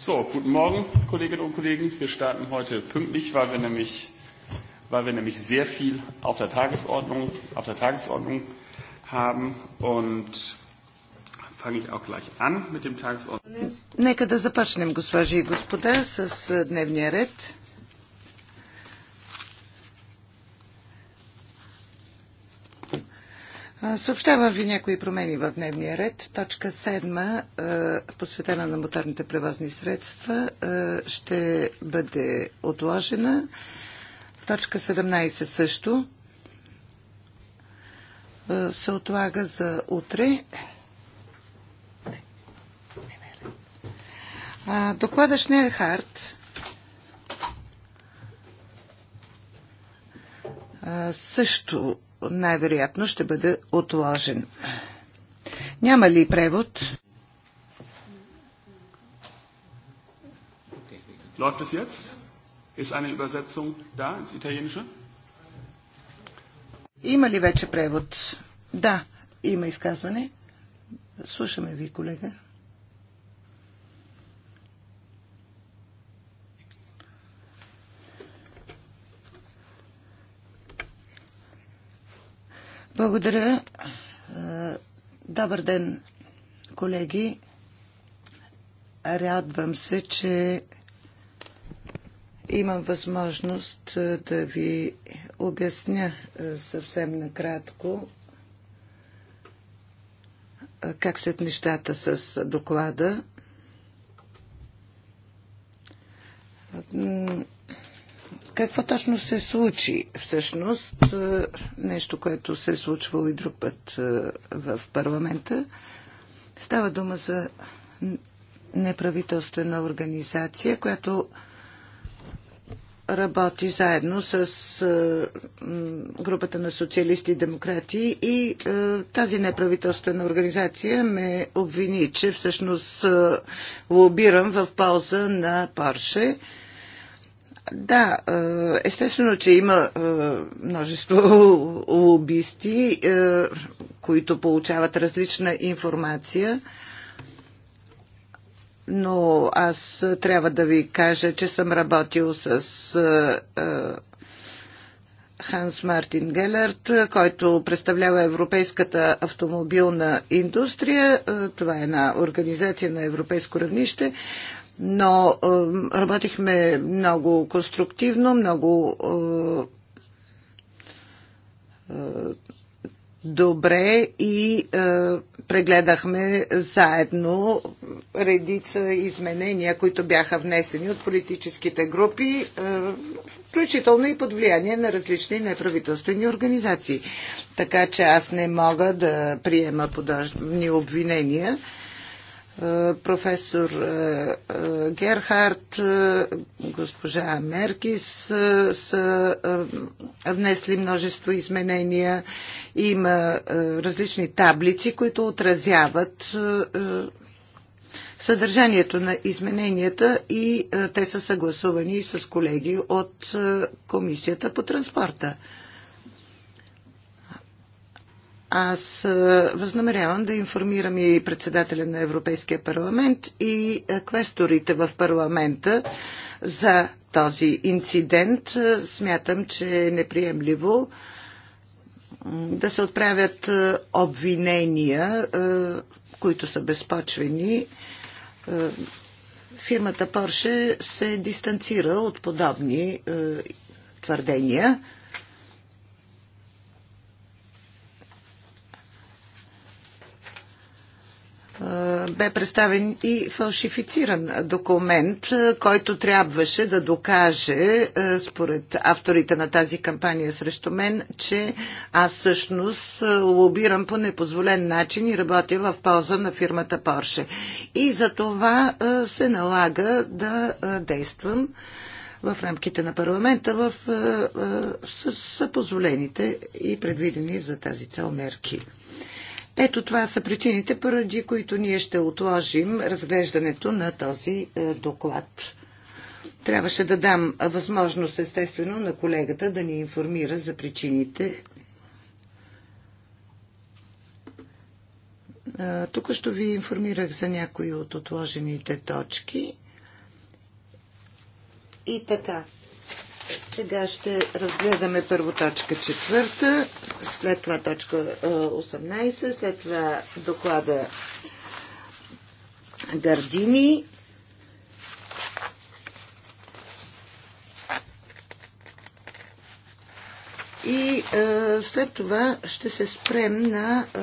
So, guten Morgen, Kolleginnen und Kollegen. Wir starten heute pünktlich, weil wir nämlich, weil wir nämlich sehr viel auf der Tagesordnung, auf der Tagesordnung haben und fange ich auch gleich an mit dem Tagesordnung. Нека да госпожи и господа, с дневния ред. Съобщавам ви някои промени в дневния ред. Точка 7, посветена на моторните превозни средства, ще бъде отложена. Точка 17 също се отлага за утре. Доклада Шнелхарт също най-вероятно ще бъде отложен. Няма ли превод? Läuft es jetzt? Ist eine Übersetzung da ins Italienische? Има ли вече превод? Да, има изказване. Слушаме ви, колега. Благодаря. Е, добър ден, колеги. Радвам се, че имам възможност е, да ви обясня е, съвсем накратко как след нещата с доклада какво точно се случи? Всъщност, е, нещо, което се е случвало и друг път е, в парламента, става дума за неправителствена организация, която работи заедно с е, групата на социалисти и демократи и тази неправителствена организация ме обвини, че всъщност лобирам в полза на Порше. Да, е, естествено, че има е, множество лобисти, е, които получават различна информация, но аз трябва да ви кажа, че съм работил с Ханс Мартин Гелерт, който представлява Европейската автомобилна индустрия. Това е една организация на европейско равнище но работихме много конструктивно, много е, е, добре и е, прегледахме заедно редица изменения, които бяха внесени от политическите групи, е, включително и под влияние на различни неправителствени организации. Така че аз не мога да приема подобни обвинения. Е, професор е, е, Герхард, госпожа Меркис са внесли множество изменения. Има различни таблици, които отразяват съдържанието на измененията и те са съгласувани с колеги от Комисията по транспорта. Аз възнамерявам да информирам и председателя на Европейския парламент и квесторите в парламента за този инцидент. Смятам, че е неприемливо да се отправят обвинения, които са безпочвени. Фирмата Порше се дистанцира от подобни твърдения. Е, бе представен и фалшифициран документ, е, който трябваше да докаже, е, според авторите на тази кампания срещу мен, че аз всъщност лобирам по непозволен начин и работя в полза на фирмата Порше. И за това се налага да действам в рамките на парламента в, с, с позволените и предвидени за тази цел мерки. Ето това са причините, поради които ние ще отложим разглеждането на този е, доклад. Трябваше да дам възможност, естествено, на колегата да ни информира за причините. Е, тук ще ви информирах за някои от отложените точки. И така, сега ще разгледаме първо точка четвърта, след това точка 18, е, след това доклада Гардини. И е, след това ще се спрем на е,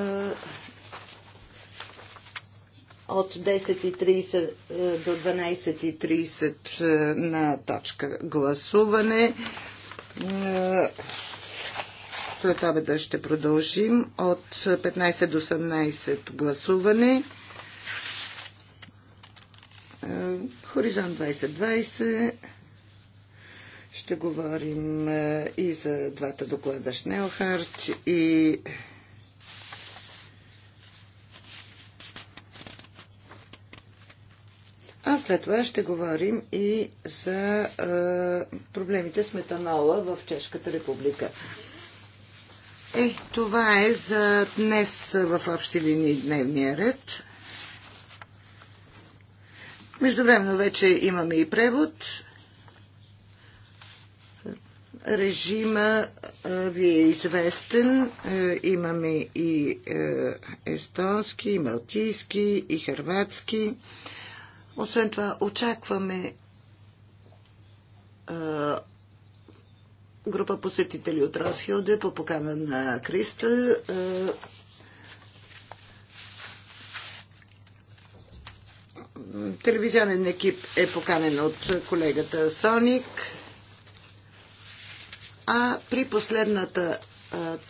от 10.30 е, до 12.30 е, на точка гласуване. Е, след обеда ще продължим от 15 до 18 гласуване. Хоризонт 2020 ще говорим и за двата доклада Шнелхарт и А след това ще говорим и за е, проблемите с метанола в Чешката република. Е, това е за днес в общи линии дневния ред. Междувременно вече имаме и превод. Режима ви е известен. Имаме и естонски, и малтийски, и хърватски. Освен това, очакваме група посетители от Росхилде по покана на Кристал. Телевизионен екип е поканен от колегата Соник. А при последната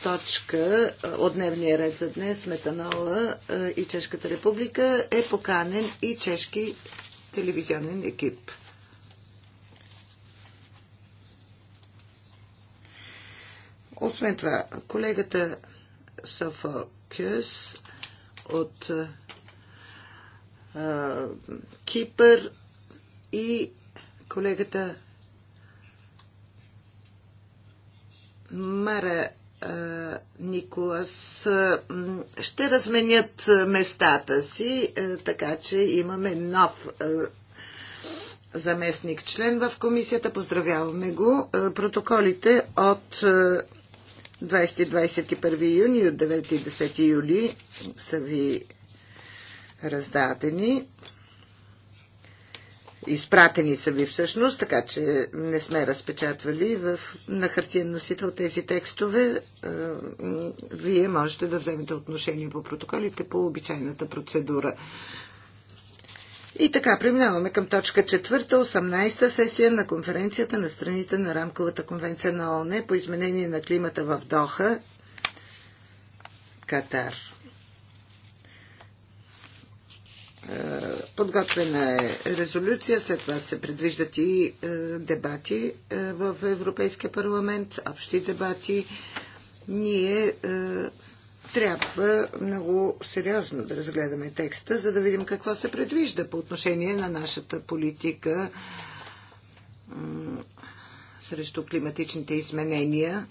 точка от дневния ред за днес, метанола и Чешката република, е поканен и чешки телевизионен екип. Освен това, колегата Софо Кюс от а, Кипър и колегата Мара Николас ще разменят местата си, така че имаме нов заместник член в комисията. Поздравяваме го. Протоколите от 20-21 юни, от 9 10 юли са ви раздадени. Изпратени са ви всъщност, така че не сме разпечатвали в, на хартиен носител тези текстове. Е, вие можете да вземете отношение по протоколите по обичайната процедура. И така, преминаваме към точка четвърта, 18-та сесия на конференцията на страните на Рамковата конвенция на ООН по изменение на климата в Доха, Катар. Е, подготвена е резолюция, след това се предвиждат и е, дебати е, в Европейския парламент, общи дебати. Ние трябва много сериозно да разгледаме текста, за да видим какво се предвижда по отношение на нашата политика срещу климатичните изменения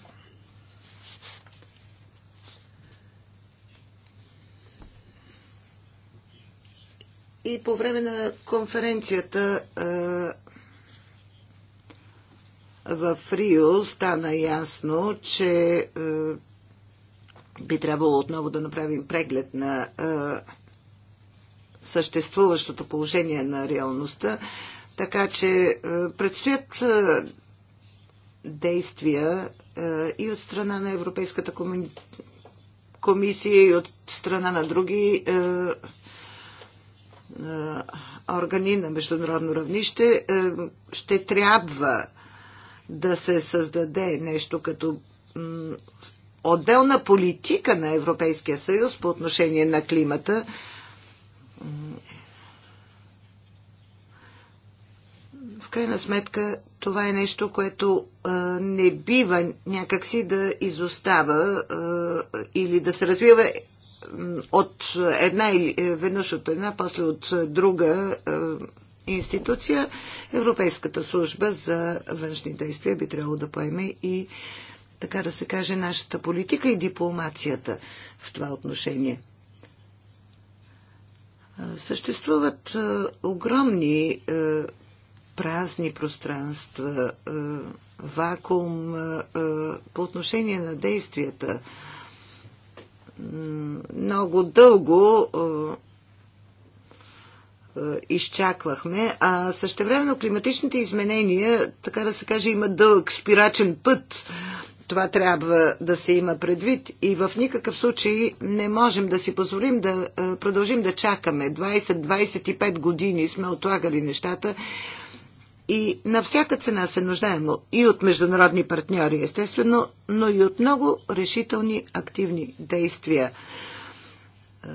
И по време на конференцията в Рио стана ясно, че би трябвало отново да направим преглед на съществуващото положение на реалността. Така че предстоят действия и от страна на Европейската комисия, и от страна на други органи на международно равнище е, ще трябва да се създаде нещо като отделна политика на Европейския съюз по отношение на климата. В крайна сметка това е нещо, което не бива някакси да изостава или да се развива от една или е, веднъж от една, после от друга е, институция, Европейската служба за външни действия би трябвало да поеме и, така да се каже, нашата политика и дипломацията в това отношение. Е, съществуват огромни празни пространства, вакуум по отношение на действията много дълго изчаквахме, а същевременно климатичните изменения, така да се каже, има дълъг спирачен път. Това трябва да се има предвид и в никакъв случай не можем да си позволим да продължим да чакаме. 20-25 години сме отлагали нещата и на всяка цена се нуждаем и от международни партньори, естествено, но и от много решителни активни действия. Е,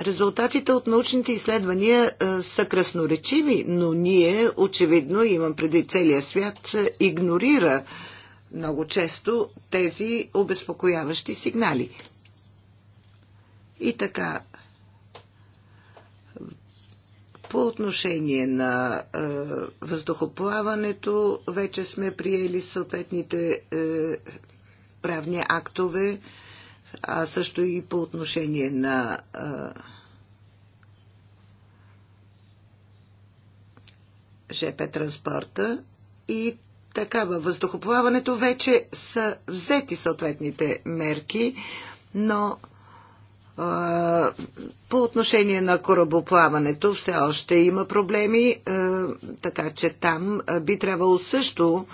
резултатите от научните изследвания е, са красноречиви, но ние, очевидно, имам преди целия свят, игнорира много често тези обезпокояващи сигнали. И така, по отношение на е, въздухоплаването вече сме приели съответните е, правни актове, а също и по отношение на е, ЖП транспорта и така във въздухоплаването вече са взети съответните мерки, но по отношение на корабоплаването все още има проблеми, така че там би трябвало също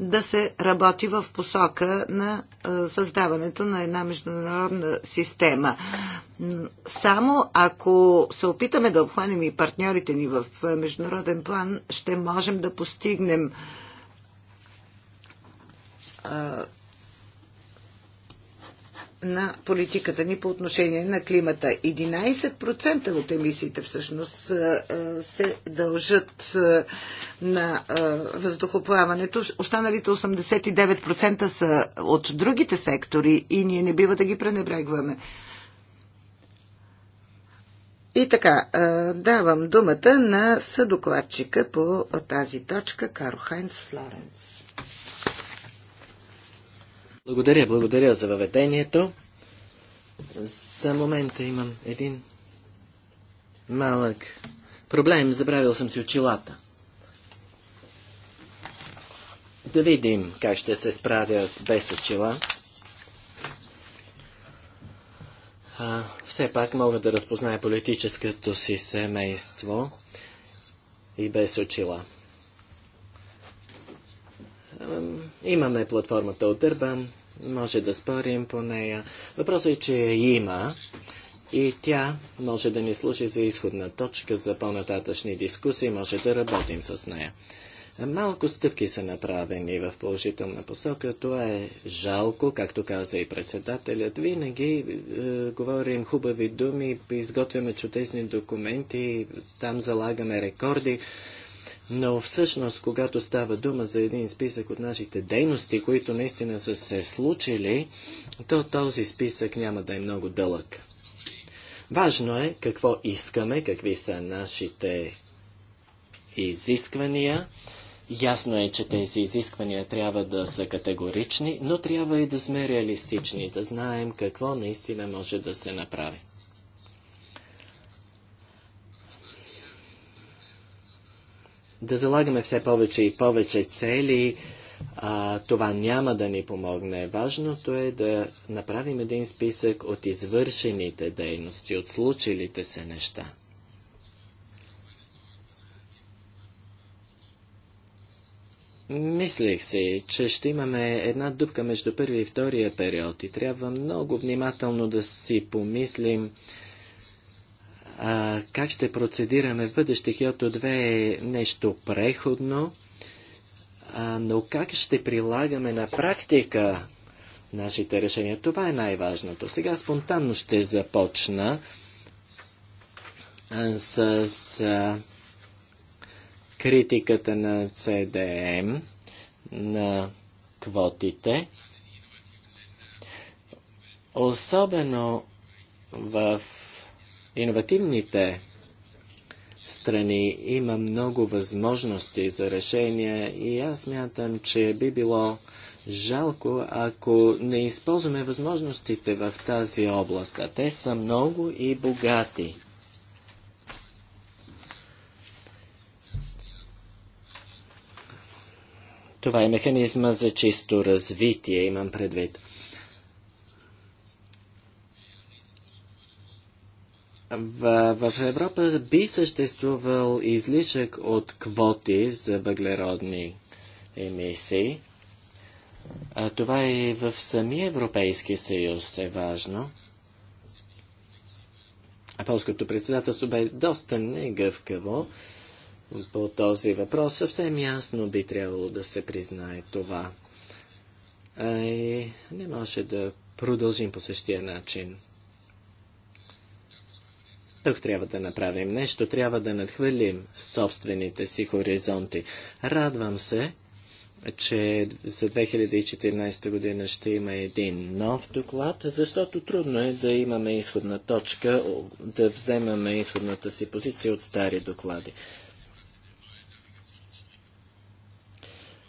да се работи в посока на създаването на една международна система. Само ако се опитаме да обхванем и партньорите ни в международен план, ще можем да постигнем на политиката ни по отношение на климата. 11% от емисиите всъщност се дължат на въздухоплаването. Останалите 89% са от другите сектори и ние не бива да ги пренебрегваме. И така, давам думата на съдокладчика по тази точка Каро Хайнц Флоренс. Благодаря, благодаря за въведението. За момента имам един малък проблем. Забравил съм си очилата. Да видим как ще се справя с без очила. А, все пак мога да разпозная политическото си семейство и без очила. Имаме платформата от Дърбан, може да спорим по нея. Въпросът е, че я има и тя може да ни служи за изходна точка за по-нататъчни дискусии, може да работим с нея. Малко стъпки са направени в положителна посока. Това е жалко, както каза и председателят. Винаги е, говорим хубави думи, изготвяме чудесни документи, там залагаме рекорди. Но всъщност, когато става дума за един списък от нашите дейности, които наистина са се случили, то този списък няма да е много дълъг. Важно е какво искаме, какви са нашите изисквания. Ясно е, че тези изисквания трябва да са категорични, но трябва и да сме реалистични, да знаем какво наистина може да се направи. да залагаме все повече и повече цели, а, това няма да ни помогне. Важното е да направим един списък от извършените дейности, от случилите се неща. Мислих си, че ще имаме една дупка между първи и втория период и трябва много внимателно да си помислим а, как ще процедираме в бъдеще? Киото 2 е нещо преходно, а, но как ще прилагаме на практика нашите решения? Това е най-важното. Сега спонтанно ще започна с, с критиката на ЦДМ, на квотите, особено в иновативните страни има много възможности за решения и аз мятам, че би било жалко, ако не използваме възможностите в тази област, а те са много и богати. Това е механизма за чисто развитие, имам предвид. В, в Европа би съществувал излишък от квоти за въглеродни емисии. А това и в самия Европейски съюз е важно. А полското председателство бе доста негъвкаво по този въпрос. Съвсем ясно би трябвало да се признае това. А и не може да продължим по същия начин. Тук трябва да направим нещо, трябва да надхвърлим собствените си хоризонти. Радвам се, че за 2014 година ще има един нов доклад, защото трудно е да имаме изходна точка, да вземаме изходната си позиция от стари доклади.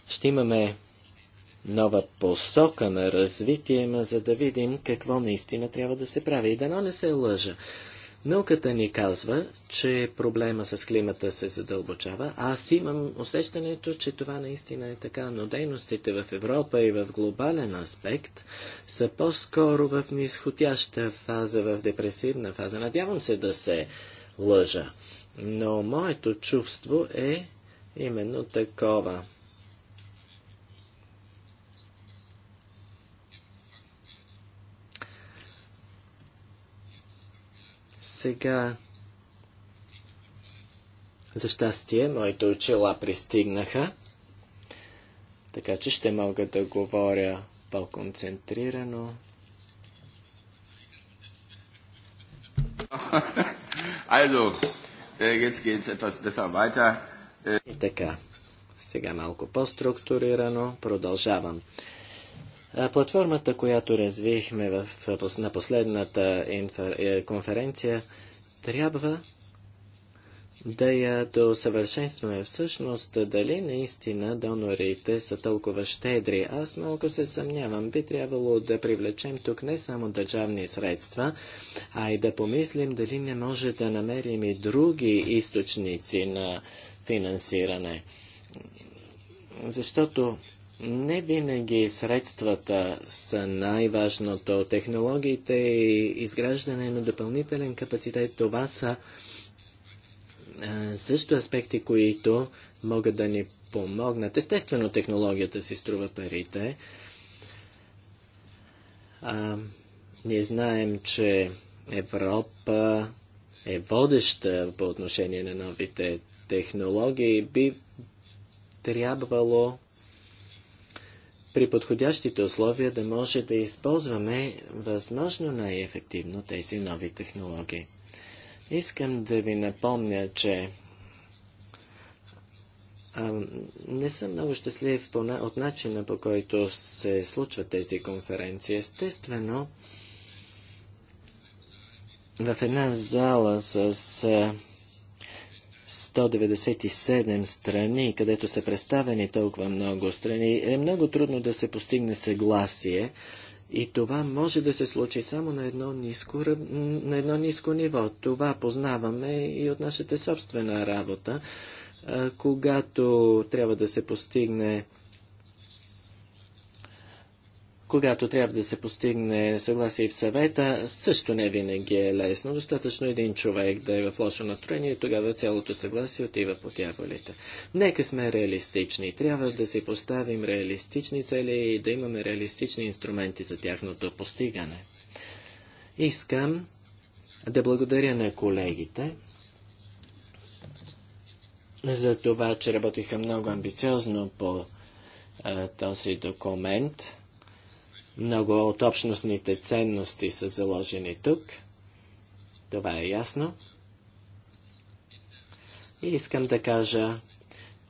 Ще имаме нова посока на развитие, ма за да видим какво наистина трябва да се прави. И дано не се лъжа. Науката ни казва, че проблема с климата се задълбочава. Аз имам усещането, че това наистина е така, но дейностите в Европа и в глобален аспект са по-скоро в нисходяща фаза, в депресивна фаза. Надявам се да се лъжа, но моето чувство е именно такова. Сега, за щастие, моите очила пристигнаха, така че ще мога да говоря по-концентрирано. Also, äh, jetzt geht's etwas besser weiter. И така, сега малко по-структурирано продължавам. Платформата, която развихме в, на последната инфер, е, конференция, трябва да я досъвършенстваме. Всъщност, дали наистина донорите са толкова щедри? Аз малко се съмнявам. Би трябвало да привлечем тук не само държавни средства, а и да помислим дали не може да намерим и други източници на финансиране. Защото не винаги средствата са най-важното. Технологиите и изграждане на допълнителен капацитет, това са също аспекти, които могат да ни помогнат. Естествено, технологията си струва парите. А, ние знаем, че Европа е водеща по отношение на новите технологии. Би трябвало при подходящите условия да може да използваме възможно най-ефективно тези нови технологии. Искам да ви напомня, че а, не съм много щастлив по, от начина по който се случват тези конференции. Естествено, в една зала с а, 197 страни, където са представени толкова много страни, е много трудно да се постигне съгласие и това може да се случи само на едно ниско, на едно ниско ниво. Това познаваме и от нашата собствена работа, когато трябва да се постигне когато трябва да се постигне съгласие в съвета, също не винаги е лесно. Достатъчно един човек да е в лошо настроение и тогава цялото съгласие отива по дяволите. Нека сме реалистични. Трябва да си поставим реалистични цели и да имаме реалистични инструменти за тяхното постигане. Искам да благодаря на колегите за това, че работиха много амбициозно по този документ. Много от общностните ценности са заложени тук. Това е ясно. И искам да кажа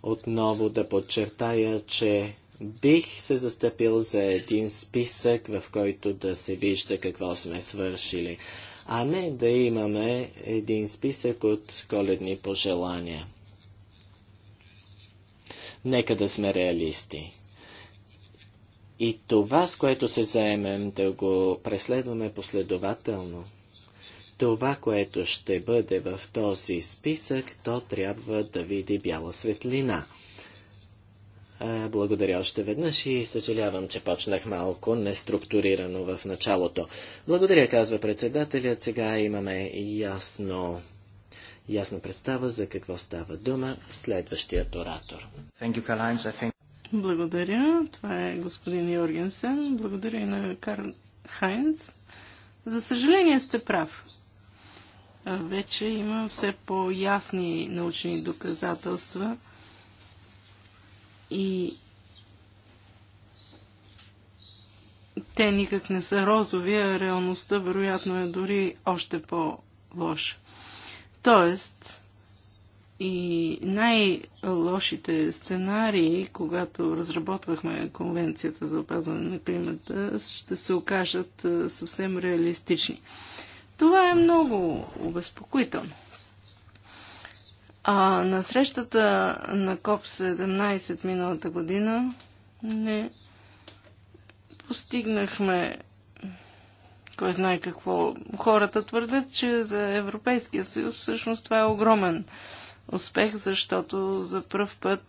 отново да подчертая, че бих се застъпил за един списък, в който да се вижда какво сме свършили, а не да имаме един списък от коледни пожелания. Нека да сме реалисти. И това, с което се заемем да го преследваме последователно, това, което ще бъде в този списък, то трябва да види бяла светлина. Благодаря още веднъж и съжалявам, че почнах малко неструктурирано в началото. Благодаря, казва председателят. Сега имаме ясно, ясна представа за какво става дума в следващият оратор. Благодаря. Това е господин Йоргенсен. Благодаря и на Карл Хайнц. За съжаление сте прав. Вече има все по-ясни научни доказателства и те никак не са розови, а реалността вероятно е дори още по-лоша. Тоест, и най-лошите сценарии, когато разработвахме Конвенцията за опазване на климата, ще се окажат съвсем реалистични. Това е много обезпокоително. А на срещата на КОП-17 миналата година не постигнахме кой знае какво. Хората твърдят, че за Европейския съюз всъщност това е огромен успех, защото за първ път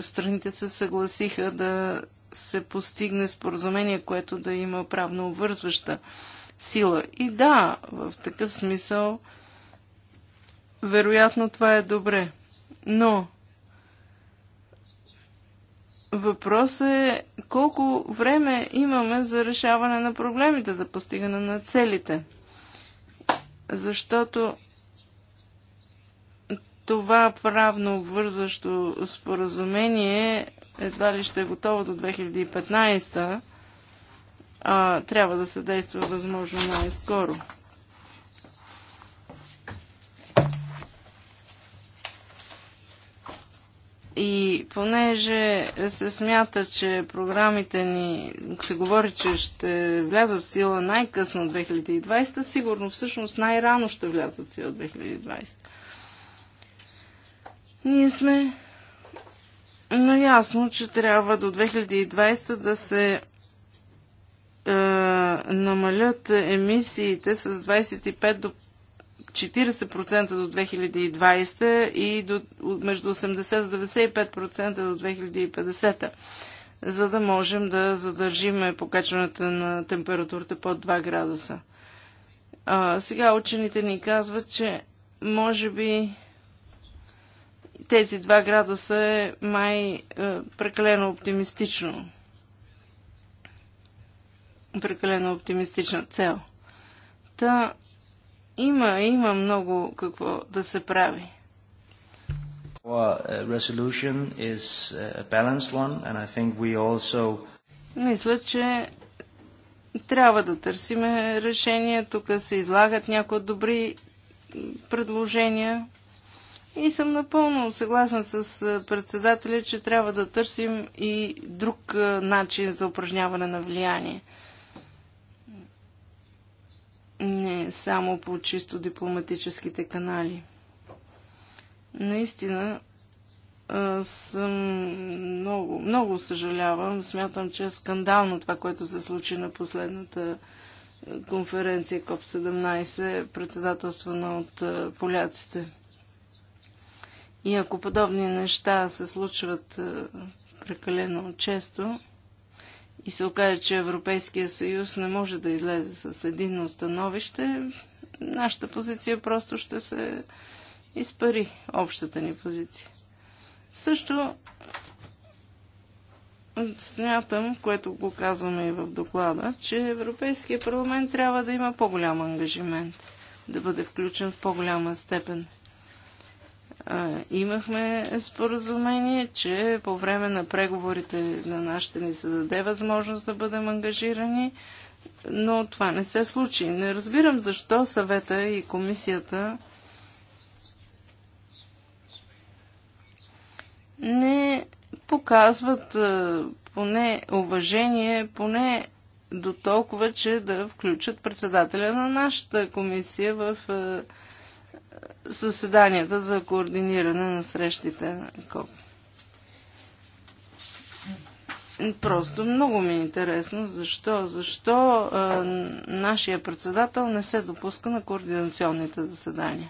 страните се съгласиха да се постигне споразумение, което да има правно обвързваща сила. И да, в такъв смисъл, вероятно това е добре. Но въпросът е колко време имаме за решаване на проблемите, за постигане на целите. Защото това правно обвързващо споразумение едва ли ще е готово до 2015, а трябва да се действа възможно най-скоро. И понеже се смята, че програмите ни се говори, че ще влязат в сила най-късно 2020, сигурно всъщност най-рано ще влязат в сила 2020. Ние сме наясно, че трябва до 2020 да се е, намалят емисиите с 25 до 40% до 2020 и до, между 80 до 95% до 2050, за да можем да задържим покачването на температурата под 2 градуса. А, сега учените ни казват, че може би тези два градуса е май е, прекалено оптимистично. Прекалено оптимистична цел. Та има, има много какво да се прави. Е, е, Мисля, че трябва да търсиме решение. Тук се излагат някои добри предложения. И съм напълно съгласна с председателя, че трябва да търсим и друг начин за упражняване на влияние. Не само по чисто дипломатическите канали. Наистина съм много, много съжалявам. Смятам, че е скандално това, което се случи на последната конференция КОП-17, председателствана от поляците. И ако подобни неща се случват е, прекалено често и се окаже, че Европейския съюз не може да излезе с единно становище, нашата позиция просто ще се изпари, общата ни позиция. Също смятам, което го казваме и в доклада, че Европейския парламент трябва да има по-голям ангажимент, да бъде включен в по-голяма степен – имахме споразумение, че по време на преговорите на нашите ни се даде възможност да бъдем ангажирани, но това не се случи. Не разбирам защо съвета и комисията не показват поне уважение, поне до толкова, че да включат председателя на нашата комисия в съседанията за координиране на срещите на Просто много ми е интересно защо, защо а, нашия председател не се допуска на координационните заседания.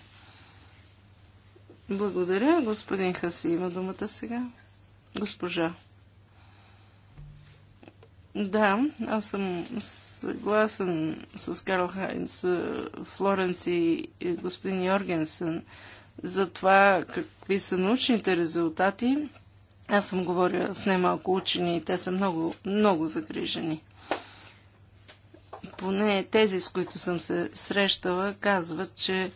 Благодаря. Господин Хаси има думата сега. Госпожа. Да, аз съм съгласен с Карл Хайнц, е, Флоренц и господин Йоргенсен за това какви са научните резултати. Аз съм говорила с немалко учени и те са много, много загрижени. Поне тези, с които съм се срещала, казват, че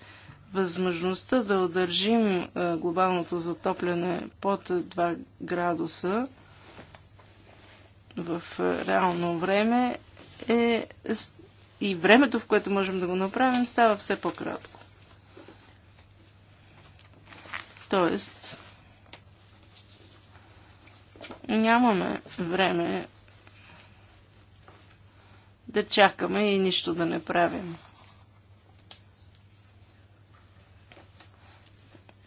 възможността да удържим е, глобалното затопляне под 2 градуса в е, реално време е, и времето, в което можем да го направим, става все по-кратко. Тоест, нямаме време да чакаме и нищо да не правим.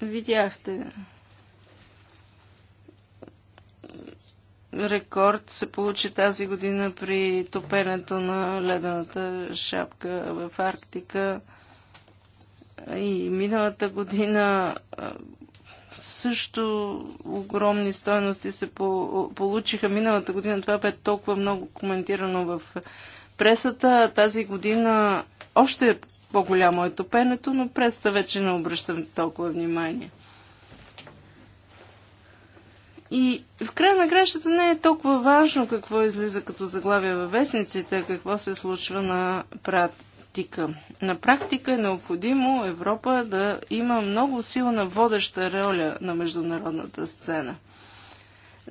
Видяхте рекорд се получи тази година при топенето на ледената шапка в Арктика. И миналата година също огромни стойности се получиха. Миналата година това бе толкова много коментирано в пресата. Тази година още е по-голямо е топенето, но преста вече не обръщам толкова внимание. И в края на кращата не е толкова важно какво излиза като заглавие във вестниците, какво се случва на практика. На практика е необходимо Европа да има много силна водеща роля на международната сцена.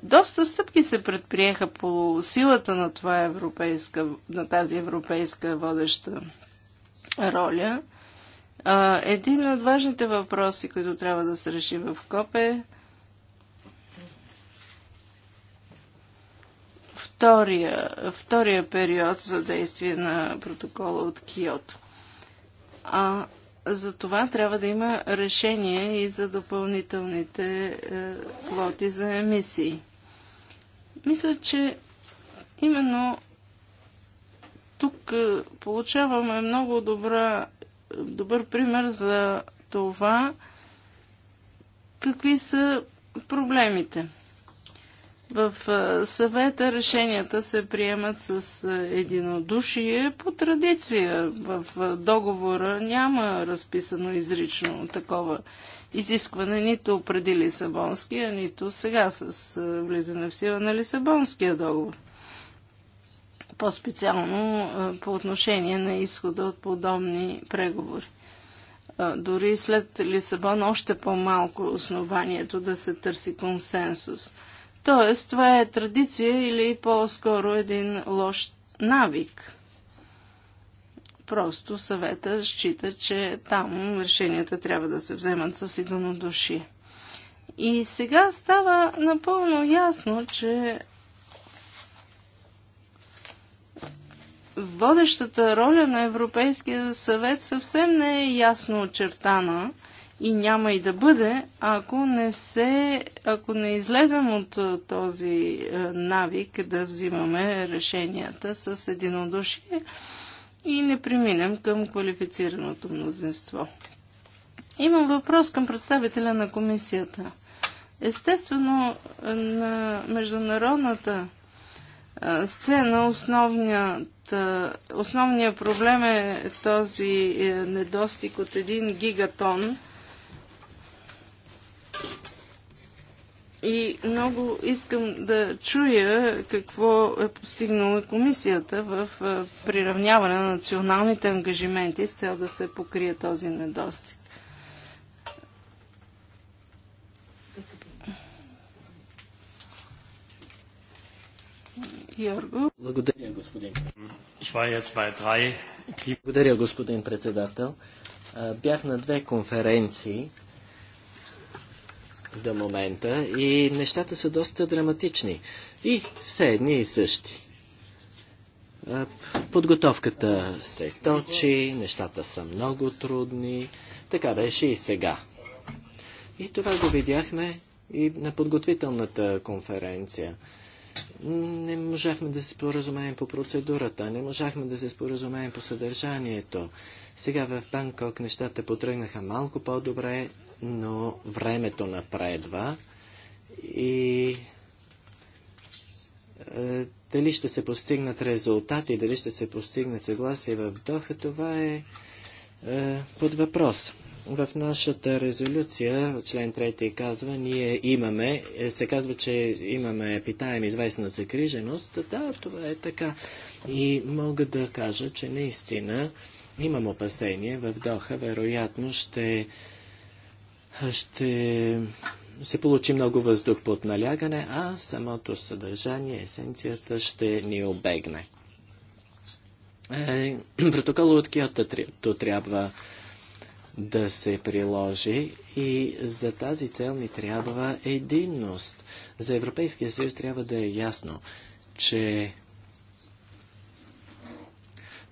Доста стъпки се предприеха по силата на, това европейска, на тази европейска водеща роля. един от важните въпроси, които трябва да се реши в КОП е втория, втория период за действие на протокола от Киото. А за това трябва да има решение и за допълнителните е, квоти за емисии. Мисля, че именно тук е, получаваме много добра, добър пример за това какви са проблемите. В съвета решенията се приемат с единодушие по традиция. В договора няма разписано изрично такова изискване, нито преди Лисабонския, нито сега с влизане в сила на Лисабонския договор. По-специално по отношение на изхода от подобни преговори дори след Лисабон още по-малко основанието да се търси консенсус. Тоест, това е традиция или по-скоро един лош навик. Просто съвета счита, че там решенията трябва да се вземат с единодушие. И сега става напълно ясно, че водещата роля на Европейския съвет съвсем не е ясно очертана – и няма и да бъде, ако не, се, ако не излезем от този навик да взимаме решенията с единодушие и не преминем към квалифицираното мнозинство. Имам въпрос към представителя на комисията. Естествено, на международната сцена основният, основният проблем е този е, недостиг от 1 гигатон И много искам да чуя какво е постигнала комисията в приравняване на националните ангажименти с цел да се покрие този недостиг. Благодаря, господин. Благодаря, господин председател. Бях на две конференции до момента и нещата са доста драматични. И все едни и същи. Подготовката се точи, нещата са много трудни. Така беше и сега. И това го видяхме и на подготвителната конференция. Не можахме да се споразумеем по процедурата, не можахме да се споразумеем по съдържанието. Сега в Банкок нещата потръгнаха малко по-добре, но времето напредва и е, дали ще се постигнат резултати, дали ще се постигне съгласие в Доха, това е, е под въпрос. В нашата резолюция, член 3 казва, ние имаме, е, се казва, че имаме, питаем известна загриженост. Да, това е така. И мога да кажа, че наистина имам опасение в Доха, вероятно ще ще се получи много въздух под налягане, а самото съдържание, есенцията ще ни обегне. Е, протокол от Киото трябва да се приложи и за тази цел ни трябва единност. За Европейския съюз трябва да е ясно, че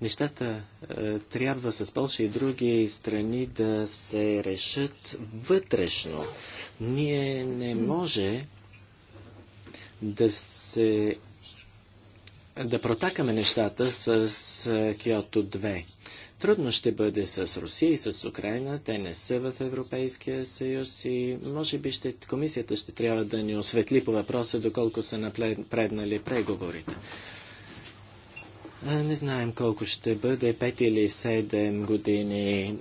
Нещата е, трябва с Польша и други страни да се решат вътрешно. Ние не може да се да протакаме нещата с, с е, Киото 2. Трудно ще бъде с Русия и с Украина. Те не са в Европейския съюз и може би ще, комисията ще трябва да ни осветли по въпроса доколко са напреднали преговорите. Не знаем колко ще бъде 5 или 7 години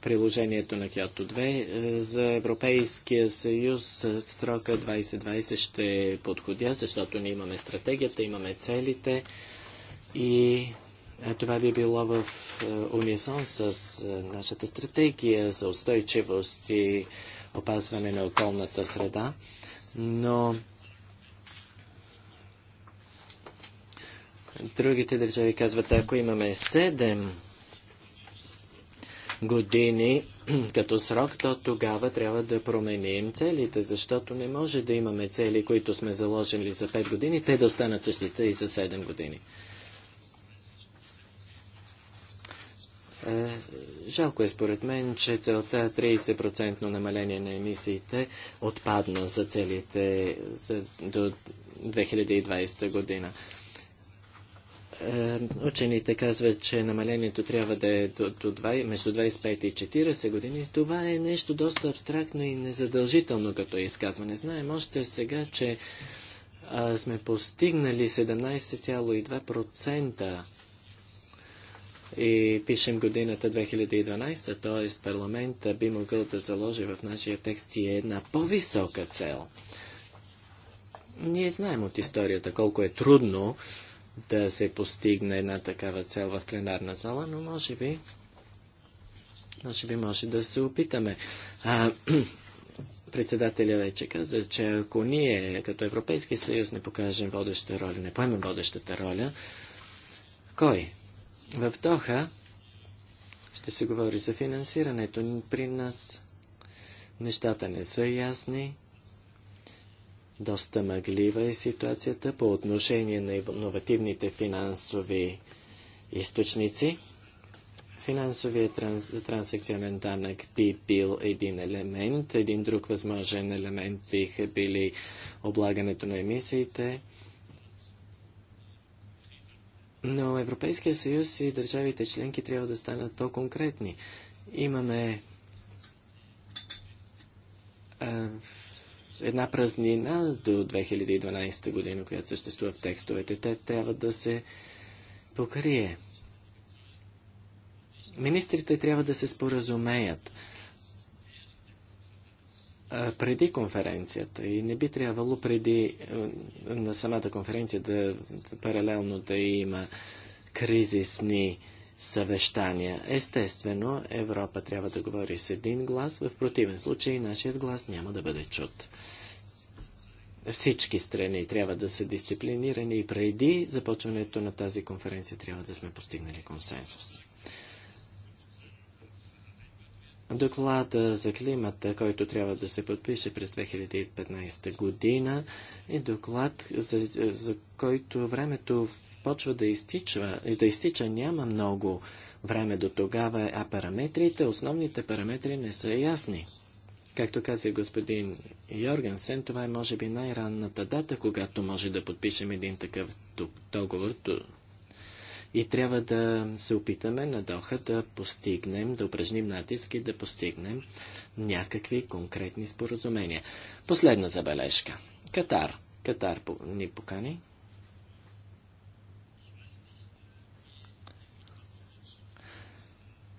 приложението на Киото 2. За Европейския съюз срока 2020 ще е защото ние имаме стратегията, имаме целите и това би било в унисон с нашата стратегия за устойчивост и опазване на околната среда. Но Другите държави казват, ако имаме 7 години като срок, то тогава трябва да променим целите, защото не може да имаме цели, които сме заложили за 5 години, те да останат същите и за 7 години. Е, жалко е според мен, че целта 30% намаление на емисиите отпадна за целите за, до 2020 година. Е, учените казват, че намалението трябва да е до, до 20, между 25 и 40 години. Това е нещо доста абстрактно и незадължително като изказване. Знаем още сега, че а, сме постигнали 17,2% и пишем годината 2012, т.е. парламента би могъл да заложи в нашия текст и една по-висока цел. Ние знаем от историята колко е трудно да се постигне една такава цел в пленарна зала, но може би, може би може да се опитаме. А, председателя вече каза, че ако ние като Европейски съюз не покажем водеща роля, не поемем водещата роля, кой? В Доха ще се говори за финансирането. При нас нещата не са ясни. Доста мъглива е ситуацията по отношение на иновативните финансови източници. Финансовият транс, трансакционен данък би бил един елемент, един друг възможен елемент биха били облагането на емисиите. Но Европейския съюз и държавите членки трябва да станат по-конкретни. Имаме а, една празнина до 2012 година, която съществува в текстовете. Те трябва да се покрие. Министрите трябва да се споразумеят преди конференцията и не би трябвало преди на самата конференция да паралелно да има кризисни съвещания. Естествено, Европа трябва да говори с един глас, в противен случай нашият глас няма да бъде чут. Всички страни трябва да са дисциплинирани и преди започването на тази конференция трябва да сме постигнали консенсус. Доклада за климата, който трябва да се подпише през 2015 година, е доклад, за, за който времето почва да изтича, да изтича. Няма много време до тогава, а параметрите, основните параметри не са ясни. Както каза господин Йоргенсен, това е може би най-ранната дата, когато може да подпишем един такъв договор. И трябва да се опитаме на Доха да постигнем, да упражним натиск и да постигнем някакви конкретни споразумения. Последна забележка. Катар. Катар ни покани.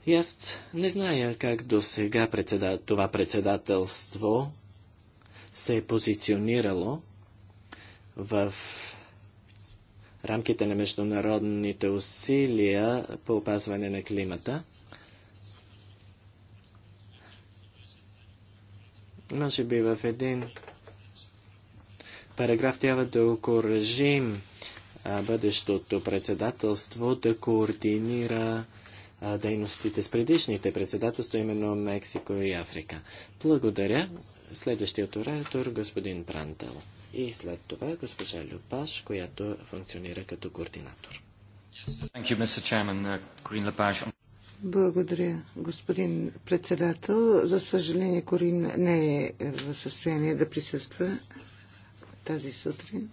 И аз не зная как до сега председа... това председателство се е позиционирало в рамките на международните усилия по опазване на климата. Може би в един параграф трябва да окоръжим бъдещото председателство да координира а, дейностите с предишните председателства, именно Мексико и Африка. Благодаря. Следващият оратор, господин Прантел и след това госпожа Люпаш, която функционира като координатор. Uh, Благодаря, господин председател. За съжаление, Корин не е в състояние да присъства тази сутрин.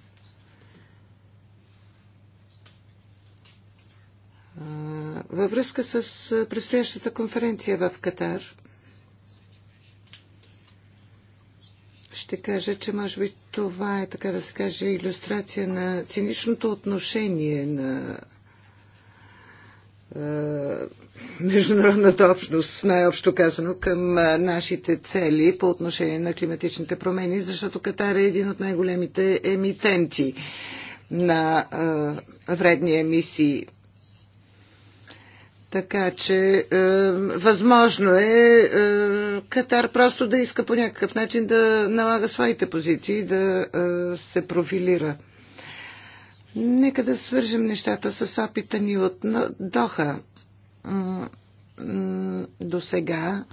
Във връзка с предстоящата конференция в Катар, ще кажа, че може би това е, така да се каже, иллюстрация на циничното отношение на е, международната общност, най-общо казано, към е, нашите цели по отношение на климатичните промени, защото Катар е един от най-големите емитенти на е, вредни емисии така че е, възможно е, е Катар просто да иска по някакъв начин да налага своите позиции, да е, се профилира. Нека да свържем нещата с опита ни от Доха. До сега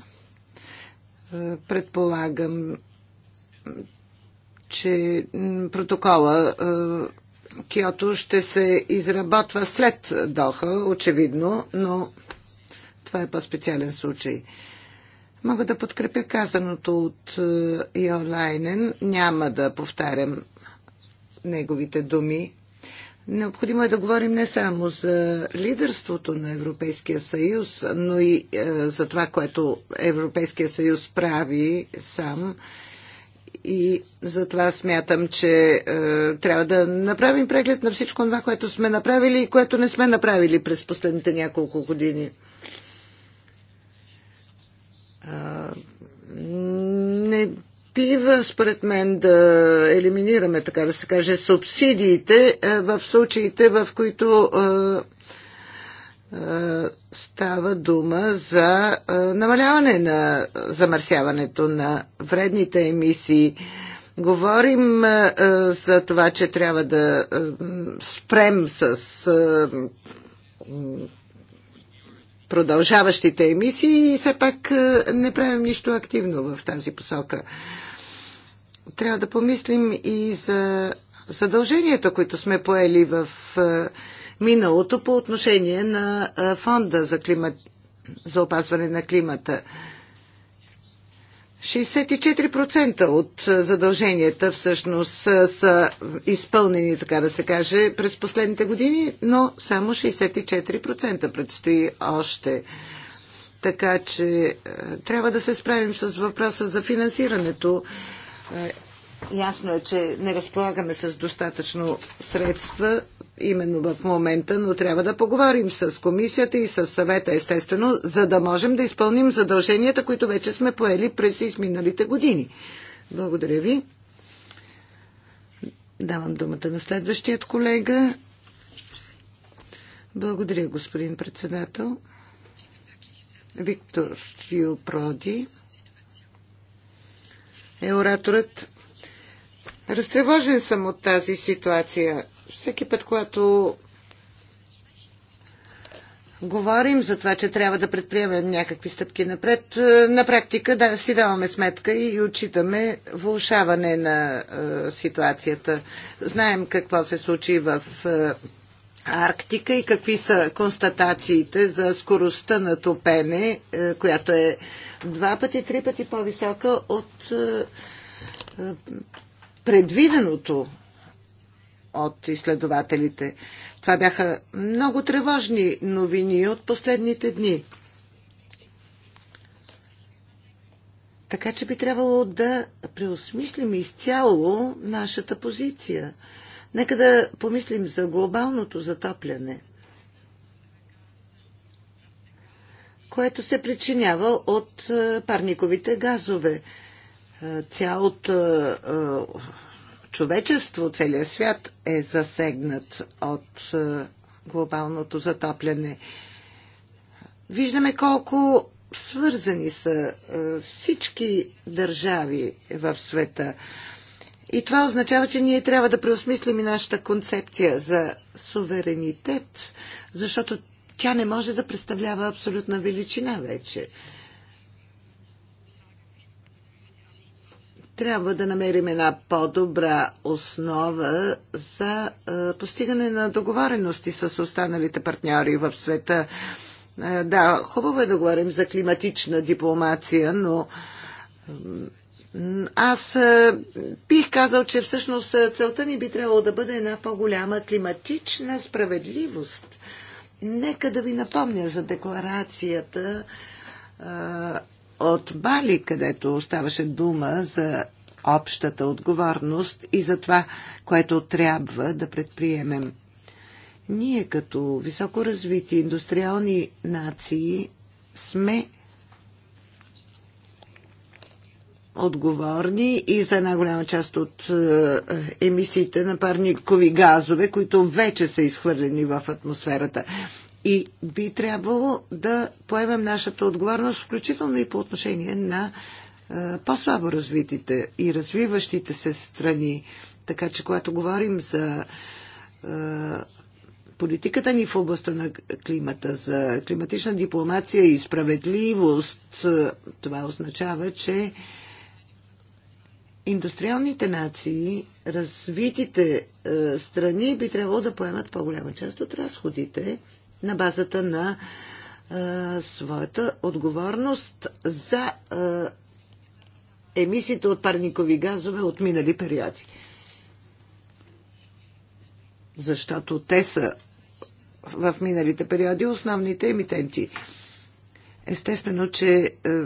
е, предполагам, че протокола е, Киото ще се изработва след Доха, очевидно, но това е по-специален случай. Мога да подкрепя казаното от Йолайнен. Е, Няма да повтарям неговите думи. Необходимо е да говорим не само за лидерството на Европейския съюз, но и е, за това, което Европейския съюз прави сам и затова смятам, че е, трябва да направим преглед на всичко това, което сме направили и което не сме направили през последните няколко години. А, не бива, според мен, да елиминираме, така да се каже, субсидиите е, в случаите, в които е, е, става дума за е, намаляване на замърсяването на вредните емисии. Говорим е, за това, че трябва да спрем с продължаващите емисии и все пак не правим нищо активно в тази посока. Трябва да помислим и за задълженията, които сме поели в миналото по отношение на фонда за, климат, за опазване на климата. 64% от задълженията всъщност са, са изпълнени, така да се каже, през последните години, но само 64% предстои още. Така че трябва да се справим с въпроса за финансирането. Ясно е, че не разполагаме с достатъчно средства именно в момента, но трябва да поговорим с комисията и с съвета, естествено, за да можем да изпълним задълженията, които вече сме поели през изминалите години. Благодаря ви. Давам думата на следващият колега. Благодаря, господин председател. Виктор Юпроди е ораторът. Разтревожен съм от тази ситуация всеки път, когато говорим за това, че трябва да предприемем някакви стъпки напред, е, на практика да, си даваме сметка и отчитаме влушаване на е, ситуацията. Знаем какво се случи в е, Арктика и какви са констатациите за скоростта на топене, е, която е два пъти, три пъти по-висока от е, е предвиденото от изследователите. Това бяха много тревожни новини от последните дни. Така че би трябвало да преосмислим изцяло нашата позиция. Нека да помислим за глобалното затопляне, което се причинява от парниковите газове. Цялото човечество, целият свят е засегнат от е, глобалното затопляне. Виждаме колко свързани са е, всички държави в света. И това означава, че ние трябва да преосмислим и нашата концепция за суверенитет, защото тя не може да представлява абсолютна величина вече. трябва да намерим една по-добра основа за е, постигане на договорености с останалите партньори в света. Е, да, хубаво е да говорим за климатична дипломация, но аз е, бих казал, че всъщност целта ни би трябвало да бъде една по-голяма климатична справедливост. Нека да ви напомня за декларацията от Бали, където оставаше дума за общата отговорност и за това, което трябва да предприемем. Ние като високо развити индустриални нации сме отговорни и за една голяма част от е, емисиите на парникови газове, които вече са изхвърлени в атмосферата. И би трябвало да поемем нашата отговорност, включително и по отношение на по-слабо развитите и развиващите се страни. Така че, когато говорим за политиката ни в областта на климата, за климатична дипломация и справедливост, това означава, че индустриалните нации, развитите е, страни би трябвало да поемат по-голяма част от разходите на базата на а, своята отговорност за а, емисиите от парникови газове от минали периоди. Защото те са в миналите периоди основните емитенти. Естествено, че е,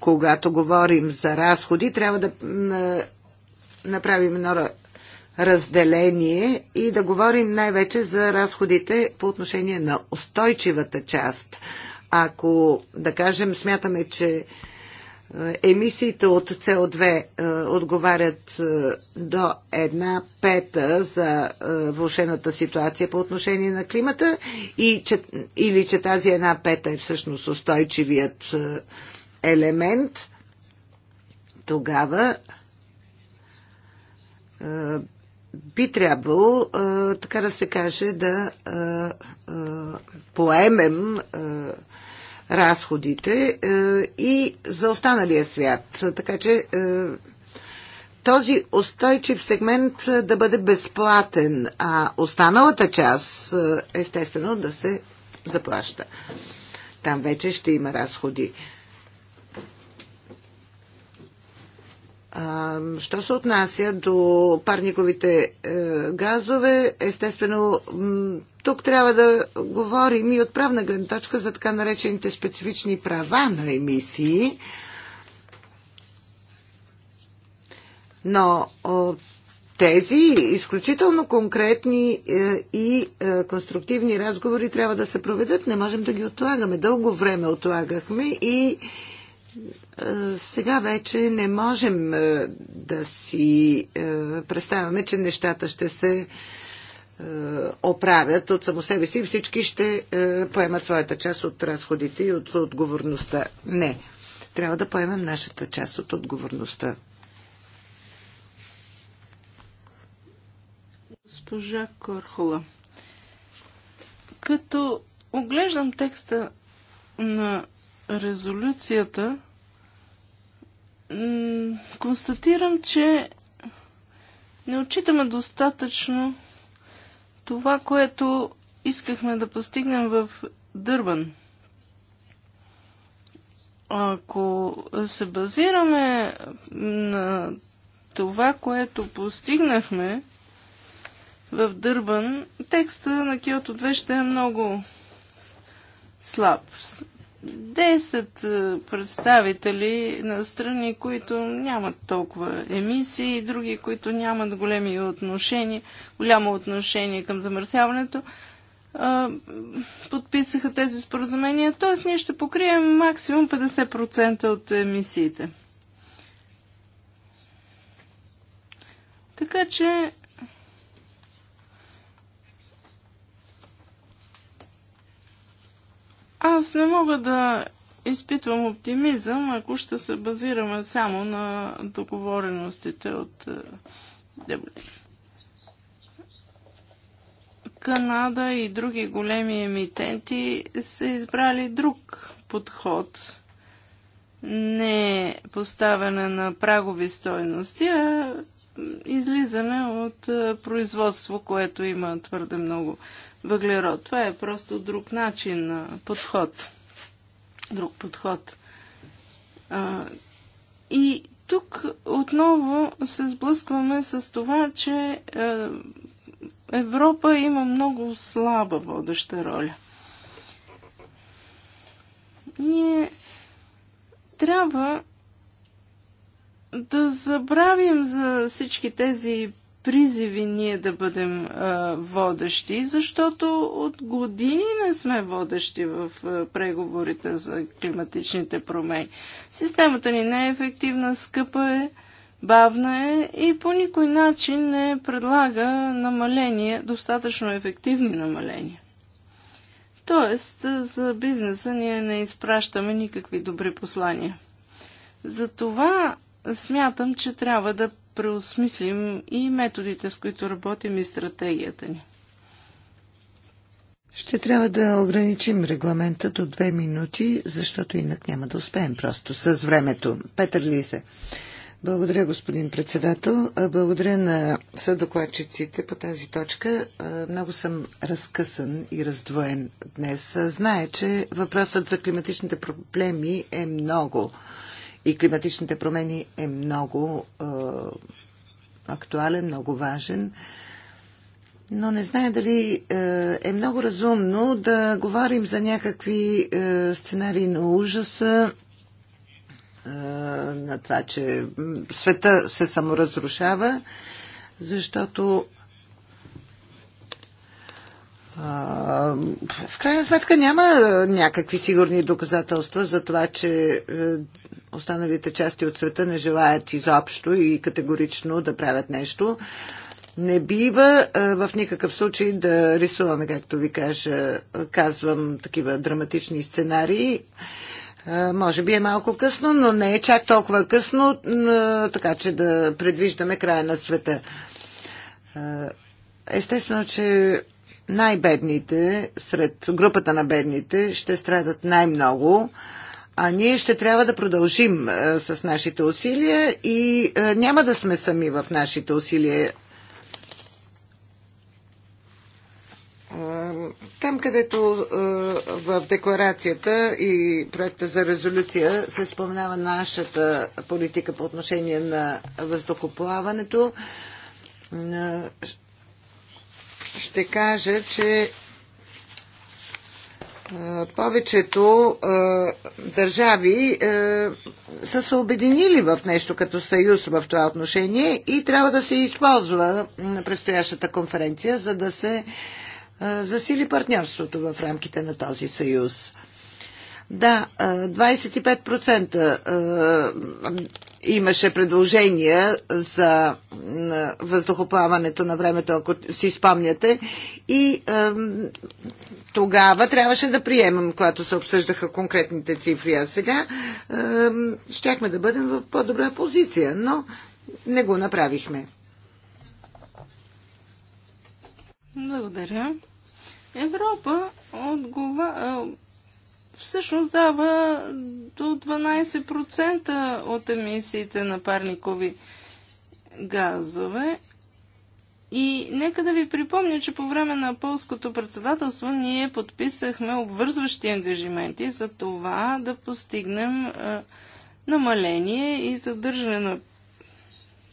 когато говорим за разходи, трябва да направим едно разделение и да говорим най-вече за разходите по отношение на устойчивата част. Ако, да кажем, смятаме, че е, емисиите от СО2 е, отговарят е, до една пета за влушената ситуация по отношение на климата и че, или че тази една пета е всъщност устойчивият елемент, тогава би трябвало, така да се каже, да поемем разходите и за останалия свят. Така че този устойчив сегмент да бъде безплатен, а останалата част естествено да се заплаща. Там вече ще има разходи. Що се отнася до парниковите е, газове, естествено тук трябва да говорим и от правна гледна точка за така наречените специфични права на емисии. Но тези изключително конкретни е, и е, конструктивни разговори трябва да се проведат. Не можем да ги отлагаме. Дълго време отлагахме и сега вече не можем е, да си е, представяме, че нещата ще се е, оправят от само себе си и всички ще поемат своята част от разходите и от отговорността. Не. Трябва да поемем нашата част от отговорността. Госпожа Корхола, като оглеждам текста на резолюцията констатирам, че не отчитаме достатъчно това, което искахме да постигнем в Дърбан. Ако се базираме на това, което постигнахме в Дърбан, текста на Киото 2 ще е много слаб. 10 е, представители на страни, които нямат толкова емисии, и други, които нямат големи отношения, голямо отношение към замърсяването, е, подписаха тези споразумения, т.е. ние ще покрием максимум 50% от емисиите. Така че Аз не мога да изпитвам оптимизъм, ако ще се базираме само на договореностите от е, Дебли. Канада и други големи емитенти са избрали друг подход. Не е поставяне на прагови стойности, а излизане от е, производство, което има твърде много въглерод. Това е просто друг начин на подход. Друг подход. А, и тук отново се сблъскваме с това, че Европа има много слаба водеща роля. Ние трябва да забравим за всички тези призиви ние да бъдем а, водещи, защото от години не сме водещи в а, преговорите за климатичните промени. Системата ни не е ефективна, скъпа е, бавна е и по никой начин не предлага намаление, достатъчно ефективни намаления. Тоест, за бизнеса ние не изпращаме никакви добри послания. Затова смятам, че трябва да преосмислим и методите, с които работим и стратегията ни. Ще трябва да ограничим регламента до две минути, защото инак няма да успеем просто с времето. Петър Лизе. Благодаря, господин председател. Благодаря на съдокладчиците по тази точка. Много съм разкъсан и раздвоен днес. Знае, че въпросът за климатичните проблеми е много и климатичните промени е много е, актуален, много важен. Но не знае дали е много разумно да говорим за някакви сценарии на ужаса, на това, че света се саморазрушава, защото в крайна сметка няма някакви сигурни доказателства за това, че е, останалите части от света не желаят изобщо и категорично да правят нещо. Не бива е, в никакъв случай да рисуваме, както ви кажа, казвам такива драматични сценарии. Е, може би е малко късно, но не е чак толкова късно, така че да предвиждаме края на света. Естествено, че най-бедните, сред групата на бедните, ще страдат най-много. А ние ще трябва да продължим а, е, с нашите усилия и а, е, няма да сме сами в нашите усилия. Е, там, където в декларацията и проекта за резолюция се споменава нашата политика по отношение на въздухоплаването, ще кажа, че е, повечето е, държави е, са се обединили в нещо като съюз в това отношение и трябва да се използва на предстоящата конференция, за да се засили партньорството в рамките на този съюз. Да, 25% имаше предложения за въздухоплаването на времето, ако си спомняте. И е, тогава трябваше да приемам, когато се обсъждаха конкретните цифри, а сега е, щяхме да бъдем в по-добра позиция, но не го направихме. Благодаря. Европа отгова всъщност дава до 12% от емисиите на парникови газове. И нека да ви припомня, че по време на полското председателство ние подписахме обвързващи ангажименти за това да постигнем е, намаление и задържане на,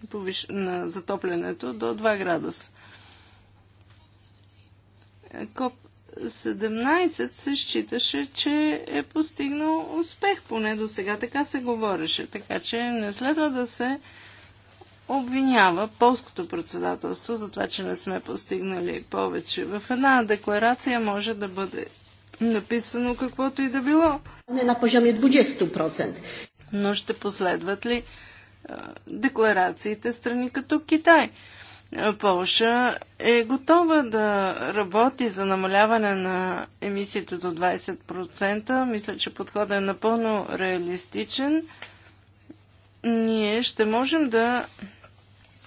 повиш... на затоплянето до 2 градуса. КОП 17 се считаше, че е постигнал успех, поне до сега така се говореше. Така че не следва да се обвинява полското председателство за това, че не сме постигнали повече. В една декларация може да бъде написано каквото и да било. Не на 20%. Но ще последват ли декларациите страни като Китай? Полша е готова да работи за намаляване на емисиите до 20%. Мисля, че подходът е напълно реалистичен. Ние ще можем да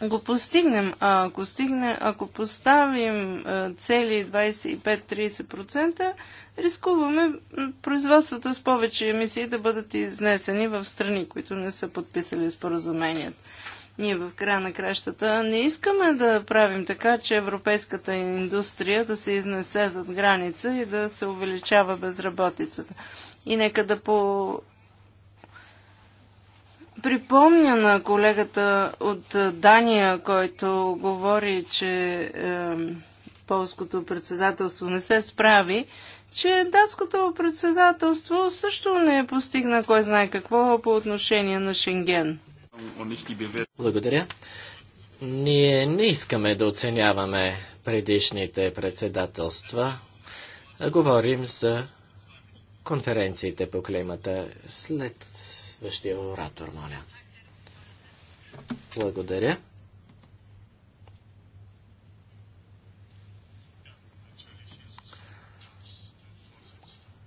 го постигнем. А ако, стигне, ако поставим цели 25-30%, рискуваме производствата с повече емисии да бъдат изнесени в страни, които не са подписали споразумението. Ние в края на кращата не искаме да правим така, че европейската индустрия да се изнесе зад граница и да се увеличава безработицата. И нека да по... припомня на колегата от Дания, който говори, че е, полското председателство не се справи, че датското председателство също не е постигна кой знае какво по отношение на Шенген. Благодаря. Ние не искаме да оценяваме предишните председателства. Говорим за конференциите по климата. След въщия оратор, моля. Благодаря.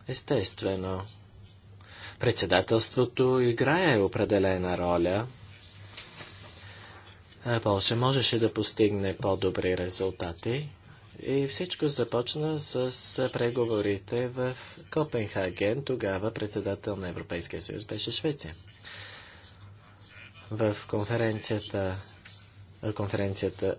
Естествено, председателството играе определена роля – е, Полша можеше да постигне по-добри резултати и всичко започна с преговорите в Копенхаген. Тогава председател на Европейския съюз беше Швеция. В конференцията конференцията,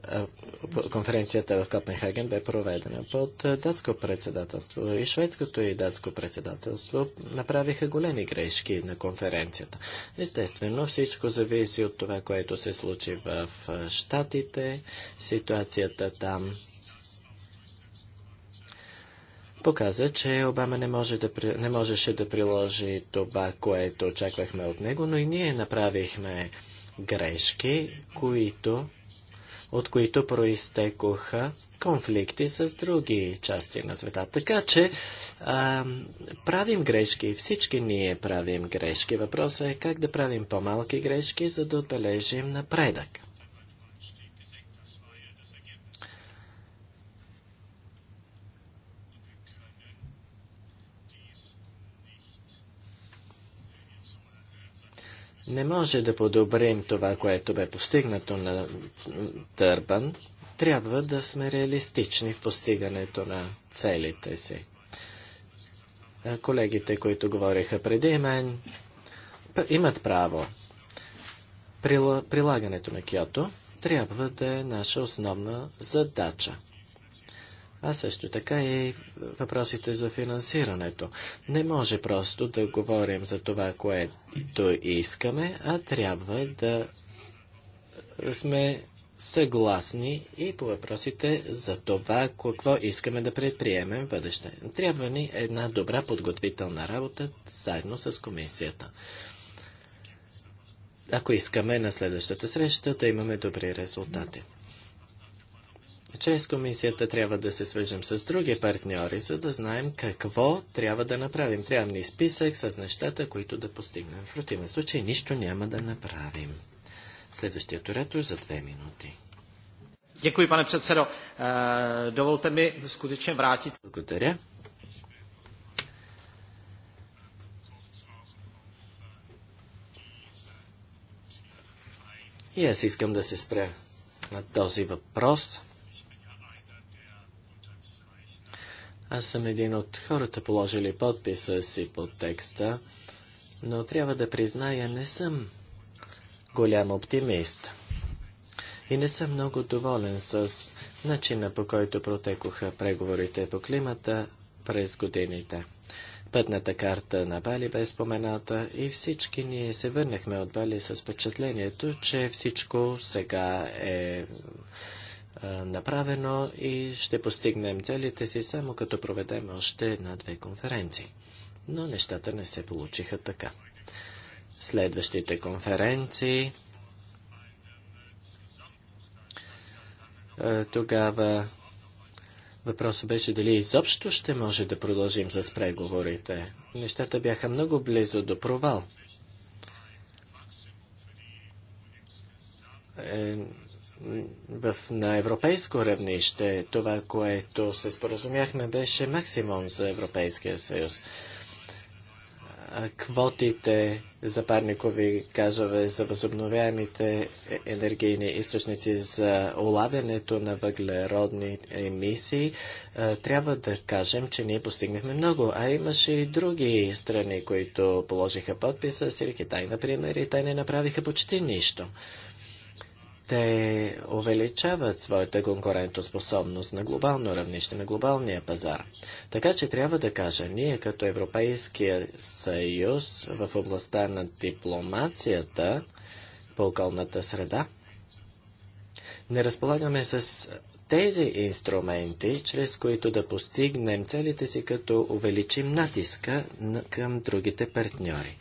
конференцията в Копенхаген бе проведена под датско председателство. И шведското и датско председателство направиха големи грешки на конференцията. Естествено, всичко зависи от това, което се случи в Штатите, ситуацията там показа, че Обама не, може да, не можеше да приложи това, което очаквахме от него, но и ние направихме грешки, които от които проистекоха конфликти с други части на света. Така че а, правим грешки, всички ние правим грешки. Въпросът е как да правим по-малки грешки, за да отбележим напредък. Не може да подобрим това, което бе постигнато на Дърбан. Трябва да сме реалистични в постигането на целите си. Колегите, които говориха преди мен, имат право. Прилагането на Киото трябва да е наша основна задача а също така и въпросите за финансирането. Не може просто да говорим за това, което искаме, а трябва да сме съгласни и по въпросите за това, какво искаме да предприемем в бъдеще. Трябва ни една добра подготвителна работа заедно с комисията. Ако искаме на следващата среща да имаме добри резултати. Чрез комисията трябва да се свържем с други партньори, за да знаем какво трябва да направим. Трябва ни списък с нещата, които да постигнем. В противен случай нищо няма да направим. Следващият оратор за две минути. Děkuji, pane předsedo. Е, dovolte mi skutečně vrátit. Благодаря. И аз искам да се спря на този въпрос. Аз съм един от хората, положили подписа си под текста, но трябва да призная, не съм голям оптимист. И не съм много доволен с начина по който протекоха преговорите по климата през годините. Пътната карта на Бали бе спомената и всички ние се върнахме от Бали с впечатлението, че всичко сега е направено и ще постигнем целите си само като проведем още една-две конференции. Но нещата не се получиха така. Следващите конференции тогава въпросът беше дали изобщо ще може да продължим с преговорите. Нещата бяха много близо до провал. Е, в, на европейско равнище това, което се споразумяхме, беше максимум за Европейския съюз. Квотите за парникови газове, за възобновяемите е, енергийни източници, за улавянето на въглеродни емисии, трябва да кажем, че ние постигнахме много. А имаше и други страни, които положиха подписа си, Китай, например, и те не направиха почти нищо те увеличават своята конкурентоспособност на глобално равнище, на глобалния пазар. Така че трябва да кажа, ние като Европейския съюз в областта на дипломацията по околната среда, не разполагаме с тези инструменти, чрез които да постигнем целите си, като увеличим натиска към другите партньори.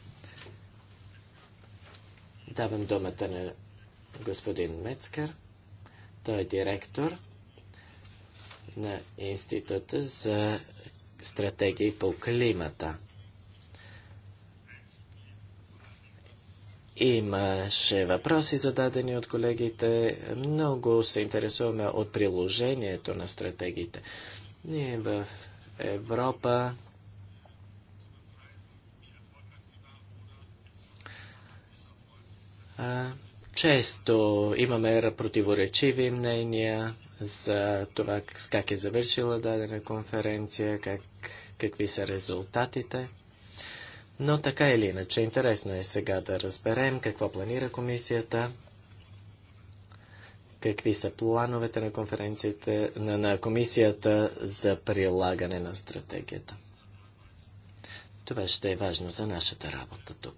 Давам думата на господин Мецкър. Той е директор на Института за стратегии по климата. Имаше въпроси зададени от колегите. Много се интересуваме от приложението на стратегиите. Ние в Европа а, често имаме противоречиви мнения за това как е завършила дадена конференция, как, какви са резултатите. Но така или иначе, интересно е сега да разберем какво планира комисията, какви са плановете на конференцията, на, на комисията за прилагане на стратегията. Това ще е важно за нашата работа тук.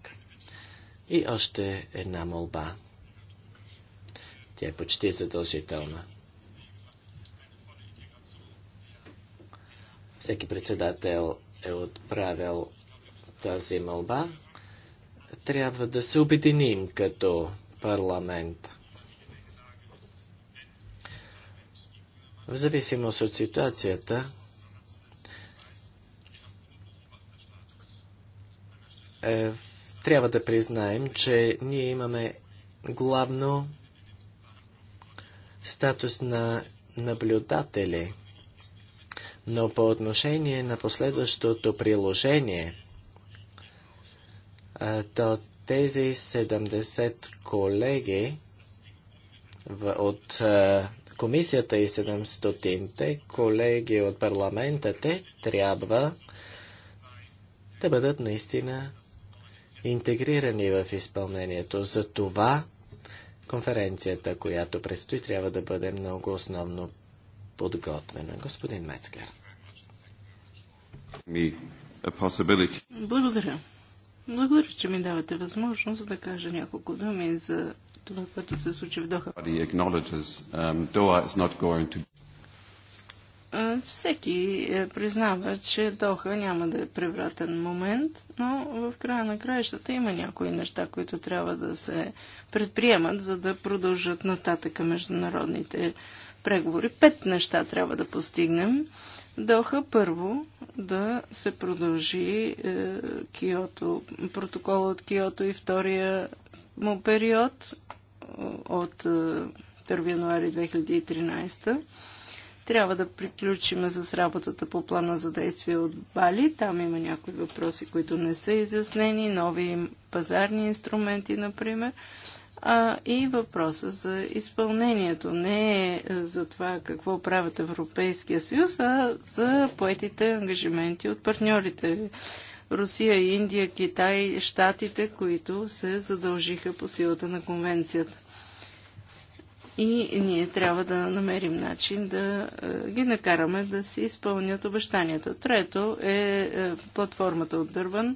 И още една молба. Тя е почти задължителна. Всеки председател е отправил тази мълба. Трябва да се обединим като парламент. В зависимост от ситуацията, е, трябва да признаем, че ние имаме главно статус на наблюдатели. Но по отношение на последващото приложение, то тези 70 колеги от комисията и 700-те колеги от парламента, те трябва да бъдат наистина интегрирани в изпълнението. За това конференцията, която предстои, трябва да бъде много основно подготвена. Господин Мецкер. Благодаря. Благодаря, че ми давате възможност да кажа няколко думи за това, което се случи в Доха. Всеки е, признава, че Доха няма да е превратен момент, но в края на краищата има някои неща, които трябва да се предприемат, за да продължат нататъка международните преговори. Пет неща трябва да постигнем. Доха първо да се продължи е, Киото, протокола от Киото и втория му период от е, 1 януари 2013 трябва да приключим с работата по плана за действие от Бали. Там има някои въпроси, които не са изяснени, нови пазарни инструменти, например. А, и въпроса за изпълнението. Не е за това какво правят Европейския съюз, а за поетите ангажименти от партньорите. Русия, Индия, Китай, Штатите, които се задължиха по силата на конвенцията и ние трябва да намерим начин да е, ги накараме да си изпълнят обещанията. Трето е, е платформата от Дърбан.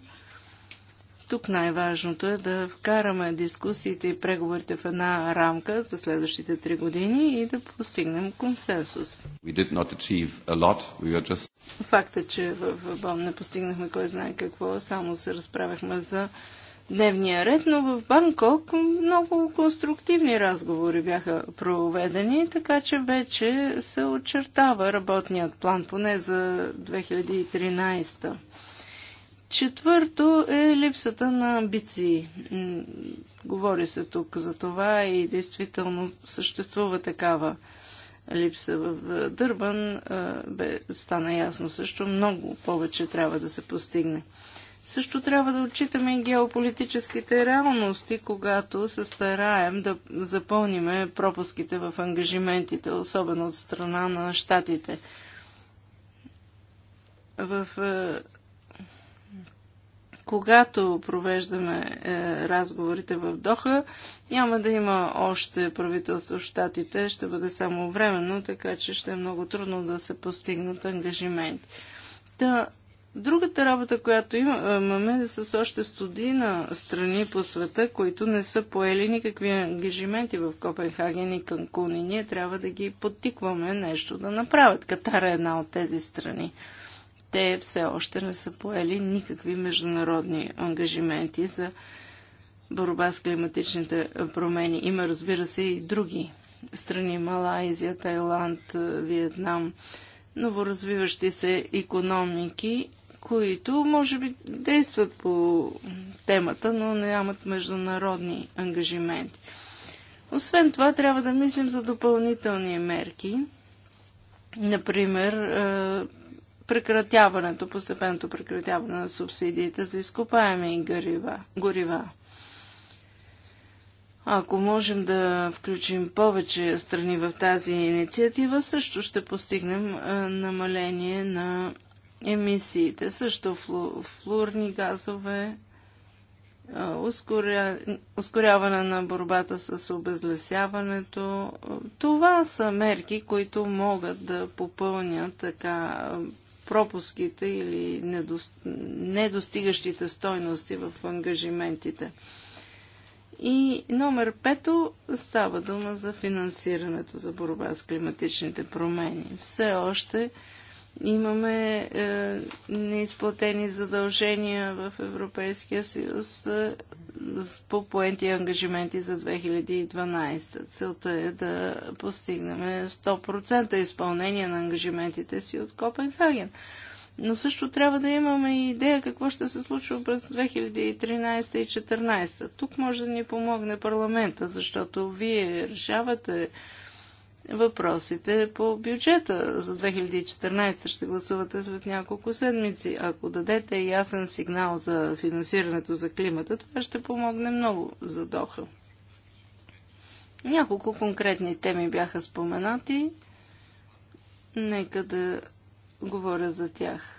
Тук най-важното е да вкараме дискусиите и преговорите в една рамка за следващите три години и да постигнем консенсус. Just... Факта, че в Бом не постигнахме кой знае какво, само се разправяхме за дневния ред, но в Банкок много конструктивни разговори бяха проведени, така че вече се очертава работният план, поне за 2013. Четвърто е липсата на амбиции. Говори се тук за това и действително съществува такава липса в Дърбан. Бе, стана ясно също, много повече трябва да се постигне. Също трябва да отчитаме и геополитическите реалности, когато се стараем да запълниме пропуските в ангажиментите, особено от страна на щатите. В е, когато провеждаме е, разговорите в Доха, няма да има още правителство в щатите, ще бъде само временно, така че ще е много трудно да се постигнат ангажименти. Та, Другата работа, която имаме, е с още студина страни по света, които не са поели никакви ангажименти в Копенхаген и Канкун и ние трябва да ги подтикваме нещо да направят. Катар е една от тези страни. Те все още не са поели никакви международни ангажименти за борба с климатичните промени. Има, разбира се, и други страни. Малайзия, Тайланд, Виетнам новоразвиващи се економики които може би действат по темата, но нямат международни ангажименти. Освен това, трябва да мислим за допълнителни мерки, например, е, прекратяването, постепенното прекратяване на субсидиите за изкопаеми и горива. Ако можем да включим повече страни в тази инициатива, също ще постигнем е, намаление на емисиите, също флу, флурни газове, ускоря, ускоряване на борбата с обезлесяването. Това са мерки, които могат да попълнят така пропуските или недостигащите стойности в ангажиментите. И номер пето става дума за финансирането за борба с климатичните промени. Все още имаме е, неизплатени задължения в Европейския съюз е, по поенти ангажименти за 2012. Целта е да постигнем 100% изпълнение на ангажиментите си от Копенхаген. Но също трябва да имаме и идея какво ще се случва през 2013 и 2014. Тук може да ни помогне парламента, защото вие решавате въпросите по бюджета за 2014 ще гласувате след няколко седмици. Ако дадете ясен сигнал за финансирането за климата, това ще помогне много за Доха. Няколко конкретни теми бяха споменати. Нека да говоря за тях.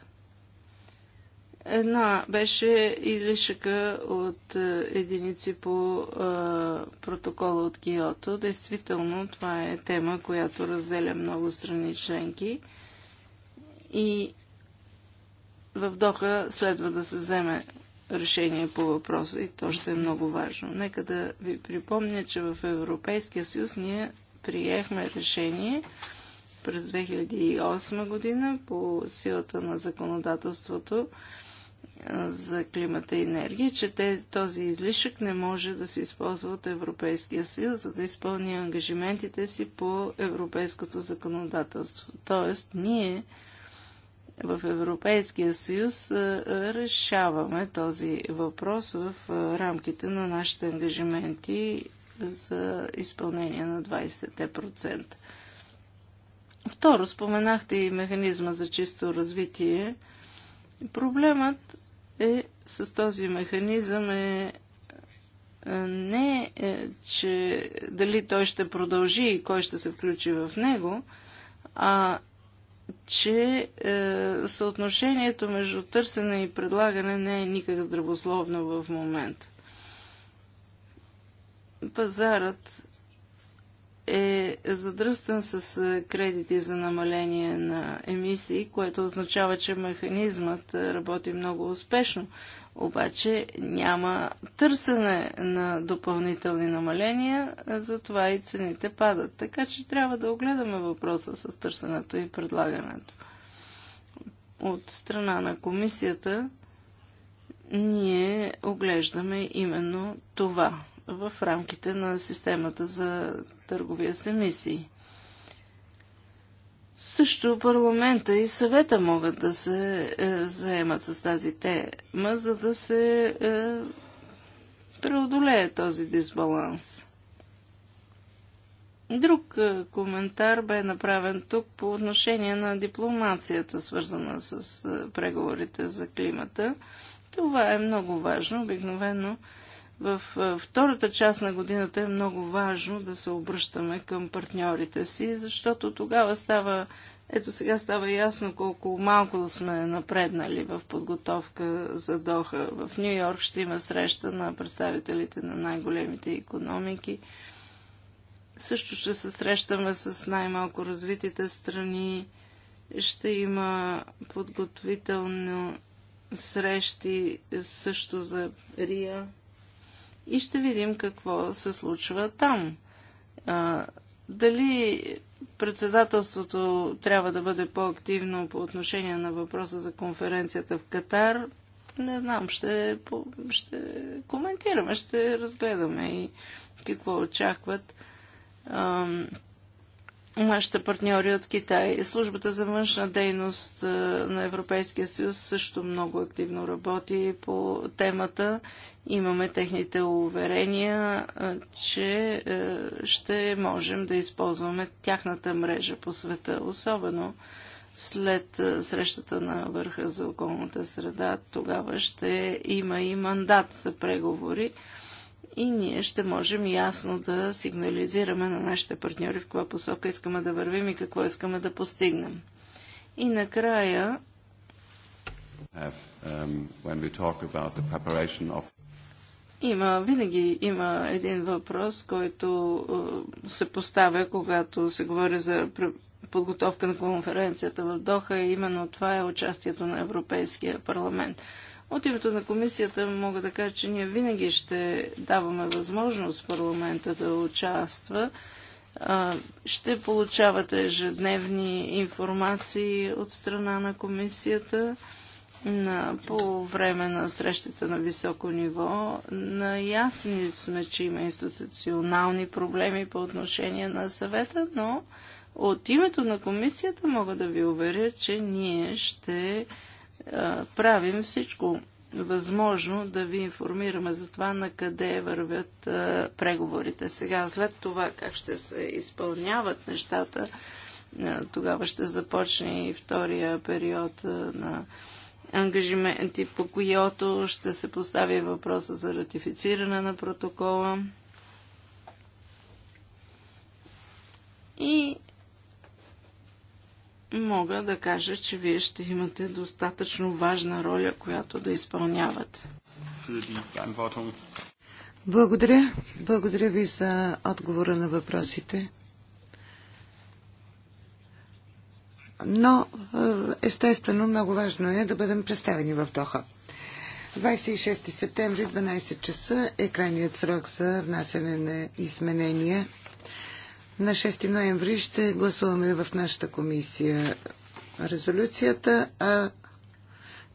Една беше излишъка от е, единици по а, е, протокола от Киото. Действително, това е тема, която разделя много страни членки. И в Доха следва да се вземе решение по въпроса и то ще е много важно. Нека да ви припомня, че в Европейския съюз ние приехме решение през 2008 година по силата на законодателството, за климата и енергия, че те, този излишък не може да се използва от Европейския съюз, за да изпълни ангажиментите си по европейското законодателство. Тоест, ние в Европейския съюз решаваме този въпрос в рамките на нашите ангажименти за изпълнение на 20%. Второ, споменахте и механизма за чисто развитие. Проблемът е с този механизъм е, е не, е, че дали той ще продължи и кой ще се включи в него, а че е, съотношението между търсене и предлагане не е никак здравословно в момента. Пазарът е задръстен с е, кредити за намаление на емисии, което означава, че механизмът е, работи много успешно. Обаче няма търсене на допълнителни намаления, е, затова и цените падат. Така че трябва да огледаме въпроса с търсенето и предлагането. От страна на комисията ние оглеждаме именно това в рамките на системата за търговия с емисии. Също парламента и съвета могат да се е, заемат с тази тема, за да се е, преодолее този дисбаланс. Друг е, коментар бе направен тук по отношение на дипломацията, свързана с е, преговорите за климата. Това е много важно. Обикновено е, в е, втората част на годината е много важно да се обръщаме към партньорите си, защото тогава става, ето сега става ясно колко малко сме напреднали в подготовка за Доха. В Нью Йорк ще има среща на представителите на най-големите економики. Също ще се срещаме с най-малко развитите страни. Ще има подготвително срещи също за РИА и ще видим какво се случва там. А, дали председателството трябва да бъде по-активно по отношение на въпроса за конференцията в Катар, не знам, ще, ще коментираме, ще разгледаме и какво очакват. А, нашите партньори от Китай. Службата за външна дейност е, на Европейския съюз също много активно работи по темата. Имаме техните уверения, е, че е, ще можем да използваме тяхната мрежа по света, особено след срещата на върха за околната среда. Тогава ще има и мандат за преговори и ние ще можем ясно да сигнализираме на нашите партньори в каква посока искаме да вървим и какво искаме да постигнем. И накрая Have, um, of... Има, винаги има един въпрос, който uh, се поставя, когато се говори за подготовка на конференцията в Доха, и именно това е участието на Европейския парламент. От името на комисията мога да кажа, че ние винаги ще даваме възможност парламента да участва. Ще получавате ежедневни информации от страна на комисията на, по време на срещата на високо ниво. Наясни сме, че има институционални проблеми по отношение на съвета, но от името на комисията мога да ви уверя, че ние ще правим всичко възможно да ви информираме за това на къде вървят преговорите. Сега, след това как ще се изпълняват нещата, тогава ще започне и втория период на ангажименти, по който ще се постави въпроса за ратифициране на протокола. И мога да кажа, че вие ще имате достатъчно важна роля, която да изпълнявате. Благодаря. Благодаря ви за отговора на въпросите. Но, е, естествено, много важно е да бъдем представени в Доха. 26 септември, 12 часа е крайният срок за внасяне на изменения на 6 ноември ще гласуваме в нашата комисия резолюцията, а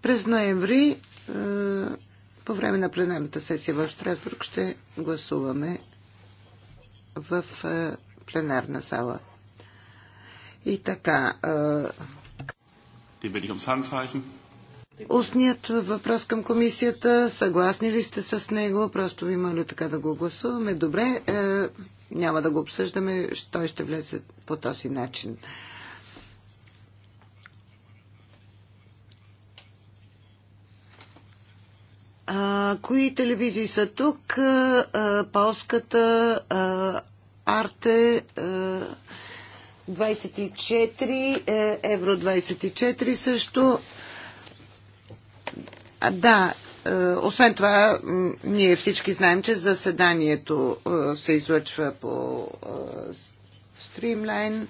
през ноември е, по време на пленарната сесия в Страсбург ще гласуваме в е, пленарна сала. И така. Äh, е, Den Устният въпрос към комисията, съгласни ли сте с него? Просто ви моля така да го гласуваме. Добре, е, няма да го обсъждаме, той ще влезе по този начин. А, кои телевизии са тук? А, е, е, полската, а, е, Арте, а, 24, Евро 24 също. Да, е, освен това, ние всички знаем, че заседанието е, се излъчва по е, стримлайн.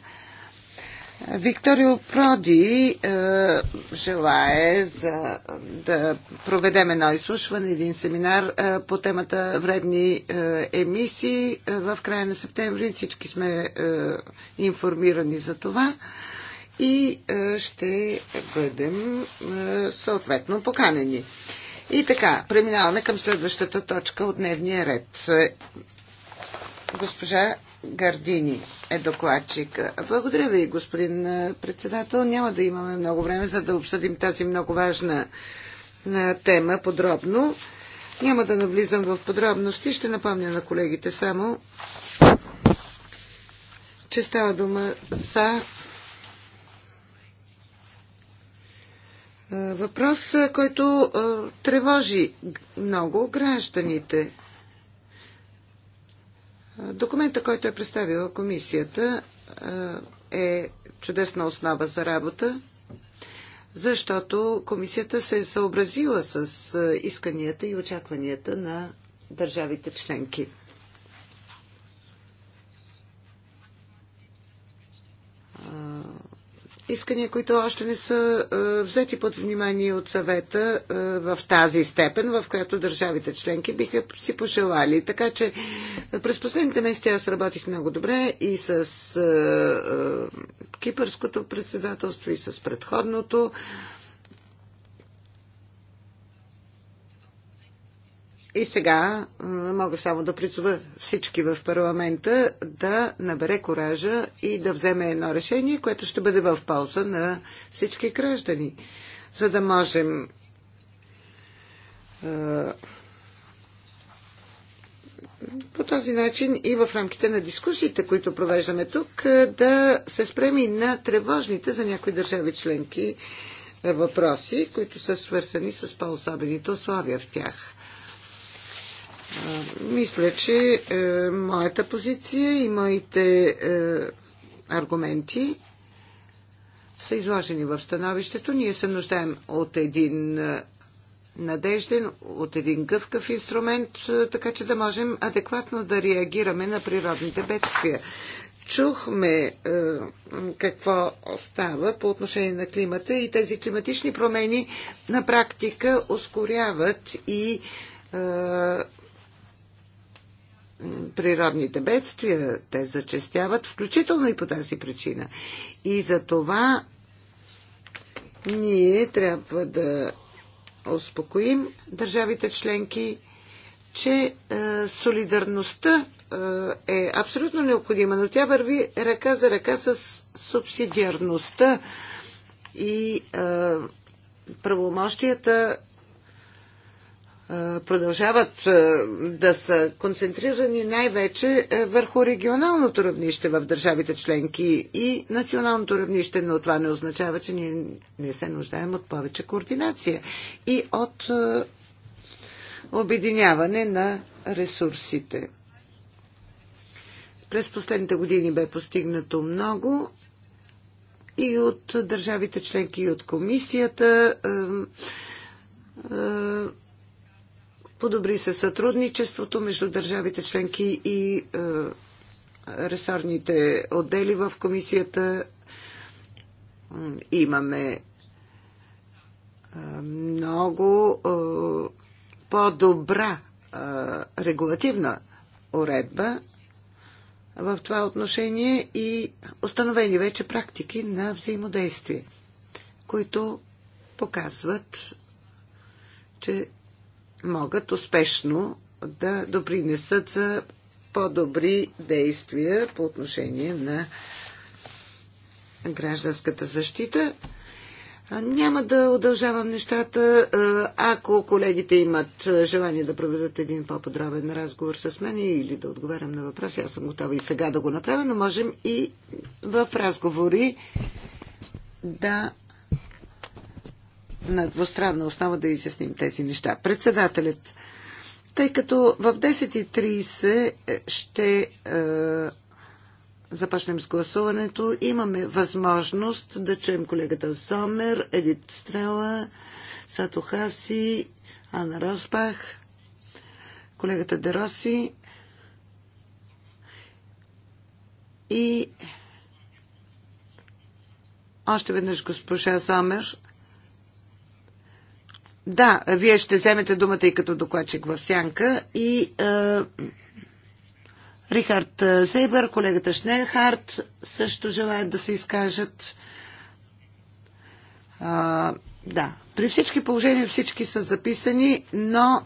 Викторио Проди желая желае за, да проведем едно изслушване, един семинар по темата вредни емисии. в края на септември всички сме информирани за това и е, ще бъдем е, съответно поканени. И така, преминаваме към следващата точка от дневния ред. Госпожа Гардини е докладчик. Благодаря ви, господин е, председател. Няма да имаме много време, за да обсъдим тази много важна тема подробно. Няма да навлизам в подробности. Ще напомня на колегите само, че става дума за Е, въпрос, е, който е, тревожи много гражданите. Документа, който е представила комисията, е чудесна основа за работа, защото комисията се е съобразила с исканията и очакванията на държавите членки. искания, които още не са е, взети под внимание от съвета е, в тази степен, в която държавите членки биха си пожелали. Така че е, през последните месеци аз работих много добре и с кипърското председателство, и с предходното. И сега мога само да призова всички в парламента да набере коража и да вземе едно решение, което ще бъде в полза на всички граждани, за да можем по този начин и в рамките на дискусиите, които провеждаме тук, да се спреми на тревожните за някои държави членки въпроси, които са свързани с по-особените условия в тях. Мисля, че е, моята позиция и моите е, аргументи са изложени в становището. Ние се нуждаем от един е, надежден, от един гъвкав инструмент, така че да можем адекватно да реагираме на природните бедствия. Чухме е, какво става по отношение на климата и тези климатични промени на практика ускоряват и е, природните бедствия, те зачестяват, включително и по тази причина. И за това ние трябва да успокоим държавите членки, че е, солидарността е, е абсолютно необходима, но тя върви ръка за ръка с субсидиарността и е, правомощията продължават да са концентрирани най-вече върху регионалното равнище в държавите членки и националното равнище, но това не означава, че ние не се нуждаем от повече координация и от обединяване на ресурсите. През последните години бе постигнато много и от държавите членки, и от комисията Подобри се сътрудничеството между държавите членки и е, ресорните отдели в комисията. Имаме е, много е, по-добра е, регулативна уредба в това отношение и установени вече практики на взаимодействие, които показват, че могат успешно да допринесат за по-добри действия по отношение на гражданската защита. Няма да удължавам нещата. Ако колегите имат желание да проведат един по-подробен разговор с мен или да отговарям на въпроси, аз съм готова и сега да го направя, но можем и в разговори да на двустранна основа да изясним тези неща. Председателят, тъй като в 10.30 ще е, започнем с гласуването, имаме възможност да чуем колегата Сомер, Едит Стрела, Сато Хаси, Ана Росбах, колегата Дероси и още веднъж госпожа Замер да, вие ще вземете думата и като докладчик в сянка. И е, Рихард Зейбър, колегата Шнелхард също желаят да се изкажат. Е, да, при всички положения всички са записани, но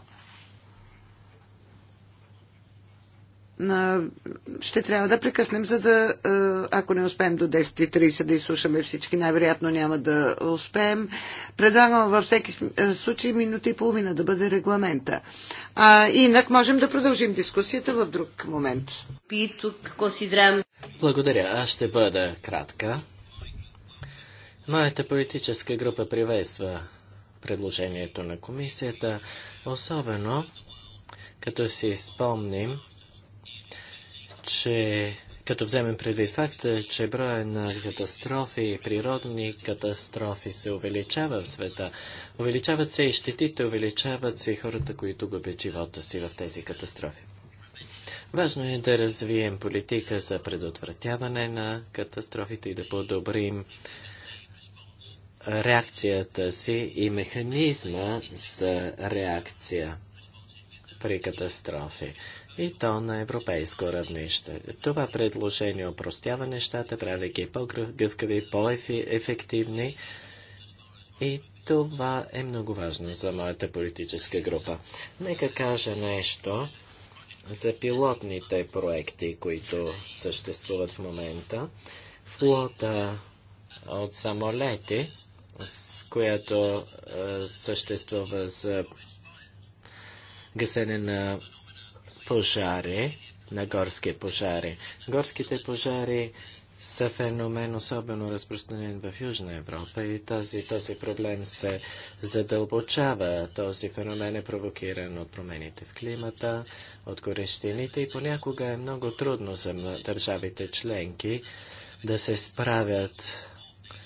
ще трябва да прекъснем, за да, ако не успеем до 10.30 да изслушаме всички, най-вероятно няма да успеем. Предлагам във всеки случай минута и половина да бъде регламента. А, инак можем да продължим дискусията в друг момент. Благодаря, аз ще бъда кратка. Моята политическа група приветства предложението на комисията, особено като си спомним, че като вземем предвид факта, че броя на катастрофи природни катастрофи се увеличава в света, увеличават се и щетите, увеличават се и хората, които губят живота си в тези катастрофи. Важно е да развием политика за предотвратяване на катастрофите и да подобрим реакцията си и механизма за реакция при катастрофи и то на европейско равнище. Това предложение опростява нещата, прави ги по-гъвкави, по-ефективни и това е много важно за моята политическа група. Нека кажа нещо за пилотните проекти, които съществуват в момента. Флота от самолети, с която е, съществува за гасене на пожари, на горски пожари. Горските пожари са феномен особено разпространен в Южна Европа и този, този проблем се задълбочава. Този феномен е провокиран от промените в климата, от горещините и понякога е много трудно за държавите членки да се справят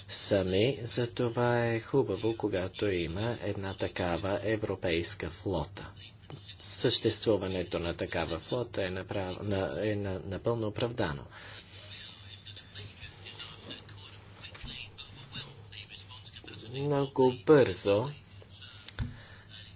сами. Затова е хубаво, когато има една такава европейска флота съществуването на такава флота е, направ... на... е на... напълно оправдано. Много бързо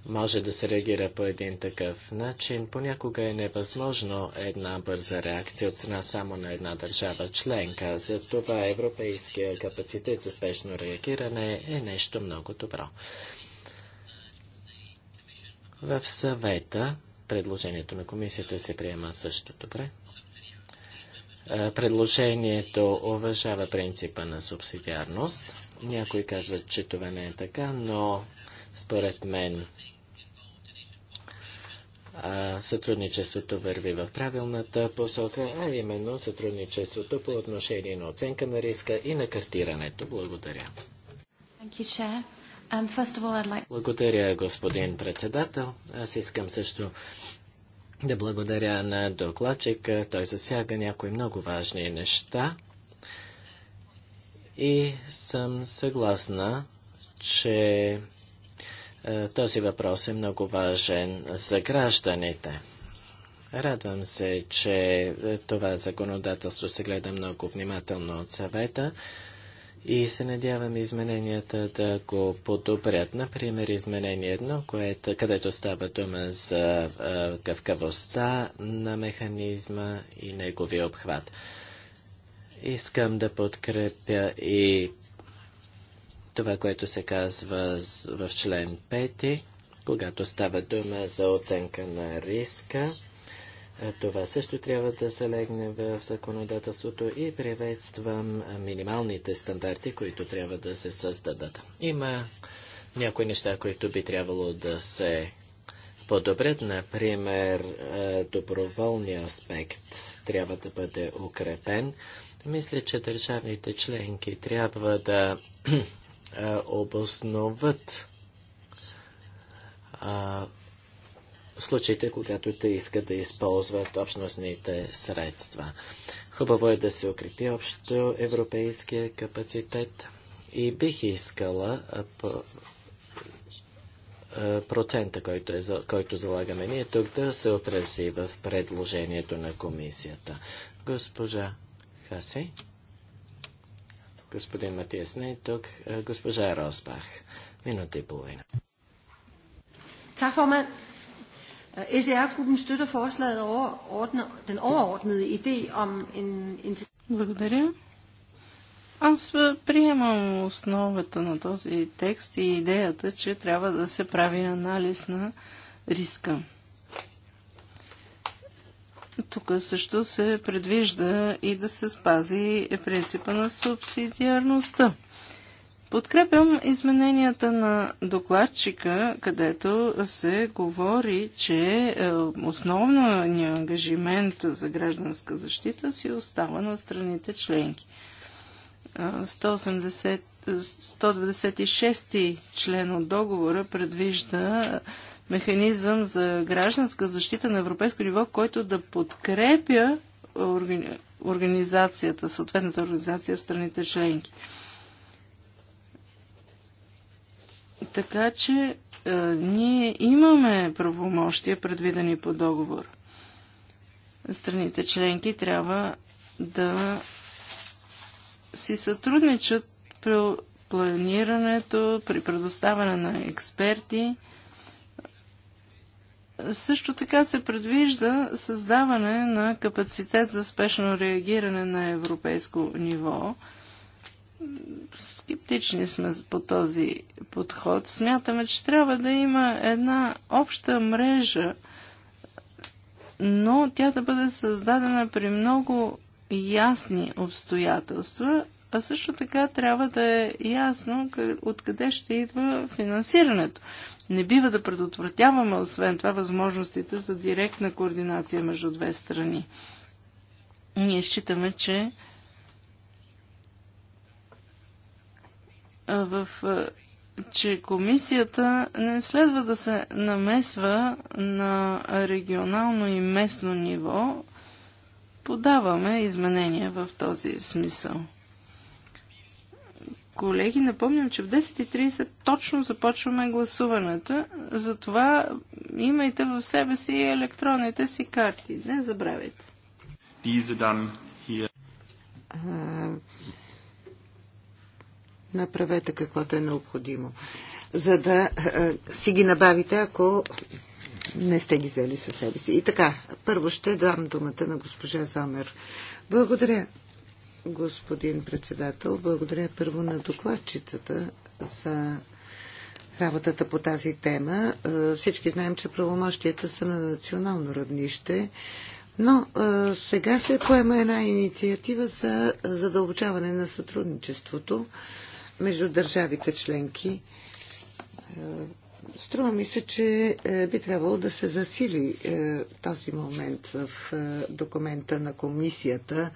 може да се реагира по един такъв начин. Понякога е невъзможно една бърза реакция от страна само на една държава членка. Затова европейския капацитет за спешно реагиране е нещо много добро. В съвета предложението на комисията се приема също добре. Предложението уважава принципа на субсидиарност. Някои казват, че това не е така, но според мен сътрудничеството върви в правилната посока, а именно сътрудничеството по отношение на оценка на риска и на картирането. Благодаря. Um, благодаря, господин председател. Аз искам също да благодаря на докладчика. Той засяга някои много важни неща. И съм съгласна, че е, този въпрос е много важен за гражданите. Радвам се, че е, това законодателство се гледа много внимателно от съвета и се надявам измененията да го подобрят. Например, изменение едно, което, където става дума за а, гъвкавостта на механизма и неговия обхват. Искам да подкрепя и това, което се казва в член 5, когато става дума за оценка на риска това също трябва да се легне в законодателството и приветствам минималните стандарти, които трябва да се създадат. Има някои неща, които би трябвало да се подобрят. Например, доброволния аспект трябва да бъде укрепен. Мисля, че държавните членки трябва да обосноват случаите, когато те искат да използват общностните средства. Хубаво е да се укрепи общо европейския капацитет и бих искала процента, който, е, който залагаме ние тук, да се отрази в предложението на комисията. Госпожа Хаси. Господин Матиас не е тук. Госпожа Росбах. Минута и половина. Tak, gruppen støtter forslaget den overordnede idé om en... Благодаря. Аз е, приемам основата на този текст и идеята, че трябва да се прави анализ на риска. Тук също се предвижда и да се спази принципа на субсидиарността. Подкрепям измененията на докладчика, където се говори, че е, основният ангажимент за гражданска защита си остава на страните членки. 180, е, 196 член от договора предвижда механизъм за гражданска защита на европейско ниво, който да подкрепя организацията, съответната организация в страните членки. Така че а, е, ние имаме правомощия, предвидени по договор. Страните членки трябва да си сътрудничат при планирането, при предоставяне на експерти. Също така се предвижда създаване на капацитет за спешно реагиране на европейско ниво скептични сме по този подход. Смятаме, че трябва да има една обща мрежа, но тя да бъде създадена при много ясни обстоятелства, а също така трябва да е ясно откъде ще идва финансирането. Не бива да предотвратяваме, освен това, възможностите за директна координация между две страни. Ние считаме, че в че комисията не следва да се намесва на регионално и местно ниво, подаваме изменения в този смисъл. Колеги, напомням, че в 10.30 точно започваме гласуването, затова имайте в себе си електронните си карти. Не забравяйте направете каквото е необходимо, за да е, е, си ги набавите, ако не сте ги взели със себе си. И така, първо ще дам думата на госпожа Замер. Благодаря, господин председател. Благодаря първо на докладчицата за работата по тази тема. Е, всички знаем, че правомощията са на национално равнище, но сега се поема една инициатива за задълбочаване на сътрудничеството между държавите членки. Е, струва ми се, че е, би трябвало да се засили е, този момент в документа на комисията,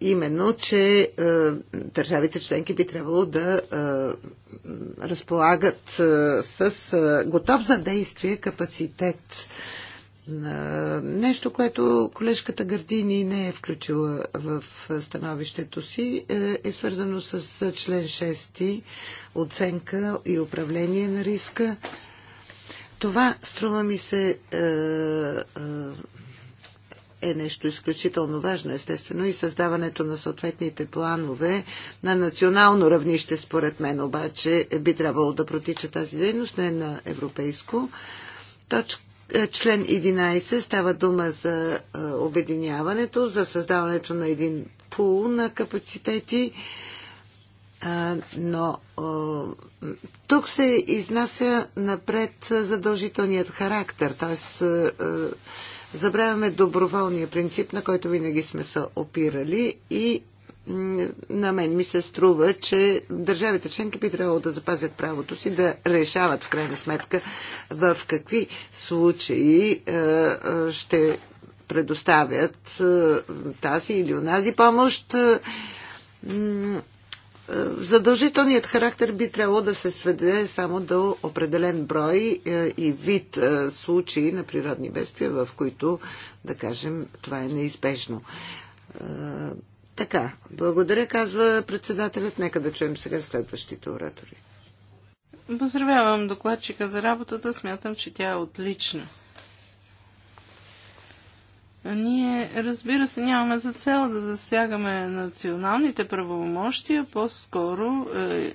именно, че държавите членки би трябвало да разполагат с готов за действие капацитет Нещо, което колежката Гардини не е включила в становището си, е, е свързано с член 6 оценка и управление на риска. Това, струва ми се, е, е, е нещо изключително важно, естествено, и създаването на съответните планове на национално равнище, според мен, обаче би трябвало да протича тази дейност, не на европейско. Точка е, член 11 става дума за е, обединяването, за създаването на един пул на капацитети, е, но тук се изнася напред задължителният характер, т.е. забравяме доброволния принцип, на който винаги сме се опирали и на мен ми се струва, че държавите членки би трябвало да запазят правото си да решават в крайна сметка в какви случаи е, е, ще предоставят е, тази или онази помощ. Задължителният характер би трябвало да се сведе само до определен брой и вид случаи на природни бедствия, в които, да кажем, това е неизбежно така, благодаря, казва председателят. Нека да чуем сега следващите оратори. Поздравявам докладчика за работата. Смятам, че тя е отлична. Ние, разбира се, нямаме за цел да засягаме националните правомощия, по-скоро е,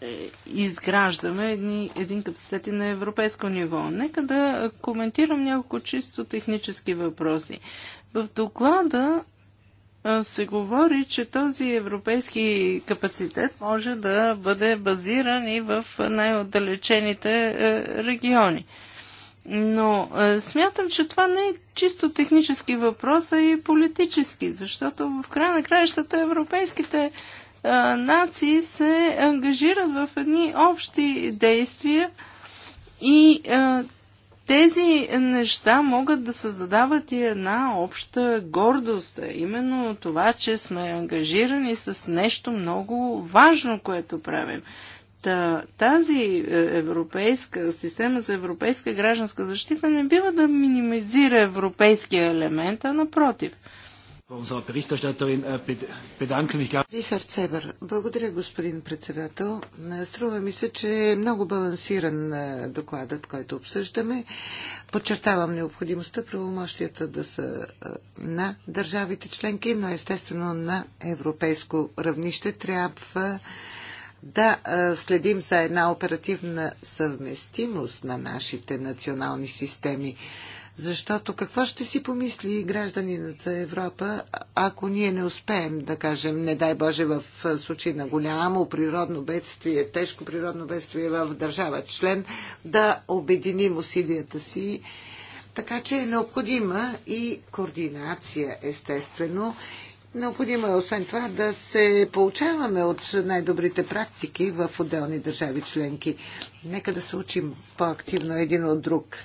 е, изграждаме едни, един капацитет на европейско ниво. Нека да коментирам няколко чисто технически въпроси. В доклада се говори, че този европейски капацитет може да бъде базиран и в най-отдалечените е, региони. Но е, смятам, че това не е чисто технически въпрос, а и политически, защото в края на краищата европейските е, нации се ангажират в едни общи действия и тези неща могат да създадават и една обща гордост, именно това, че сме ангажирани с нещо много важно, което правим. Та, тази е, европейска система за европейска гражданска защита не бива да минимизира европейския елемент, а напротив – Äh, Рихард Себер, благодаря господин председател. Е, струва ми се, че е много балансиран е, докладът, който обсъждаме. Подчертавам необходимостта правомощията да са е, на държавите членки, но естествено на европейско равнище трябва да следим за една оперативна съвместимост на нашите национални системи. Защото какво ще си помисли гражданинът за Европа, ако ние не успеем да кажем, не дай Боже, в случай на голямо природно бедствие, тежко природно бедствие в държава член, да обединим усилията си. Така че е необходима и координация, естествено. Необходимо е освен това да се получаваме от най-добрите практики в отделни държави членки. Нека да се учим по-активно един от друг.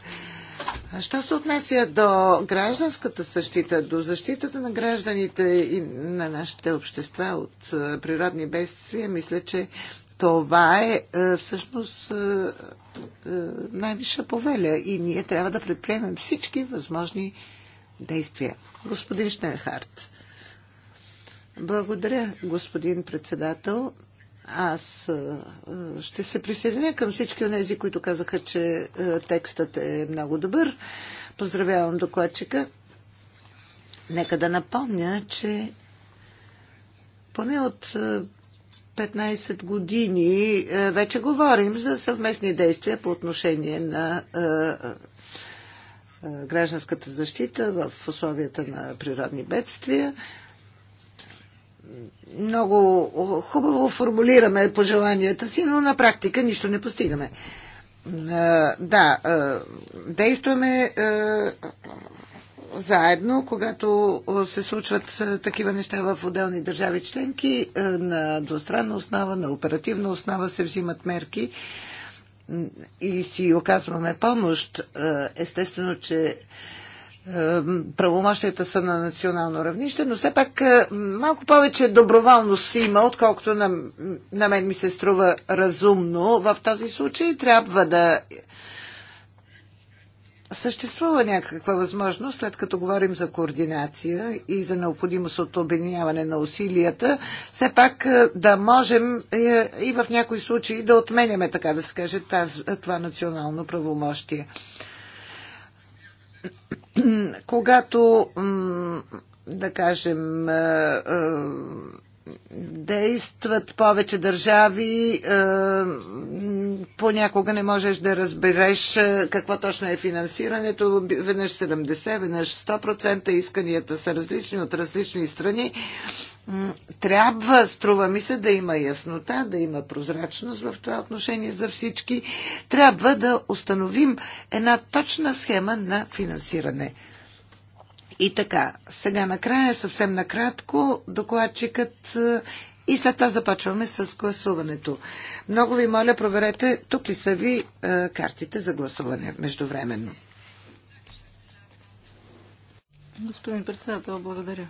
Що се отнася до гражданската защита, до защитата на гражданите и на нашите общества от природни бедствия, мисля, че това е всъщност най-висша повеля и ние трябва да предприемем всички възможни действия. Господин Штенхарт. Благодаря, господин председател. Аз ще се присъединя към всички от тези, които казаха, че текстът е много добър. Поздравявам докладчика. Нека да напомня, че поне от 15 години вече говорим за съвместни действия по отношение на гражданската защита в условията на природни бедствия много хубаво формулираме пожеланията си, но на практика нищо не постигаме. Да, действаме заедно, когато се случват такива неща в отделни държави членки, на двустранна основа, на оперативна основа се взимат мерки и си оказваме помощ. Естествено, че правомощията са на национално равнище, но все пак е, малко повече доброволност има, отколкото на, на мен ми се струва разумно. В този случай трябва да съществува някаква възможност, след като говорим за координация и за необходимост от обединяване на усилията, все пак е, да можем е, и в някои случаи да отменяме, така да се каже, това национално правомощие. когато, да кажем, действат повече държави, понякога не можеш да разбереш какво точно е финансирането. Веднъж 70, веднъж 100% исканията са различни от различни страни трябва, струва ми се, да има яснота, да има прозрачност в това отношение за всички. Трябва да установим една точна схема на финансиране. И така, сега накрая, съвсем накратко, докладчикът е, и след това започваме с гласуването. Много ви моля, проверете тук ли са ви е, картите за гласуване междувременно. Господин председател, благодаря.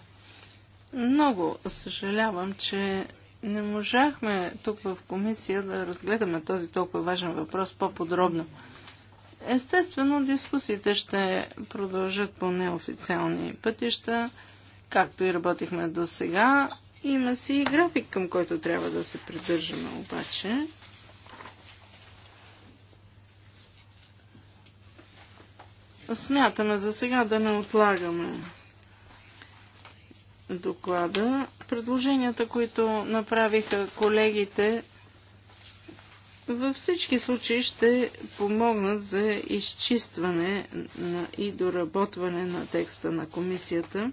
Много съжалявам, че не можахме тук в комисия да разгледаме този толкова важен въпрос по-подробно. Естествено, дискусиите ще продължат по неофициални пътища, както и работихме до сега. Има си и график, към който трябва да се придържаме обаче. Смятаме за сега да не отлагаме доклада. Предложенията, които направиха колегите, във всички случаи ще помогнат за изчистване и доработване на текста на комисията.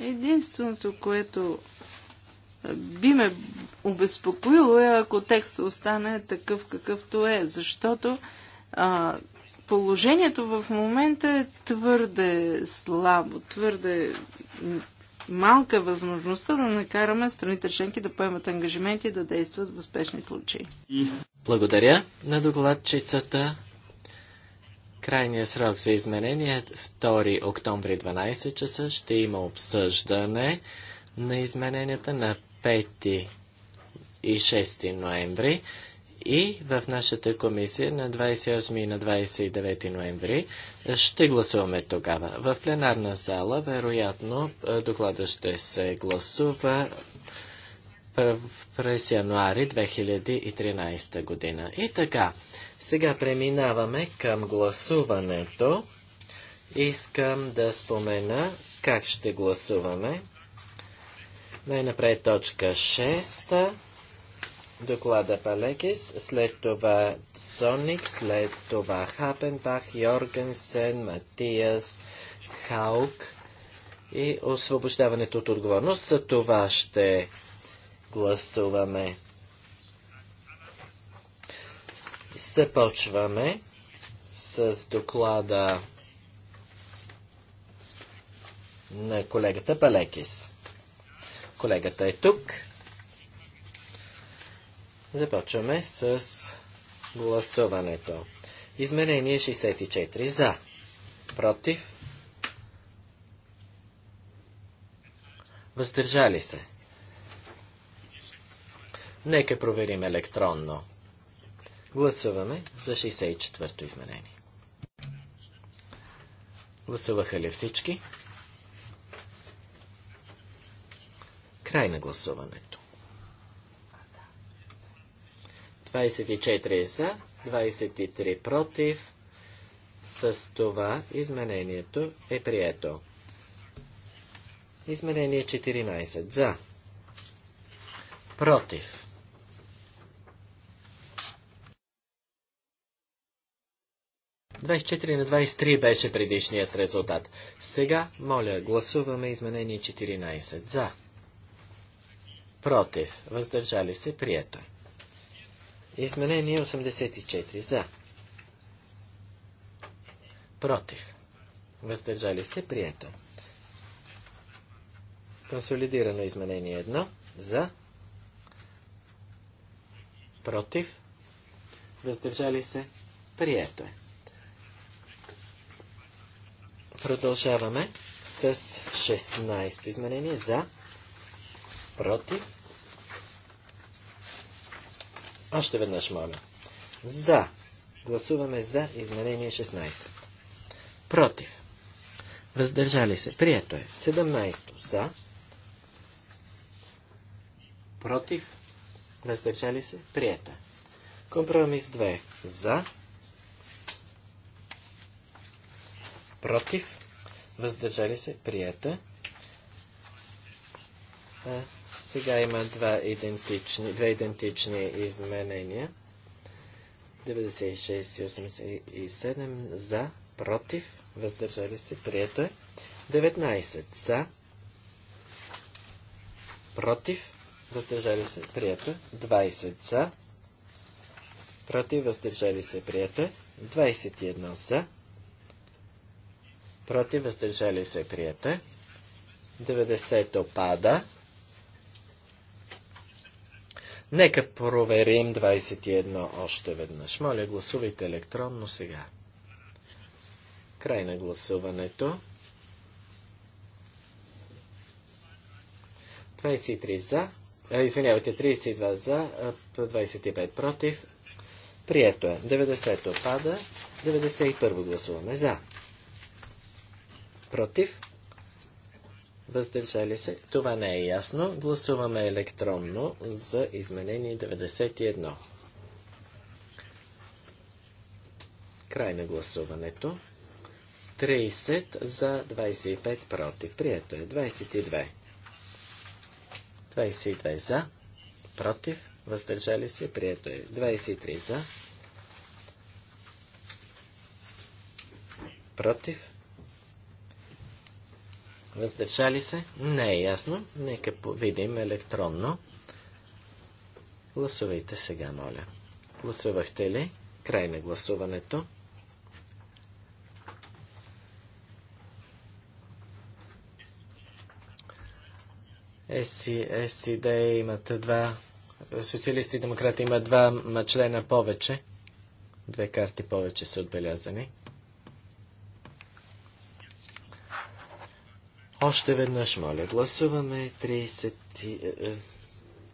Единственото, което би ме обезпокоило е, ако текстът остане такъв какъвто е, защото а, положението в момента е твърде слабо, твърде малка е възможността да накараме страните членки да поемат ангажименти и да действат в успешни случаи. Благодаря на докладчицата. Крайният срок за изменение е 2 октомври 12 часа. Ще има обсъждане на измененията на 5 и 6 ноември. И в нашата комисия на 28 и на 29 ноември ще гласуваме тогава. В пленарна зала, вероятно, доклада ще се гласува през януари 2013 година. И така, сега преминаваме към гласуването. Искам да спомена как ще гласуваме. Най-напред точка 6 доклада Палекис, след това Соник, след това Хапенбах, Йоргенсен, Матиас, Хаук и освобождаването от отговорност. За това ще гласуваме. Започваме с доклада на колегата Палекис. Колегата е тук. Започваме с гласуването. Изменение 64 за. Против. Въздържали се. Нека проверим електронно. Гласуваме за 64-то изменение. Гласуваха ли всички? Край на гласуването. 24 за, 23 против. С това изменението е прието. Изменение 14 за, против. Двадесет на 23 беше предишният резултат. Сега, моля, гласуваме изменение 14. За. Против. Въздържали се. Прието е. Изменение 84 за. Против. Въздържали се. Прието. Консолидирано изменение 1 за. Против. Въздържали се. Прието е. Продължаваме с 16 изменение за. Против още веднъж моля. За. Гласуваме за изменение 16. Против. Въздържали се. Прието е. 17. За. Против. Въздържали се. Прието е. Компромис 2. За. Против. Въздържали се. Прието е. е сега има два идентични, две идентични изменения. 96 и 87 за, против, въздържали се, прието е. 19 за, против, въздържали се, прието е. 20 за, против, въздържали се, прието е. 21 за, против, въздържали се, прието е. 90 опада. Нека проверим 21 още веднъж. Моля, гласувайте електронно сега. Край на гласуването. 23 за, извинявайте, 32 за, 25 против. Прието е. 90 пада. 91 гласуваме за. Против въздържали се. Това не е ясно. Гласуваме електронно за изменение 91. Край на гласуването. 30 за 25 против. Прието е 22. 22 за, против, въздържали се, прието е 23 за, против, Въздържали се? Не е ясно. Нека видим електронно. Гласувайте сега, моля. Гласувахте ли? Край на гласуването. СИД имат два, социалисти и демократи имат два члена повече. Две карти повече са отбелязани. Още веднъж, моля, гласуваме 30,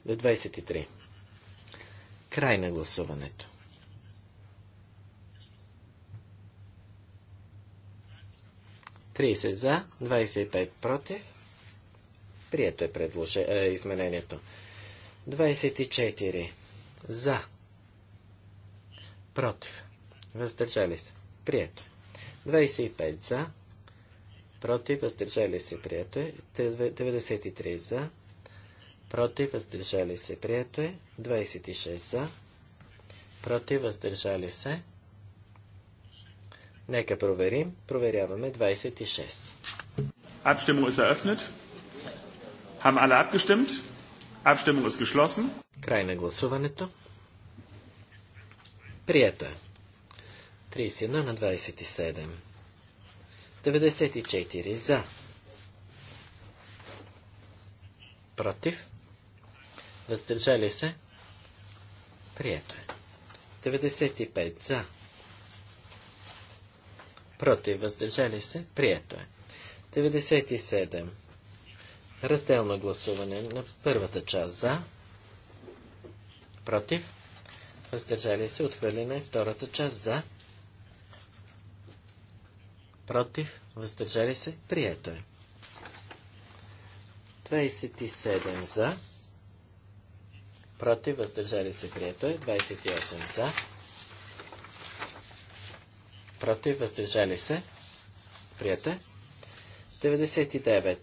23. Е, е, Край на гласуването. за, 25 против. Прието е предложе, е, изменението. 24 за, против. Въздържали се. Прието. 25 е. за, против, въздържали се, прието е. 93 за, против, въздържали се, прието е. 26 за, против, въздържали се. Нека проверим. Проверяваме 26. Abstimmung ist eröffnet. Haben alle abgestimmt? Abstimmung ist geschlossen. Край на гласуването. Прието е. 31 на 27. 94 за. Против. Въздържали се. Прието е. 95 за. Против. Въздържали се. Прието е. 97. Разделно гласуване на първата част за. Против. Въздържали се. Отхвърлена е втората част за против, въздържали се, прието е. 27 за, против, въздържали се, прието е. 28 за, против, въздържали се, прието е. 99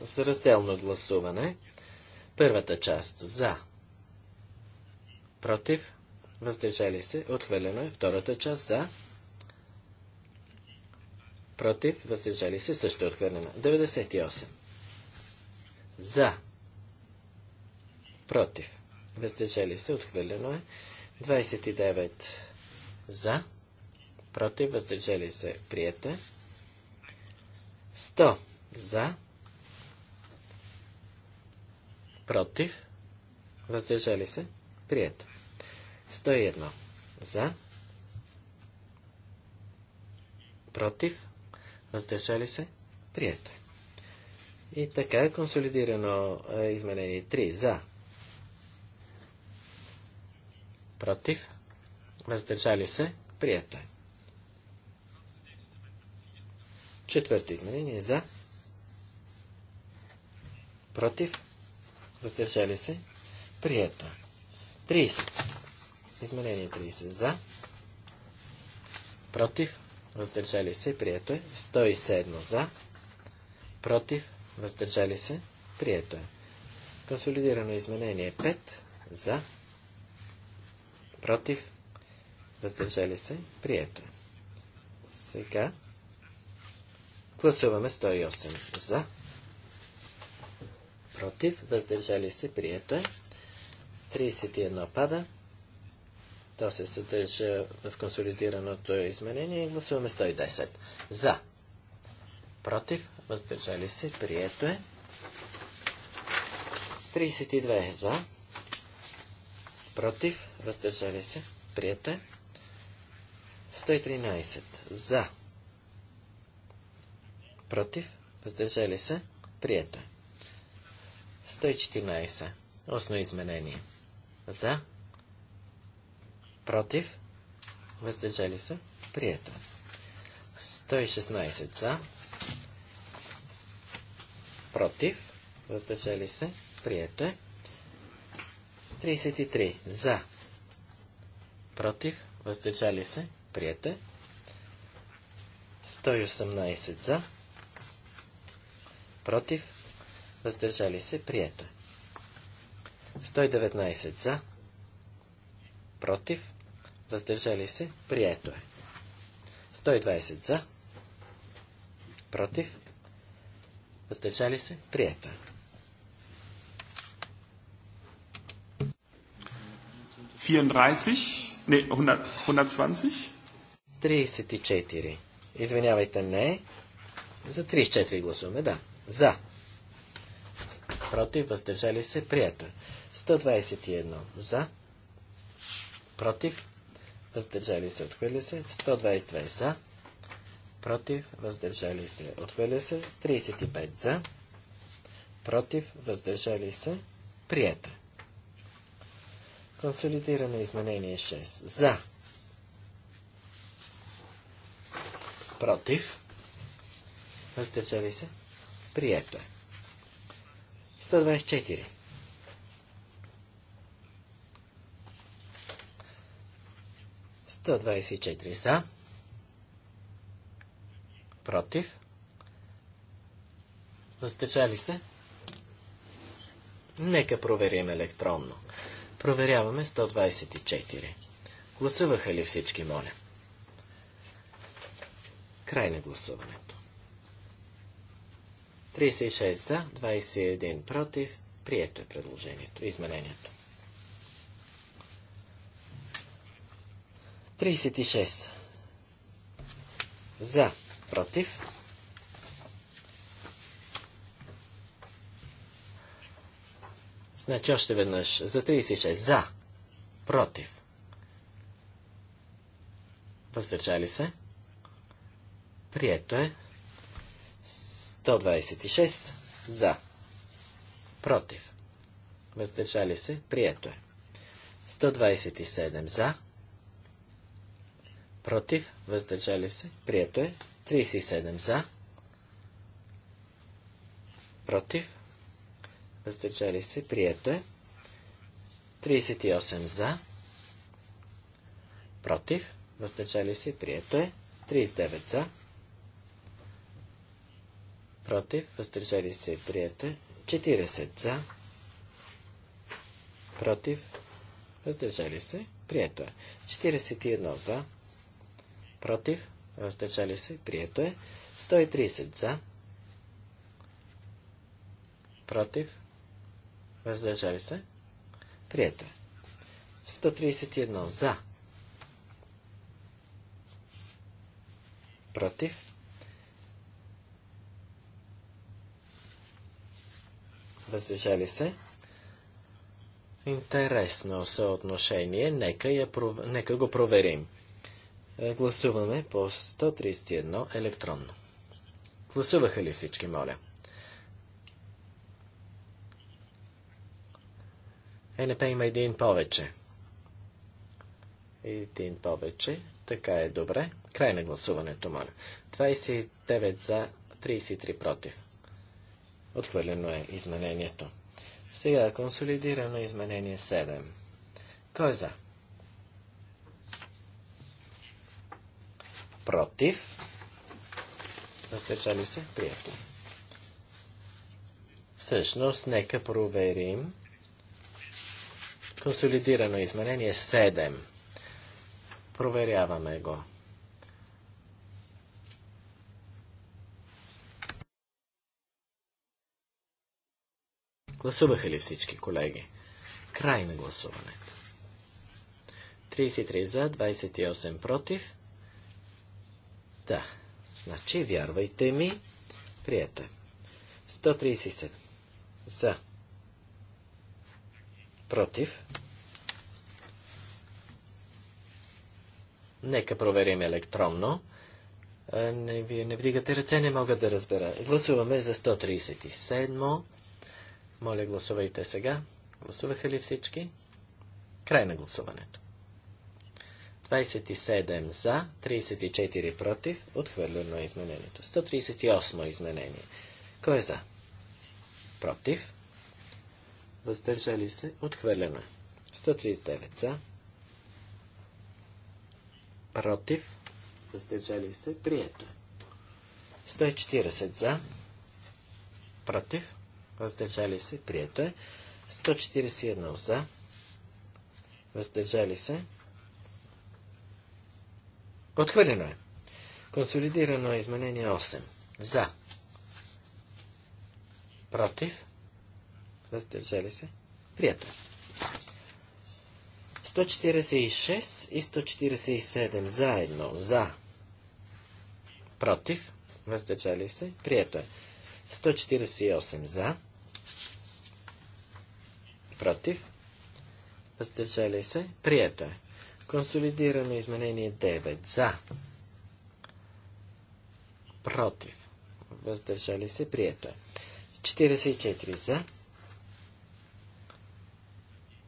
за разделно гласуване. Първата част за, против, въздържали се, отхвърлено е. Втората част за, Против, въздържали се, също е отхвърлено. 98. За. Против. Въздържали се, отхвърлено е. 29. За. Против, въздържали се, прието е. 100. За. Против. Въздържали се, прието. 101. За. Против ли се, прието е. И така, консолидирано е, изменение 3 за, против, въздържали се, прието е. Четвърто изменение за, против, въздържали се, прието е. 30. Изменение 30 за, против, въздържали се, прието е. 107 за, против, въздържали се, прието е. Консолидирано изменение 5 за, против, въздържали се, прието е. Сега гласуваме 108 за, против, въздържали се, прието е. 31 пада. То се съдържа в консолидираното изменение. и Гласуваме 110. За. Против. Въздържали се. Прието е. 32 за. Против. Въздържали се. Прието е. 113 за. Против. Въздържали се. Прието е. 114. Осно изменение. За против, въздържали се, прието. 116 за, против, въздържали се, прието е. 33 за, против, въздържали се, прието е. 118 за, против, въздържали се, прието е. 119 за, против, въздържали се, прието е. 120 за, против, въздържали се, прието е. 34, не, 120. 34. Извинявайте, не. За 34 гласуваме, да. За. Против, въздържали се, прието е. 121 за. Против, въздържали се, отхвърля се, 122 за, против, въздържали се, отхвърля се, 35 за, против, въздържали се, прието. Консолидирано изменение 6 за, против, въздържали се, прието е. 124 124 за, против, въздържали се. Нека проверим електронно. Проверяваме 124. Гласуваха ли всички, моля? Край на гласуването. 36 за, 21 против. Прието е предложението, изменението. 36. За. Против. Значи още веднъж. За 36. За. Против. Въздържали се. Прието е. 126. За. Против. Въздържали се. Прието е. 127. За против, въздържали се, прието е. 37 за, против, въздържали се, прието е. 38 за, против, въздържали се, прието е. 39 за, против, въздържали се, прието е. 40 за, против, въздържали се, прието е. 41 за, против, въздържали се, прието е. 130 за, против, въздържали се, прието е. 131 за, против, въздържали се, Интересно съотношение, нека, я, нека го проверим. Е, гласуваме по 131 електронно. Гласуваха ли всички, моля? ЕНП има един повече. Един повече. Така е добре. Край на гласуването, моля. 29 за, 33 против. Отхвърлено е изменението. Сега консолидирано изменение 7. Кой е за? против, въздържали се, прието. Всъщност, нека проверим консолидирано изменение 7. Проверяваме го. Гласуваха ли всички колеги? Край на гласуването. 33 за, 28 против. Да. Значи, вярвайте ми, прието е. 137. За. Против. Нека проверим електронно. Не, вие не вдигате ръце, не мога да разбера. Гласуваме за 137. Моля, гласувайте сега. Гласуваха ли всички? Край на гласуването. 27 за, 34 против, отхвърлено е изменението. 138 изменение. Кой е за? Против. Въздържали се, отхвърлено е. 139 за. Против. Въздържали се, прието е. 140 за. Против. Въздържали се, прието е. 141 за. Въздържали се, Отхвърлено е. Консолидирано е изменение 8. За. Против. Въздържали се. Прието. 146 и 147 заедно. За. Против. Въздържали се. Прието е. 148 за. Против. Въздържали се. Прието е. Консолидирано изменение 9. За. Против. Въздържали се. Прието е. 44. За.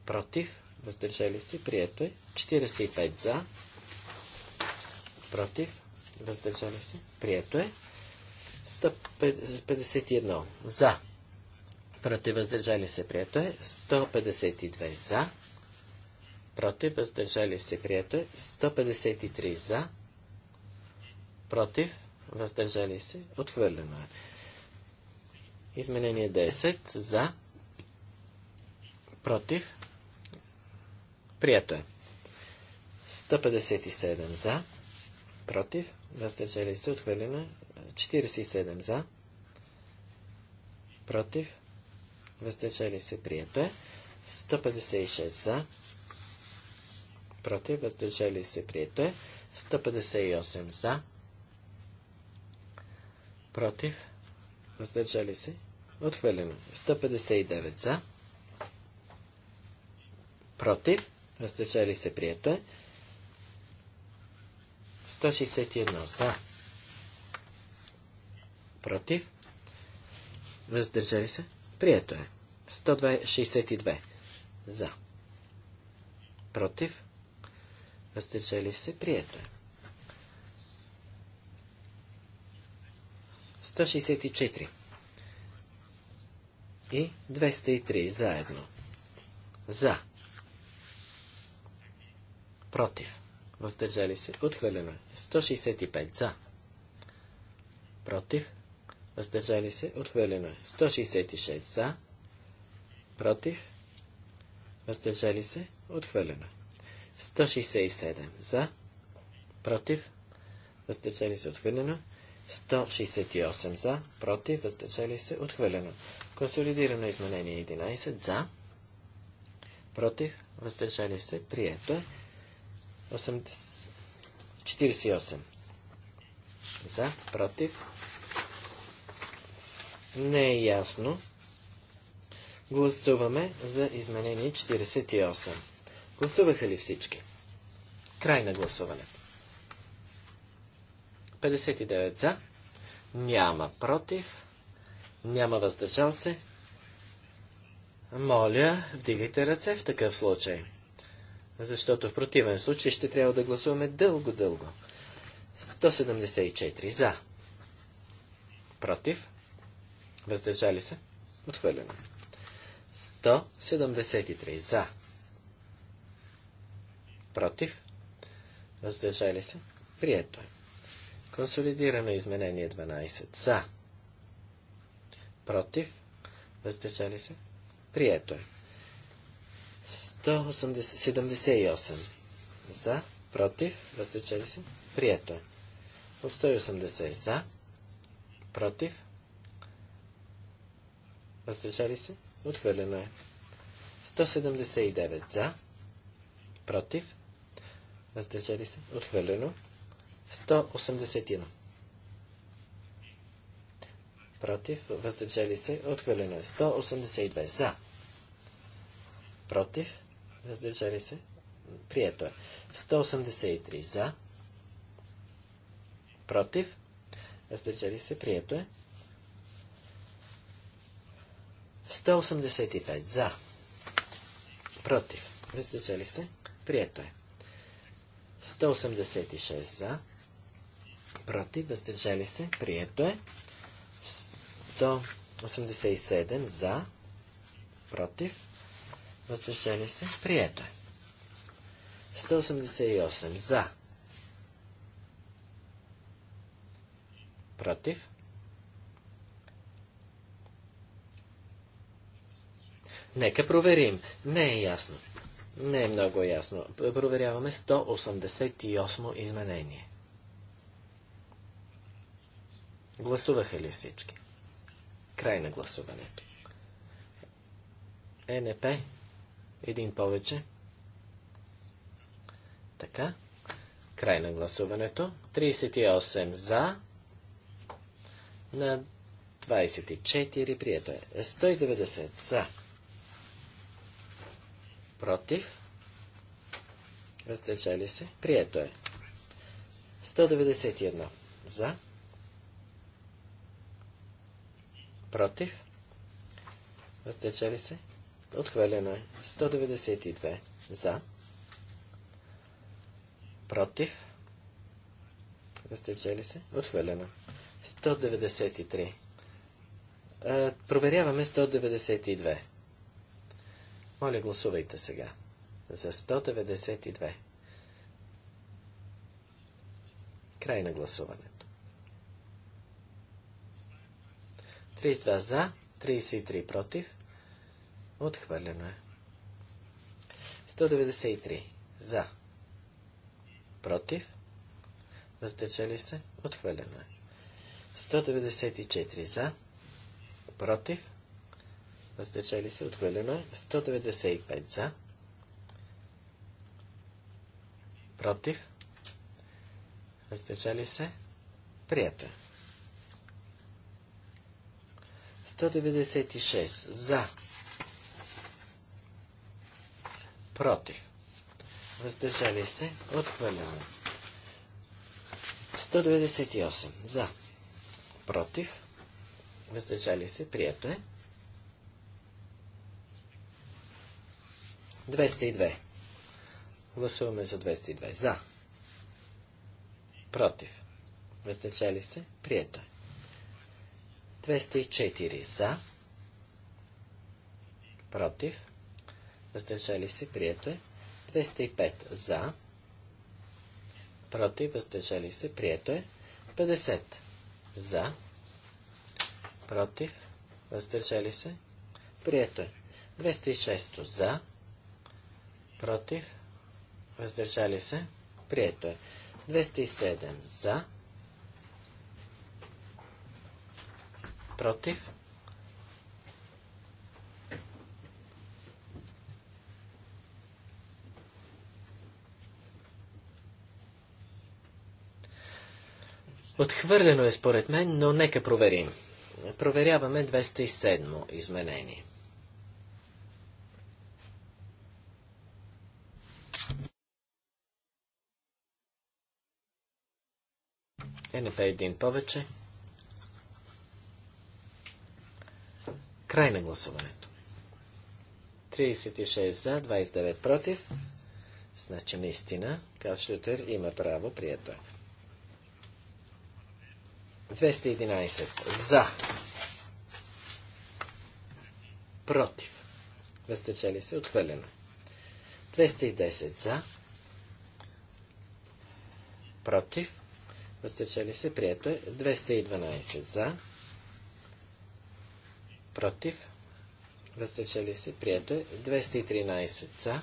Против. Въздържали се. Прието е. 45. За. Против. Въздържали се. Прието е. 151. За. Против. Въздържали се. Прието е. 152. За против, въздържали се, прието е. 153 за, против, въздържали се, отхвърлено е. Изменение 10 за, против, прието е. 157 за, против, въздържали се, отхвърлено е. 47 за, против, въздържали се, прието е. 156 за, против, въздържали се, прието е. 158 за, против, въздържали се, отхвърлено. 159 за, против, въздържали се, прието е. 161 за, против, въздържали се, прието е. 162 за, против, въздържали се, прието е. 164 и 203 заедно. За. Против. Въздържали се. Отхвърлено 165 е. за. Против. Въздържали се. Отхвърлено 166 е. за. Против. Въздържали се. Отхвърлено 167. Е. 167 за, против, въздържали се отхвърлено. 168 за, против, въздържали се отхвърлено. Консолидирано изменение 11 за, против, въздържали се, прието. е 48 за, против. Не е ясно. Гласуваме за изменение 48. Гласуваха ли всички? Край на гласуването. 59 за, няма против, няма въздържал се. Моля, вдигайте ръце в такъв случай. Защото в противен случай ще трябва да гласуваме дълго-дълго. 174 за. Против. Въздържали се. Отхвърлено. 173 за. Против. Въздържали се. Прието е. Консолидирано изменение 12. За. Против. Въздържали се. Прието е. 178. За. Против. Въздържали се. Прието е. 180. За. Против. Въздържали се. Отхвърлено е. 179. За. Против въздържали се, отхвърлено. 181. Против, въздържали се, отхвърлено е. 182. За. Против, въздържали се, прието е. 183. За. Против, въздържали се, прието е. 185. За. Против, въздържали се, прието е. 186 за, против, въздържали се, прието е. 187 за, против, въздържали се, прието е. 188 за, против, Нека проверим. Не е ясно. Не е много ясно. Проверяваме 188 изменение. Гласуваха ли всички? Край на гласуването. Е, НП. Един повече. Така. Край на гласуването. 38 за. На 24 прието е. 190 за против, въздържали се, прието е. 191 за, против, въздържали се, отхвърлено е. 192 за, против, въздържали се, отхвърлено. 193. Е, проверяваме 192. Моля, гласувайте сега. За 192. Край на гласуването. 32 за, 33 против. Отхвърлено е. 193 за. Против. Въздържали се. Отхвърлено е. 194 за. Против въздържали се, отхвърлено е. 195 за, против, въздържали се, прието е. 196 за, против, въздържали се, отхвърлено е. 198 за, против, въздържали се, прието е. 202. Гласуваме за 202. За. Против. Въздържали се. Прието е. 204. За. Против. Въздържали се. Прието е. 205. За. Против. Въздържали се. Прието е. 50. За. Против. Въздържали се. Прието е. 206. За против, въздържали се, прието е. 207 за, против, Отхвърлено е според мен, но нека проверим. Проверяваме 207 изменение. Е, НП един повече. Край на гласуването. 36 за, 29 против. Значи наистина, Карл Шлютер има право, прието е. 211 за. Против. Въздържали се, отхвърлено. 210 за. Против въздържали се, прието е. 212 за, против, въздържали се, прието е. 213 за,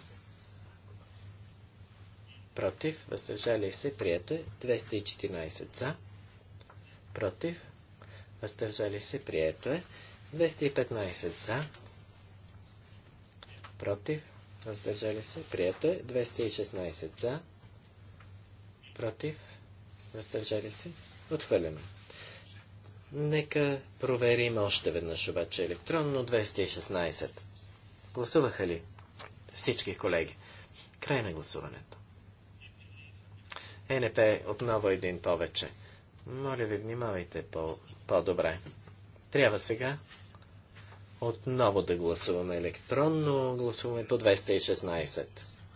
против, въздържали се, прието е. 214 за, против, въздържали се, прието е. 215 за, против, въздържали се, прието е. 216 за, против, Въздържали се? Отхвърляме. Нека проверим още веднъж обаче електронно 216. Гласуваха ли всички колеги? Край на гласуването. ЕНП отново един повече. Моля ви, внимавайте по- по-добре. Трябва сега отново да гласуваме електронно. Гласуваме по 216.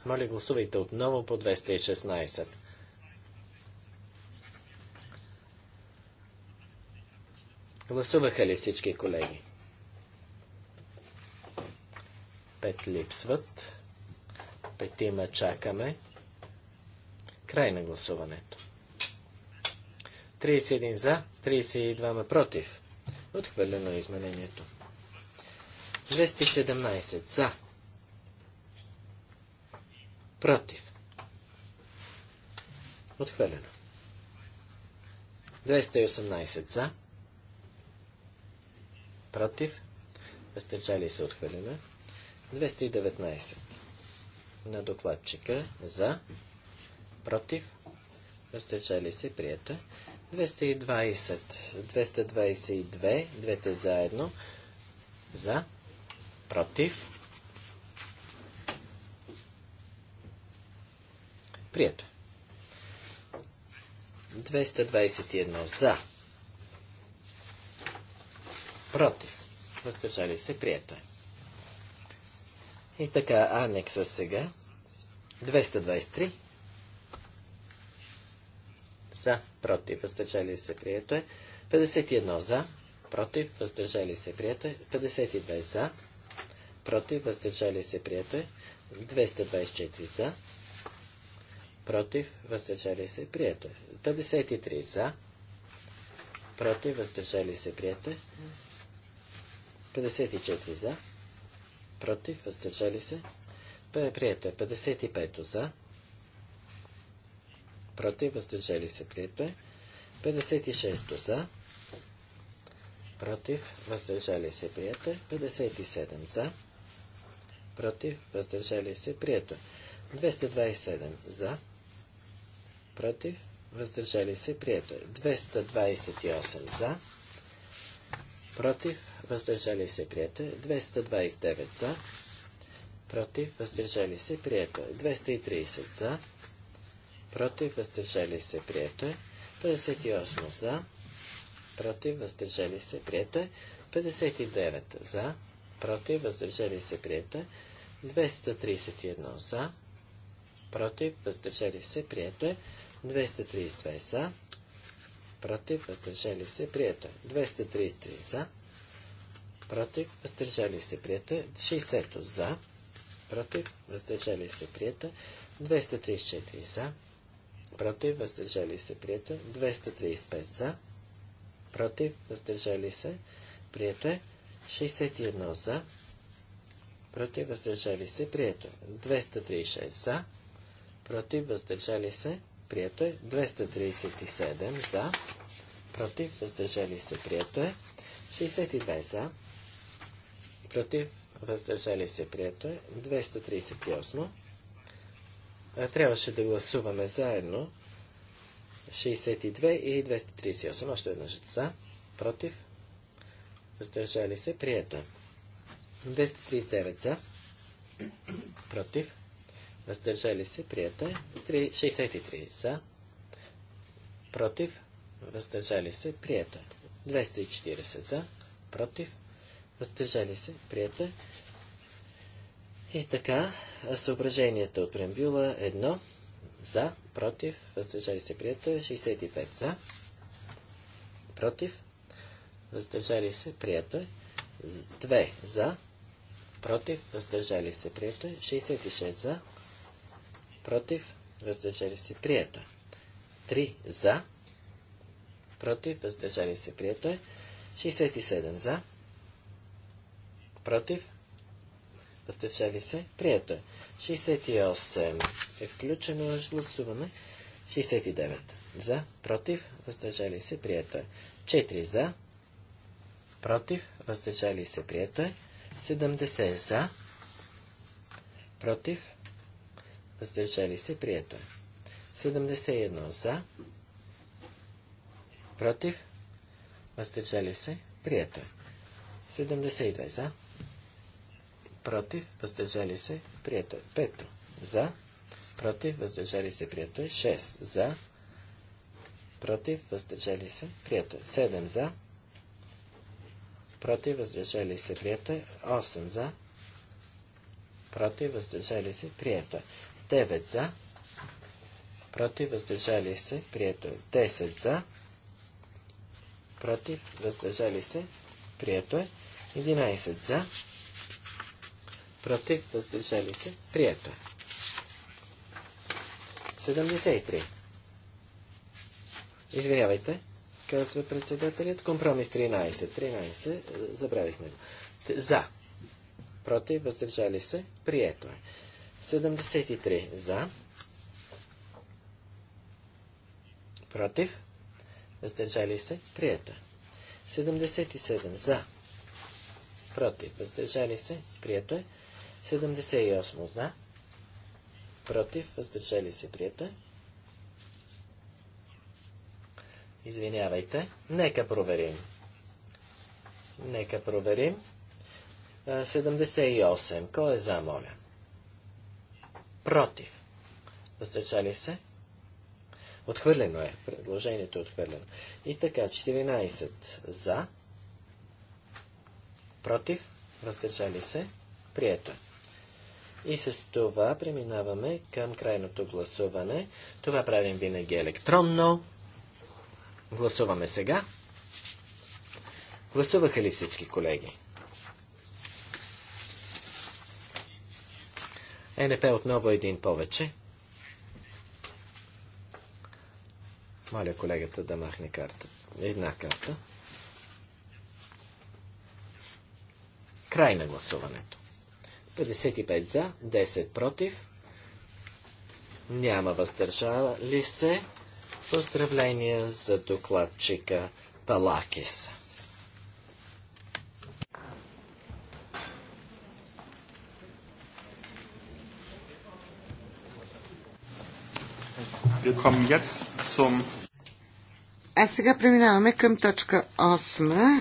Моля, гласувайте отново по 216. Гласуваха ли всички колеги? Пет липсват. Петима чакаме. Край на гласуването. 31 за, 32 против. Отхвърлено е изменението. 217 за. Против. Отхвърлено. 218 за против, въздържали се отхвърлено. 219 на докладчика за, против, въздържали се, прието. 220, 222, двете заедно, за, против, прието. 221 за, Против. Въздържали се. Прието е. И така, анекса сега. 223. За. Против. Въздържали се. Прието е. 51 за. Против. Въздържали се. Прието е. 52 за. Против. Въздържали се. Прието е. 224 за. Против. Въздържали се. Прието е. 53 за. Против. Въздържали се. Прието е. 54 е. за, против, въздържали се. Прието е 55 за, против, въздържали се. Прието е 56 за, против, въздържали се. Прието е 57 за, против, въздържали се. Прието е 227 за, против, въздържали се. Прието е 228 за, против, въздържали се, прието е. 229 за, против, въздържали се, прието е. 230 за, против, въздържали се, прието е. 58 за, против, въздържали се, прието е. 59 за, против, въздържали се, прието е. 231 за, против, въздържали се, прието е. 232 за, против, въздържали се, прието е. 233 за, против, въздържали се, прието е. 60 за, против, въздържали се, прието е. 234 за, против, въздържали се, прието е. 235 за, против, въздържали се, прието е. 61 за, против, въздържали се, прието е. 236 за, против, въздържали се, прието е. 237 за, против, въздържали се, прието е. 62 за, против, въздържали се, прието е. 238. Трябваше да гласуваме заедно 62 и 238. Още една за, против, въздържали се, прието е. 239 за, против, въздържали се, прието е. 63 за, против, въздържали се, прието е. 240 за, против, въздържали се, прието е. И така, съображението от преамбюла 1 за, против, въздържали се, прието е, 65 за, против, въздържали се, прието е, 2 за, против, въздържали се, прието е, 66 за, против, въздържали се, прието е, 3 за, против, въздържали се, прието е, 67 за, Против? Въздържали се? Прието е. 68 е включено. Гласуваме. 69 за. Против? Въздържали се? Прието е. 4 за. Против? Въздържали се? Прието е. 70 за. Против? Въздържали се? Прието е. 71 за. Против? Въздържали се? Прието е. 72 за против, въздържали се, прието е. 5 за, против, въздържали се, прието е. 6 за, против, въздържали се, прието е. 7 за, против, въздържали се, прието е. 8 за, против, въздържали се, прието е. 9 за, против, въздържали се, прието е. 10 за, против, въздържали се, прието е. 11 за, против, въздържали се, прието е. 73. Извинявайте, казва председателят. Компромис 13. 13. Е, забравихме го. За. Против, въздържали се, прието е. 73. За. Против, въздържали се, прието е. 77. За. Против, въздържали се, прието е. 78 за, против, въздържали се, прието е. Извинявайте, нека проверим. Нека проверим. 78. Кой е за, моля? Против. Въздържали се? Отхвърлено е. Предложението е отхвърлено. И така, 14 за. Против. Въздържали се? Прието е. И с това преминаваме към крайното гласуване. Това правим винаги електронно. Гласуваме сега. Гласуваха ли всички колеги? Е, НП отново един повече. Моля колегата да махне карта. Една карта. Край на гласуването. 55 за, 10 против. Няма въздържали се. Поздравления за докладчика Палакис. А сега преминаваме към точка 8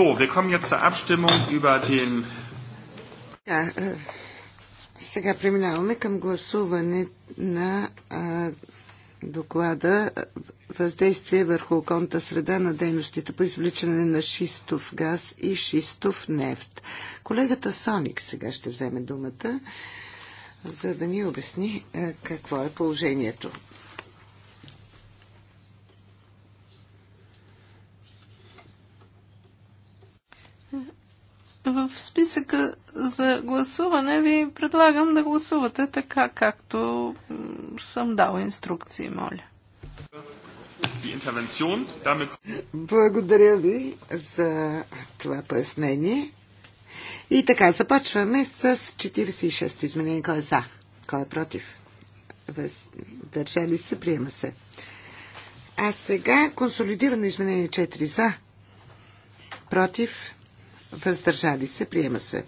So, wir kommen jetzt zur Abstimmung über den. Ja, е, сега преминаваме към гласуване на а, доклада въздействие върху околната среда на дейностите по извличане на шистов газ и шистов нефт. Колегата Соник сега ще вземе думата, за да ни обясни а, е, какво е положението. за гласуване ви предлагам да гласувате така, както съм дала инструкции, моля. Благодаря ви за това пояснение. И така, започваме с 46-то изменение. Кой е за? Кой е против? Държали се, приема се. А сега консолидирано изменение 4 за. Против? Въздържали се, приема се.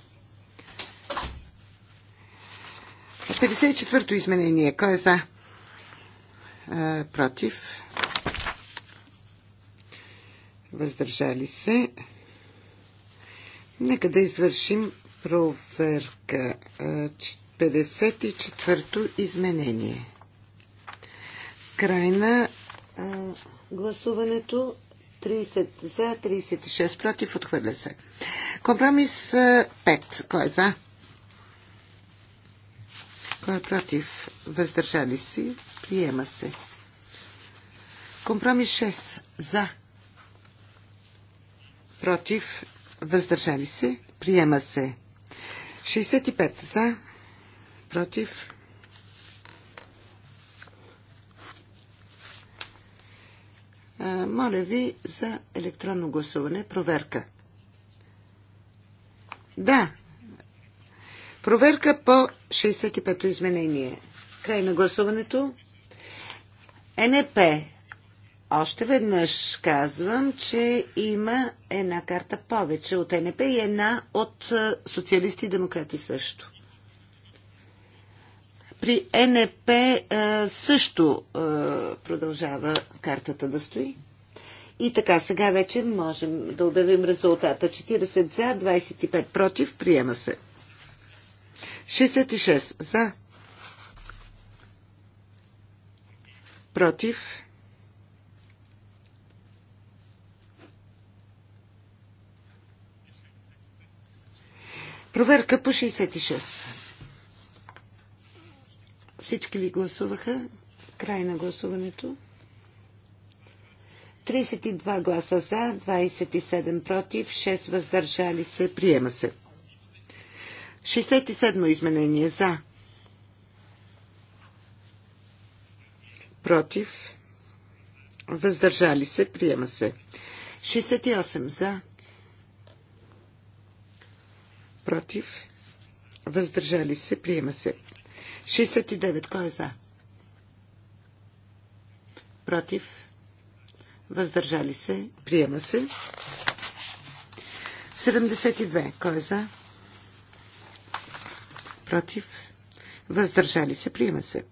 54-то изменение. Кой е за? А, против. Въздържали се. Нека да извършим проверка. 54-то изменение. Край на а, гласуването 30 за, 36 против, отхвърля се. Компромис 5. Кой е за? Кой е против? Въздържали се? Приема се. Компромис 6. За. Против. Въздържали се. Приема се. 65. За. Против. Моля ви за електронно гласуване. Проверка. Да, Проверка по 65-то изменение. Край на гласуването. НП. Още веднъж казвам, че има една карта повече от НП и една от е, социалисти и демократи също. При НП е, също е, продължава картата да стои. И така, сега вече можем да обявим резултата. 40 за, 25 против, приема се. 66 за. Против. Проверка по 66. Всички ли гласуваха? Край на гласуването. 32 гласа за, 27 против, 6 въздържали се. Приема се. 67 изменение за. Против. Въздържали се. Приема се. 68 за. Против. Въздържали се. Приема се. 69. Кой е за? Против. Въздържали се. Приема се. 72. Кой е за? против, въздържали се, приема се.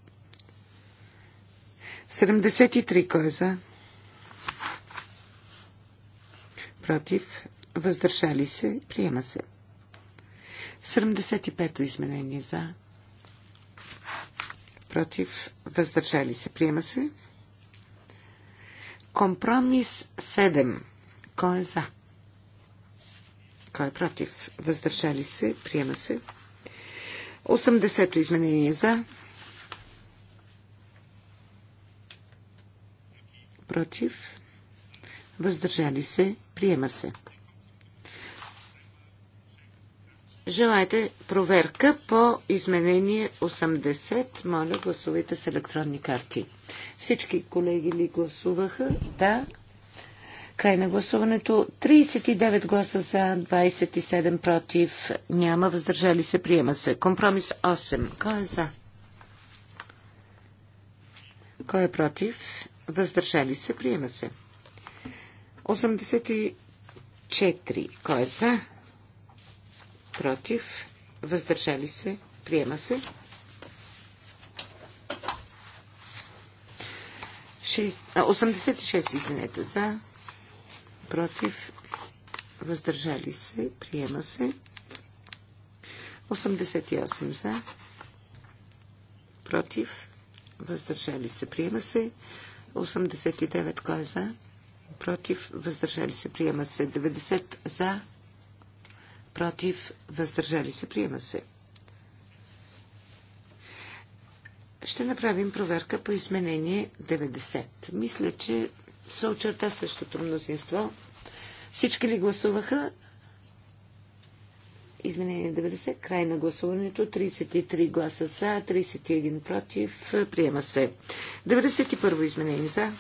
73 кой е за? Против, въздържали се, приема се. 75-то изменение за. Против, въздържали се, приема се. Компромис 7. Кой е за? Кой е против? Въздържали се, приема се. 80-то изменение за. Против. Въздържали се. Приема се. Желаете проверка по изменение 80. Моля, гласувайте с електронни карти. Всички колеги ли гласуваха? Да. Край на гласуването. 39 гласа за, 27 против, няма. Въздържали се, приема се. Компромис 8. Кой е за? Кой е против? Въздържали се, приема се. 84. Кой е за? Против? Въздържали се, приема се. 86, извинете, за, против, въздържали се, приема се. 88 за, против, въздържали се, приема се. 89 кой е за, против, въздържали се, приема се. 90 за, против, въздържали се, приема се. Ще направим проверка по изменение 90. Мисля, че се очерта същото мнозинство. Всички ли гласуваха? Изменение 90. Край на гласуването. 33 гласа за, 31 против. Приема се. 91 изменение за.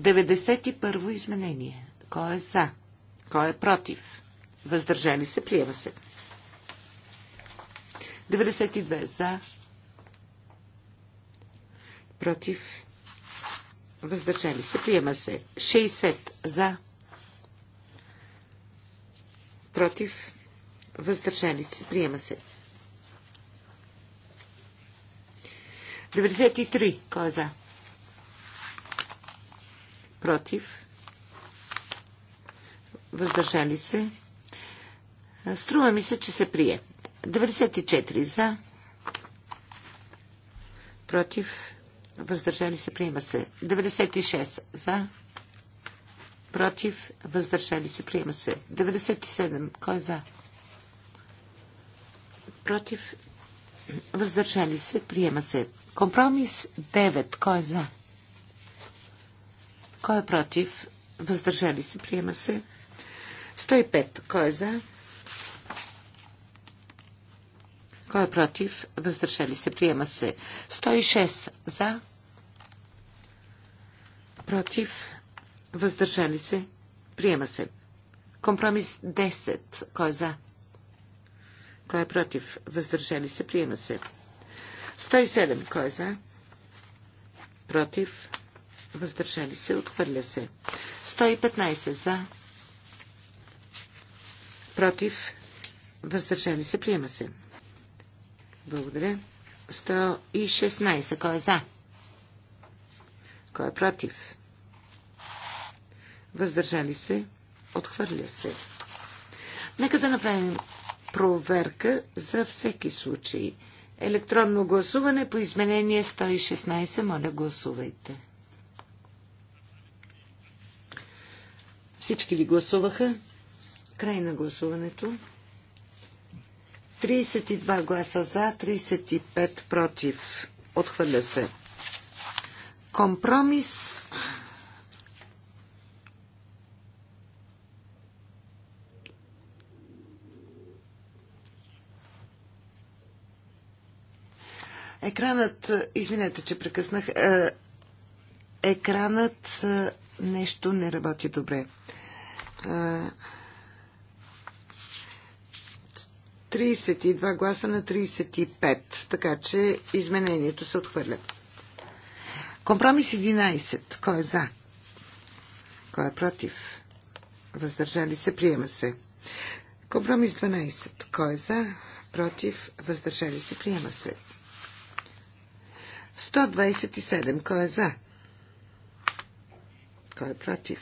91 изменение. Кой е за? Кой е против? Въздържали се. Приема се. 92 за против, въздържали се, приема се. 60 за, против, въздържали се, приема се. 93, кой е за? Против, въздържали се. Струва ми се, че се прие. 94 за, против, въздържали се, приема се. 96 за, против, въздържали се, приема се. 97, кой е за? Против, въздържали се, приема се. Компромис 9, кой е за? Кой е против? Въздържали се, приема се. 105, кой е за? Кой е против? Въздържали се. Приема се. 106 за. Против. Въздържали се. Приема се. Компромис 10. Кой е за? Кой е против? Въздържали се. Приема се. 107. Кой е за? Против. Въздържали се. Отхвърля се. 115 за. Против. Въздържали се. Приема се. Благодаря. 116. Кой е за? Кой е против? Въздържали се? Отхвърля се. Нека да направим проверка за всеки случай. Електронно гласуване по изменение 116. Моля, гласувайте. Всички ли гласуваха? Край на гласуването. 32 гласа за, 35 против. Отхвърля се. Компромис. Екранът, извинете, че прекъснах, е, екранът е, нещо не работи добре. Е, 32 гласа на 35, така че изменението се отхвърля. Компромис 11. Кой е за? Кой е против? Въздържали се, приема се. Компромис 12. Кой е за? Против? Въздържали се, приема се. 127. Кой е за? Кой е против?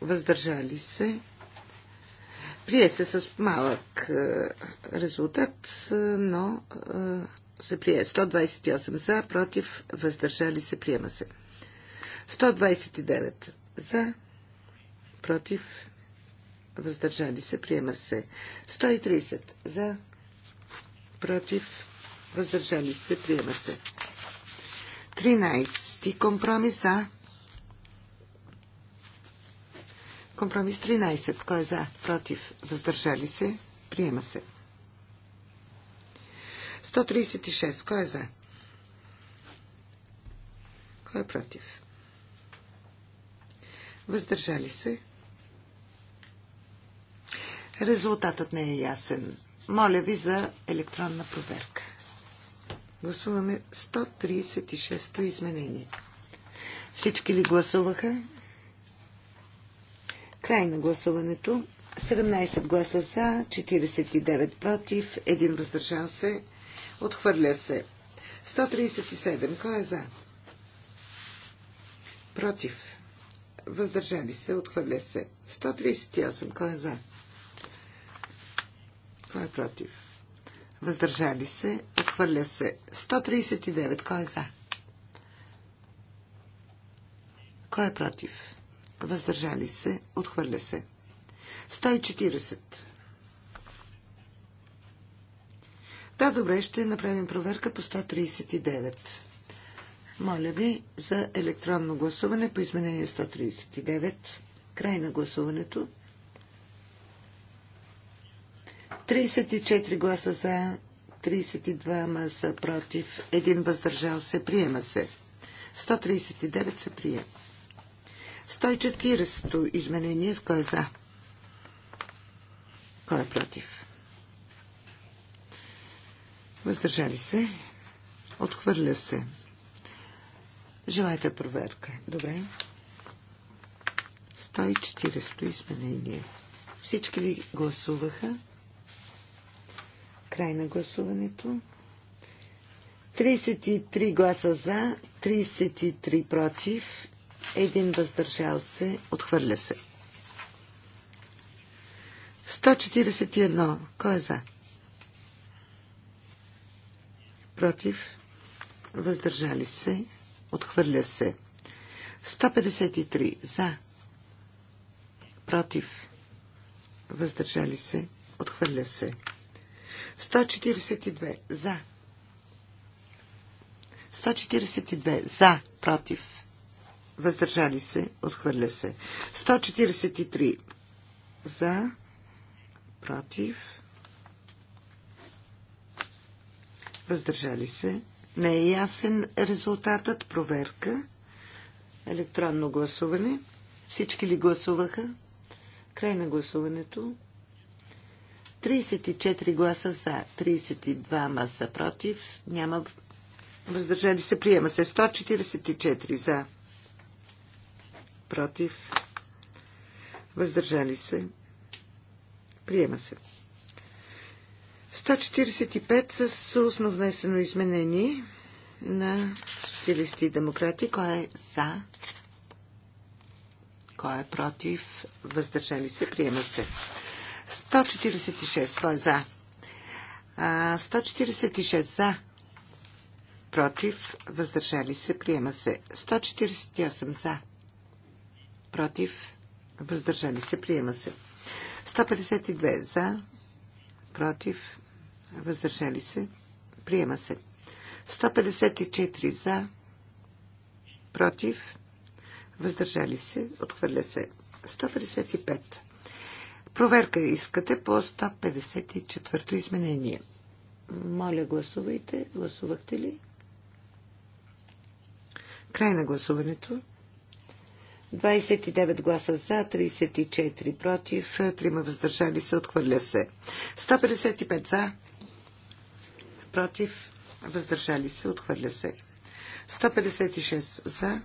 Въздържали се? Прие се с малък е, резултат, е, но е, се прие 128 за, против, въздържали се, приема се. 129 за, против, въздържали се, приема се. 130 за, против, въздържали се, приема се. 13 компромиса Компромис 13. Кой е за? Против? Въздържали се? Приема се. 136. Кой е за? Кой е против? Въздържали се? Резултатът не е ясен. Моля ви за електронна проверка. Гласуваме 136-то изменение. Всички ли гласуваха? Край на гласуването. 17 гласа за, 49 против, 1 въздържал се. Отхвърля се. 137. Кой е за? Против. Въздържали се. Отхвърля се. 138. Кой е за? Кой е против? Въздържали се. Отхвърля се. 139. Кой е за? Кой е против? въздържали се, отхвърля се. 140. Да, добре, ще направим проверка по 139. Моля ви за електронно гласуване по изменение 139. Край на гласуването. 34 гласа за, 32 маса против, 1 въздържал се, приема се. 139 се приема. 140-то изменение. С кой е за? Кой е против? Въздържали се. Отхвърля се. Желаете проверка. Добре. 140-то изменение. Всички ли гласуваха? Край на гласуването. 33 гласа за, 33 против, един въздържал се, отхвърля се. 141. Кой е за? Против. Въздържали се. Отхвърля се. 153. За. Против. Въздържали се. Отхвърля се. 142. За. 142. За. Против въздържали се, отхвърля се. 143 за, против, въздържали се. Не е ясен резултатът, проверка, електронно гласуване. Всички ли гласуваха? Край на гласуването. 34 гласа за, 32 маса против, няма въздържали се, приема се 144 за против, въздържали се, приема се. 145 с основнесено изменение на социалисти и демократи. Кой е за? Кой е против? Въздържали се? Приема се. 146. Кой е за? А, 146 за. Против? Въздържали се? Приема се. 148 за против, въздържали се, приема се. 152 за, против, въздържали се, приема се. 154 за, против, въздържали се, отхвърля се. 155. Проверка искате по 154 изменение. Моля, гласувайте. Гласувахте ли? Край на гласуването. 29 гласа за, 34 против, 3 въздържали се, отхвърля се. 155 за, против, въздържали се, отхвърля се. 156 за,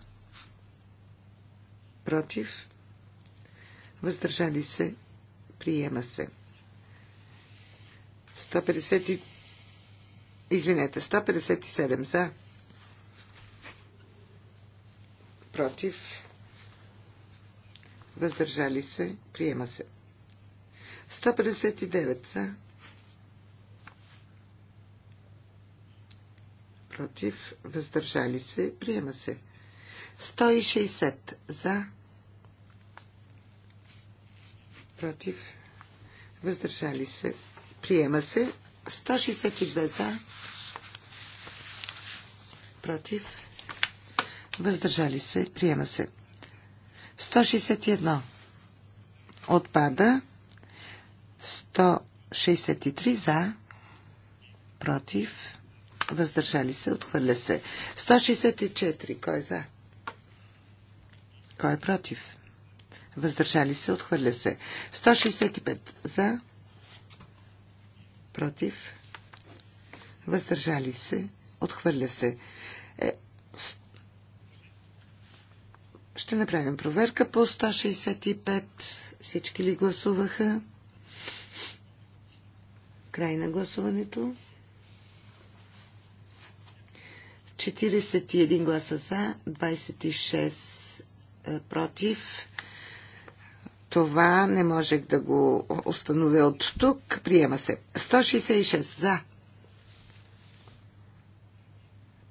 против, въздържали се, приема се. 150, извинете, 157 за, против, въздържали се, приема се. 159 за, против, въздържали се, приема се. 160 за, против, въздържали се, приема се. 162 за, против, въздържали се, приема се. 161 отпада. 163 за, против, въздържали се, отхвърля се. 164, кой е за? Кой е против? Въздържали се, отхвърля се. 165 за, против, въздържали се, отхвърля се. Е, ще направим проверка по 165. Всички ли гласуваха? Край на гласуването. 41 гласа за, 26 е, против. Това не можех да го установя от тук. Приема се. 166 за.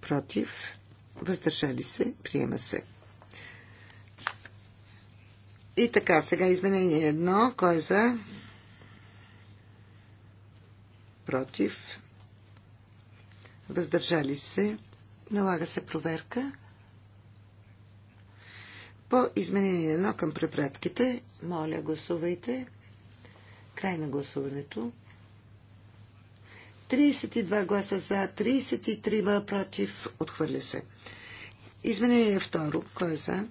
Против. Въздържали се. Приема се. И така, сега изменение едно. Кой е за? Против. Въздържали се. Налага се проверка. По изменение едно към препратките, моля гласувайте. Край на гласуването. 32 гласа за, 33 против. Отхвърля се. Изменение второ. Кой е за?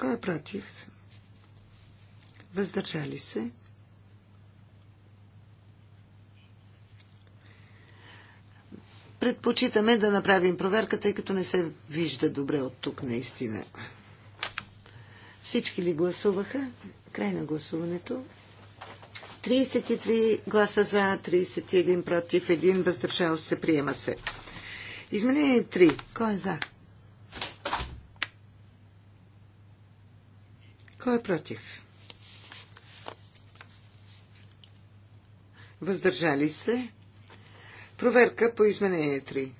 Кой е против? Въздържали се? Предпочитаме да направим проверка, тъй като не се вижда добре от тук наистина. Всички ли гласуваха? Край на гласуването. 33 гласа за, 31 против, 1 въздържал се, приема се. Изменение 3. Кой е за? Кой е против? Въздържали се. Проверка по изменение 3.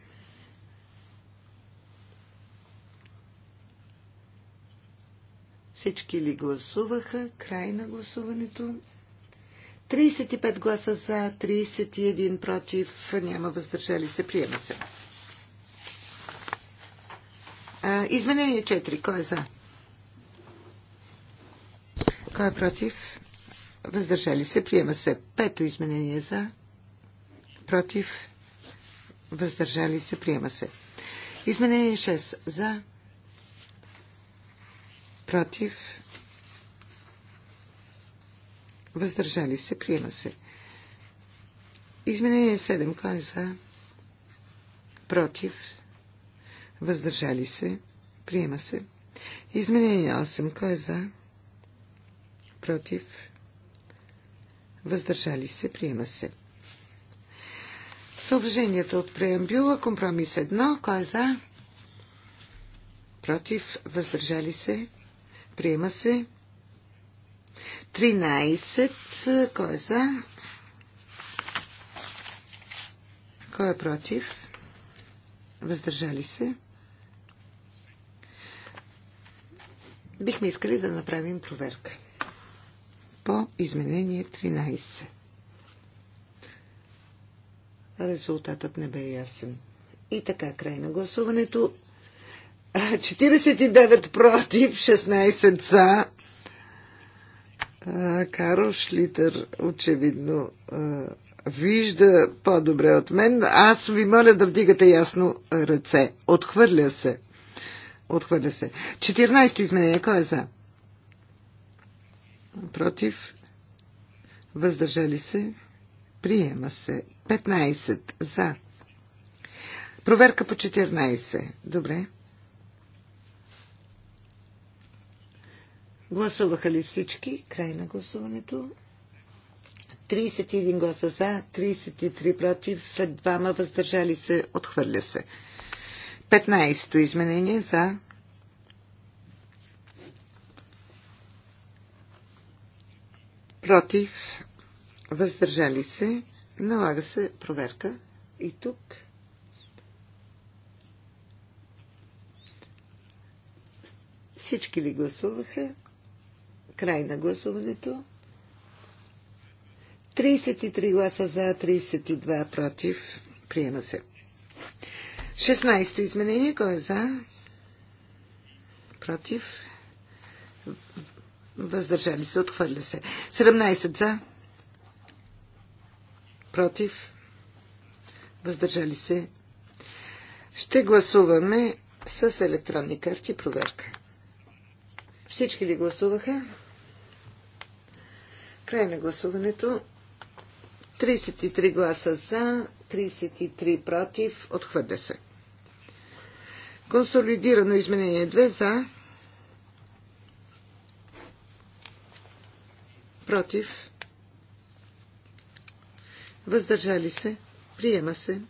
Всички ли гласуваха? Край на гласуването. 35 гласа за, 31 против, няма въздържали се, приема се. изменение 4. Кой е за? Кой е против? Въздържали се. Приема се. Пето изменение за. Против. Въздържали се. Приема се. Изменение 6 за. Против. Въздържали се. Приема се. Изменение 7. Кой е за? Против. Въздържали се. Приема се. Изменение 8. Кой е за? против, въздържали се, приема се. Съобженията от преамбюла, компромис 1, кой е за, против, въздържали се, приема се. 13, кой е за, кой е против, въздържали се. Бихме искали да направим проверка по изменение 13. Резултатът не бе ясен. И така, край на гласуването. 49 против, 16 за. Карл Шлитър очевидно вижда по-добре от мен. Аз ви моля да вдигате ясно ръце. Отхвърля се. Отхвърля се. 14-то изменение. Кой е за? против, въздържали се, приема се. 15 за. Проверка по 14. Добре. Гласуваха ли всички? Край на гласуването. 31 гласа за, 33 против, 2 въздържали се, отхвърля се. 15-то изменение за, против, въздържали се, налага се проверка и тук. Всички ли гласуваха? Край на гласуването. 33 гласа за, 32 против. Приема се. 16-то изменение. Кой е за? Против? въздържали се, отхвърля се. 17 за, против, въздържали се. Ще гласуваме с електронни карти проверка. Всички ли гласуваха? Край на гласуването. 33 гласа за, 33 против, отхвърля се. Консолидирано изменение 2 за, против, въздържали се, приема се.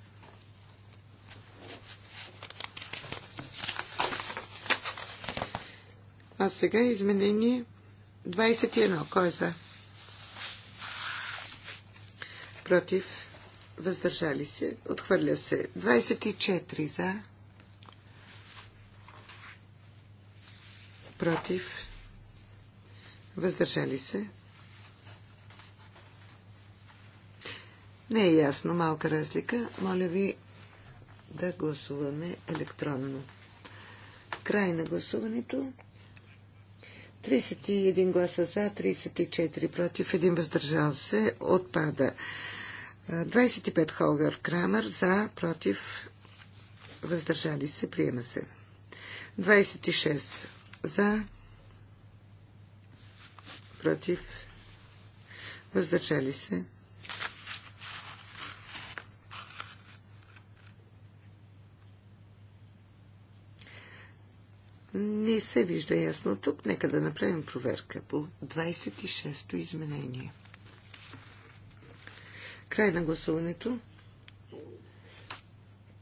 А сега изменение 21. Кой е за? Против. Въздържали се. Отхвърля се. 24 за. Против. Въздържали се. Не е ясно, малка разлика. Моля ви да гласуваме електронно. Край на гласуването. 31 гласа за, 34 против, 1 въздържал се, отпада. 25 Холгар Крамер за, против, въздържали се, приема се. 26 за, против, въздържали се. Не се вижда ясно тук. Нека да направим проверка по 26-то изменение. Край на гласуването.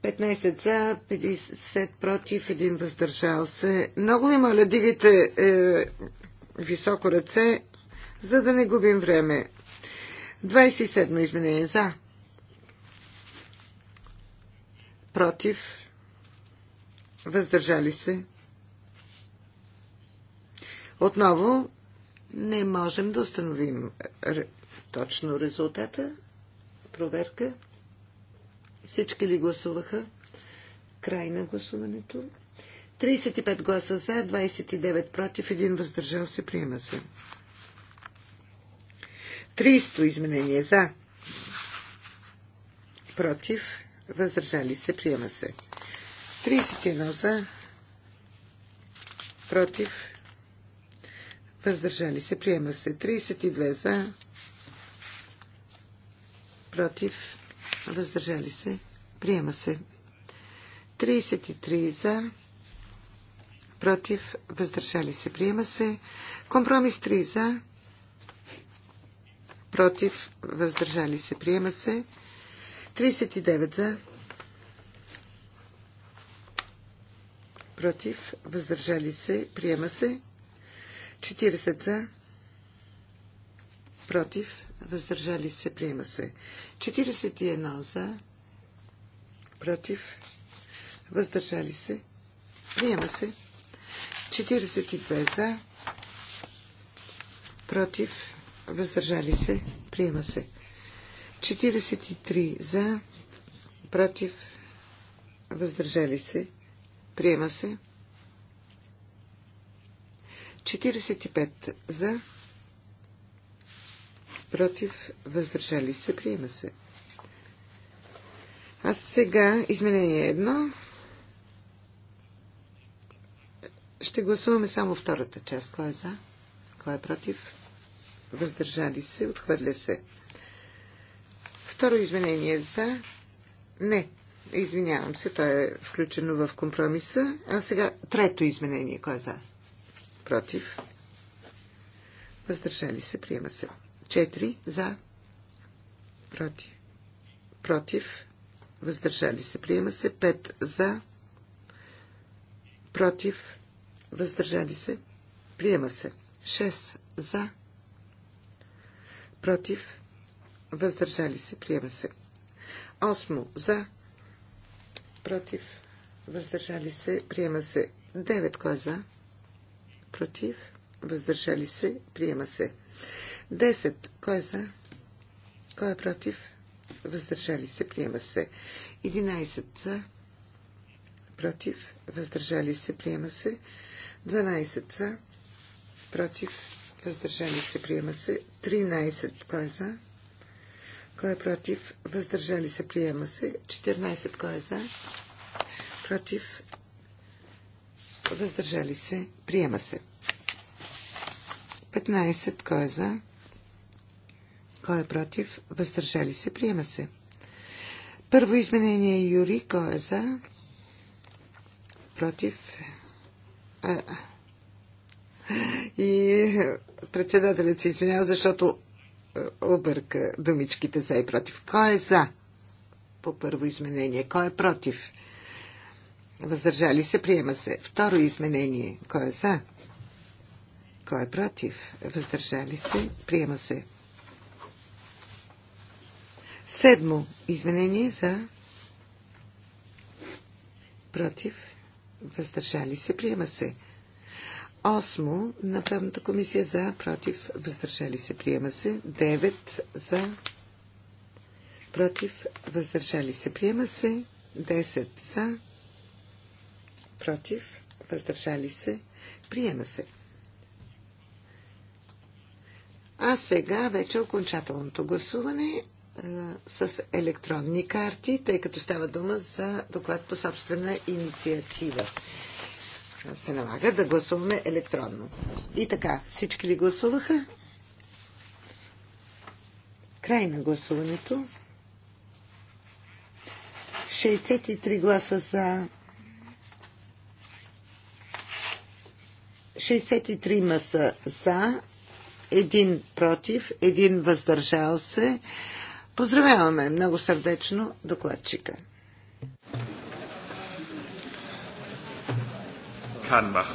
15 за, 50 против, 1 въздържал се. Много ви моля, дигайте е, високо ръце, за да не губим време. 27 изменение за. Против. Въздържали се. Отново не можем да установим точно резултата. Проверка. Всички ли гласуваха? Край на гласуването. 35 гласа за, 29 против, 1 въздържал се, приема се. 300 изменение за, против, въздържали се, приема се. 31 за, против, Въздържали се. Приема се. 32 за. Против. Въздържали се. Приема се. 33 за. Против. Въздържали се. Приема се. Компромис 3 за. Против. Въздържали се. Приема се. 39 за. Против. Въздържали се. Приема се. 40 за, против, въздържали се, приема се. 41 за, против, въздържали се, приема се. 42 за, против, въздържали се, приема се. 43 за, против, въздържали се, приема се. 45 за, против, въздържали се, приема се. А сега изменение едно. Ще гласуваме само втората част. Кой е за? Кой е против? Въздържали се, отхвърля се. Второ изменение за... Не, извинявам се, то е включено в компромиса. А сега трето изменение. Кой е за? против, въздържали се, приема се. 4 за, против, против, въздържали се, приема се. 5 за, против, въздържали се, приема се. 6 за, против, въздържали се, приема се. 8 за, против, въздържали се, приема се. 9 кой е за, против, въздържали се, приема се. 10. Кой е за? Кой е против? Въздържали се, приема се. 11. За? Против, въздържали се, приема се. 12. За? Против, въздържали се, приема се. 13. Кой е за? Кой е против? Въздържали се, приема се. 14. Кой е за? Против, въздържали се, приема се. 15. Кой е за? Кой е против? Въздържали се, приема се. Първо изменение Юри. Кой е за? Против? А, и председателят се извинява, защото е, обърка думичките за и против. Кой е за? По първо изменение. Кой е против? Въздържали се, приема се. Второ изменение. Кой е за? Кой е против? Въздържали се, приема се. Седмо изменение за против. Въздържали се, приема се. Осмо на правната комисия за против. Въздържали се, приема се. Девет за против. Въздържали се, приема се. Десет за против, въздържали се, приема се. А сега вече окончателното гласуване а, е, с електронни карти, тъй като става дума за доклад по собствена инициатива. Се налага да гласуваме електронно. И така, всички ли гласуваха? Край на гласуването. 63 гласа за 63 ма са за, един против, един въздържал се. Поздравяваме много сърдечно докладчика. Канбах.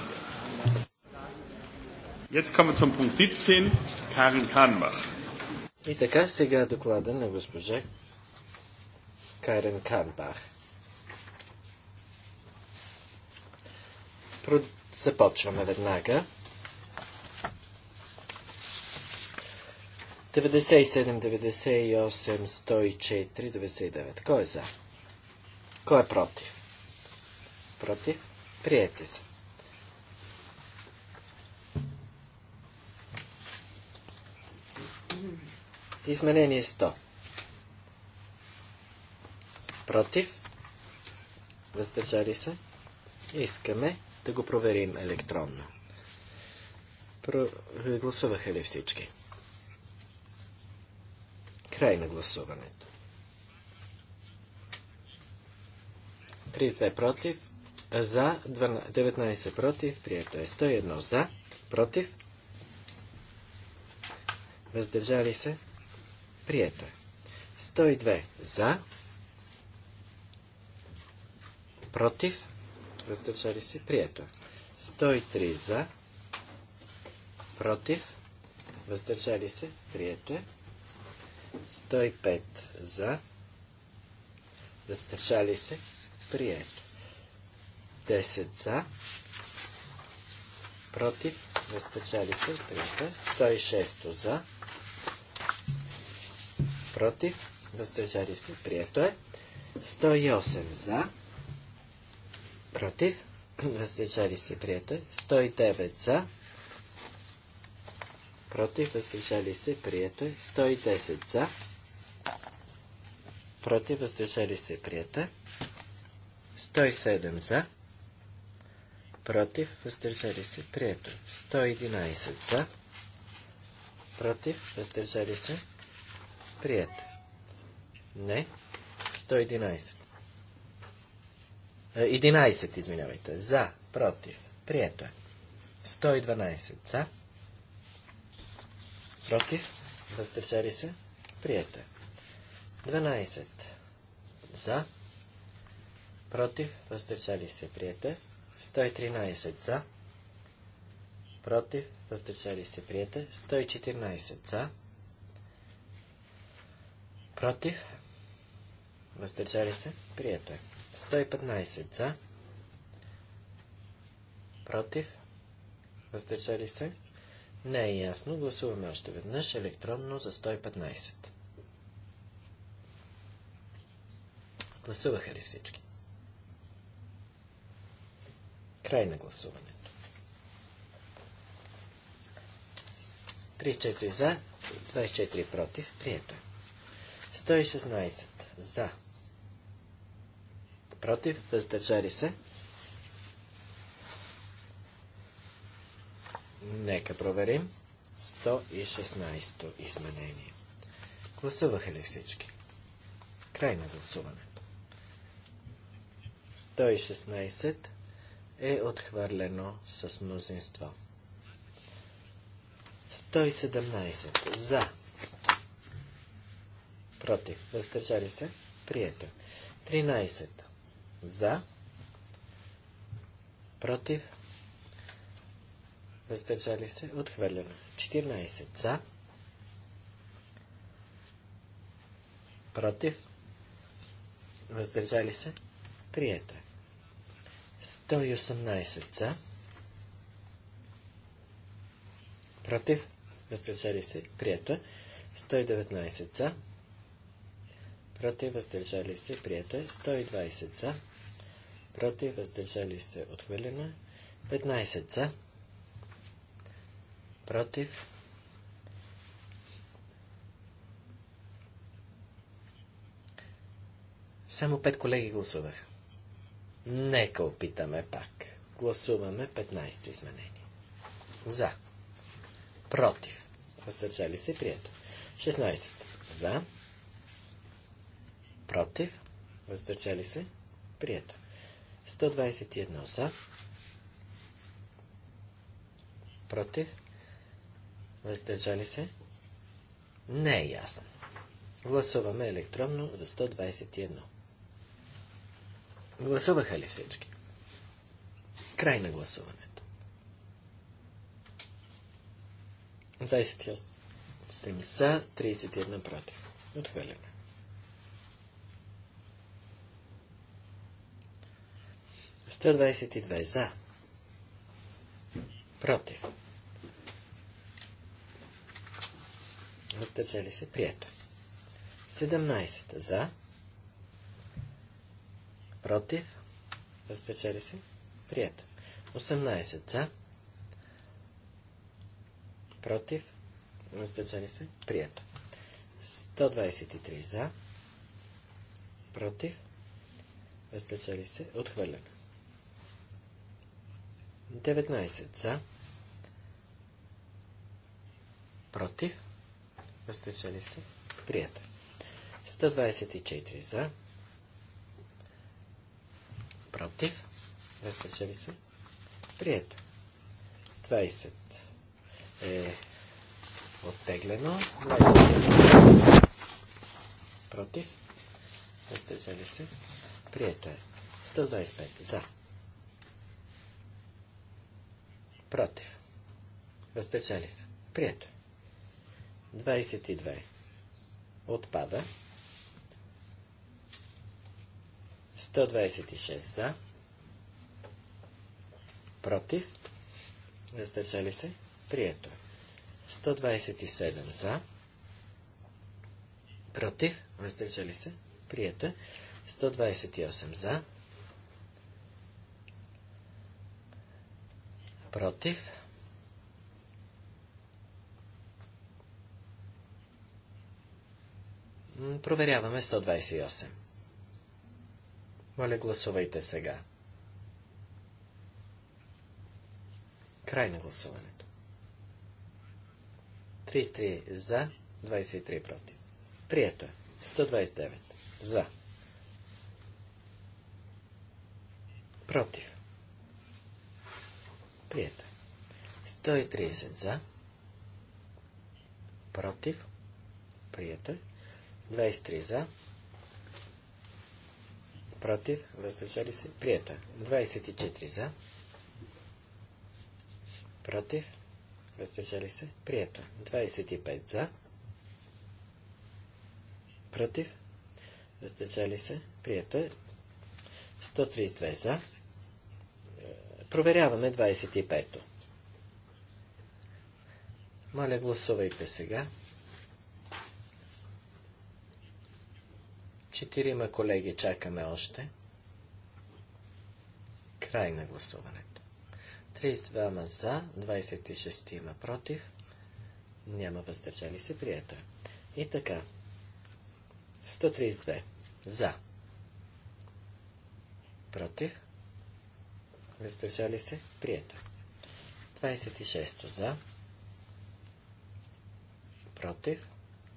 Jetzt kommen wir zum Punkt 17, Karin Kahnbach. И така сега доклада на госпожа Карен Канбах. Започваме веднага. 97, 98, 104, 99. Кой е за? Кой е против? Против? Приете се. Изменение 100. Против? Въздържали се? Искаме да го проверим електронно. Про... Гласуваха ли всички? Край на гласуването. 32 против, за, 12, 19 против, прието е 101 за, против, въздържали се, прието е. 102 за, против, въздържали се, прието. 103 за, против, въздържали се, прието е. 105 за, въздържали се, прието. 10 за, против, въздържали се, прието. 106 за, против, въздържали се, прието е. 108 за, против, въздържали се, прието 109 е. за, против, въздържали се, прието 110 е. за, против, въздържали се, прието 107 е. за, против, въздържали се, прието. 111 за, против, въздържали се, прието. Не, 111. 11, извинявайте. За, против. Прието е. 112. За. Против. Въздържали се. Прието е. 12. За. Против. Въздържали се. Прието е. 113. За. Против. Въздържали се. Прието е. 114. За. Против. Въздържали се. Прието е. 115 за, против, въздържали се. Не е ясно. Гласуваме още веднъж електронно за 115. Гласуваха ли всички? Край на гласуването. 3-4 за, 24 против. Прието е. 116 за, против, въздържали се. Нека проверим 116 изменение. Гласуваха ли всички? Край на гласуването. 116 е отхвърлено с мнозинство. 117 за. Против. Въздържали се. Прието. 13 за. Против. Въздържали се. Отхвърлено. 14. За. Против. Въздържали се. Прието е. 118 за. Против. Въздържали се. Прието е. 119 за. Против. Въздържали се. Прието е. 120 за против, въздържали се, отхвърлено. 15 е. за, против, Само пет колеги гласуваха. Нека опитаме пак. Гласуваме 15-то изменение. За. Против. Въздържали се прието. 16. За. Против. Въздържали се прието. 121 за, против, въздържали се, не е ясно. Гласуваме електронно за 121. Гласуваха ли всички? Край на гласуването. 28 са, 31 против. Отхвърлено. 122 за. Против. Въздържали се. Прието. 17 за. Против. Въздържали се. Прието. 18 за. Против. Въздържали се. Прието. 123 за. Против. Въздържали се. Отхвърлено. 19 за, против, въздържали се, прието. 124 за, против, въздържали се, прието. 20 е оттеглено, 21 против, въздържали се, прието е. 125 за против, въздържали се, прието. 22 отпада. 126 за, против, въздържали се, прието. 127 за, против, въздържали се, прието. 128 за, против. Проверяваме 128. Моля, гласувайте сега. Край на гласуването. 33 за, 23 против. Прието е. 129 за. Против. Прието. 130 за. Против. Прието. 23 за. Против. Въздържали се. Прието. 24 за. Против. Въздържали се. Прието. 25 за. Против. Въздържали се. Прието е. 132 за. Проверяваме 25-то. Моля, гласувайте сега. Четирима колеги чакаме още. Край на гласуването. 32 за, 26 има против. Няма въздържали се, прието е. И така. 132 за. Против въздържали се, прието. 26 за, против,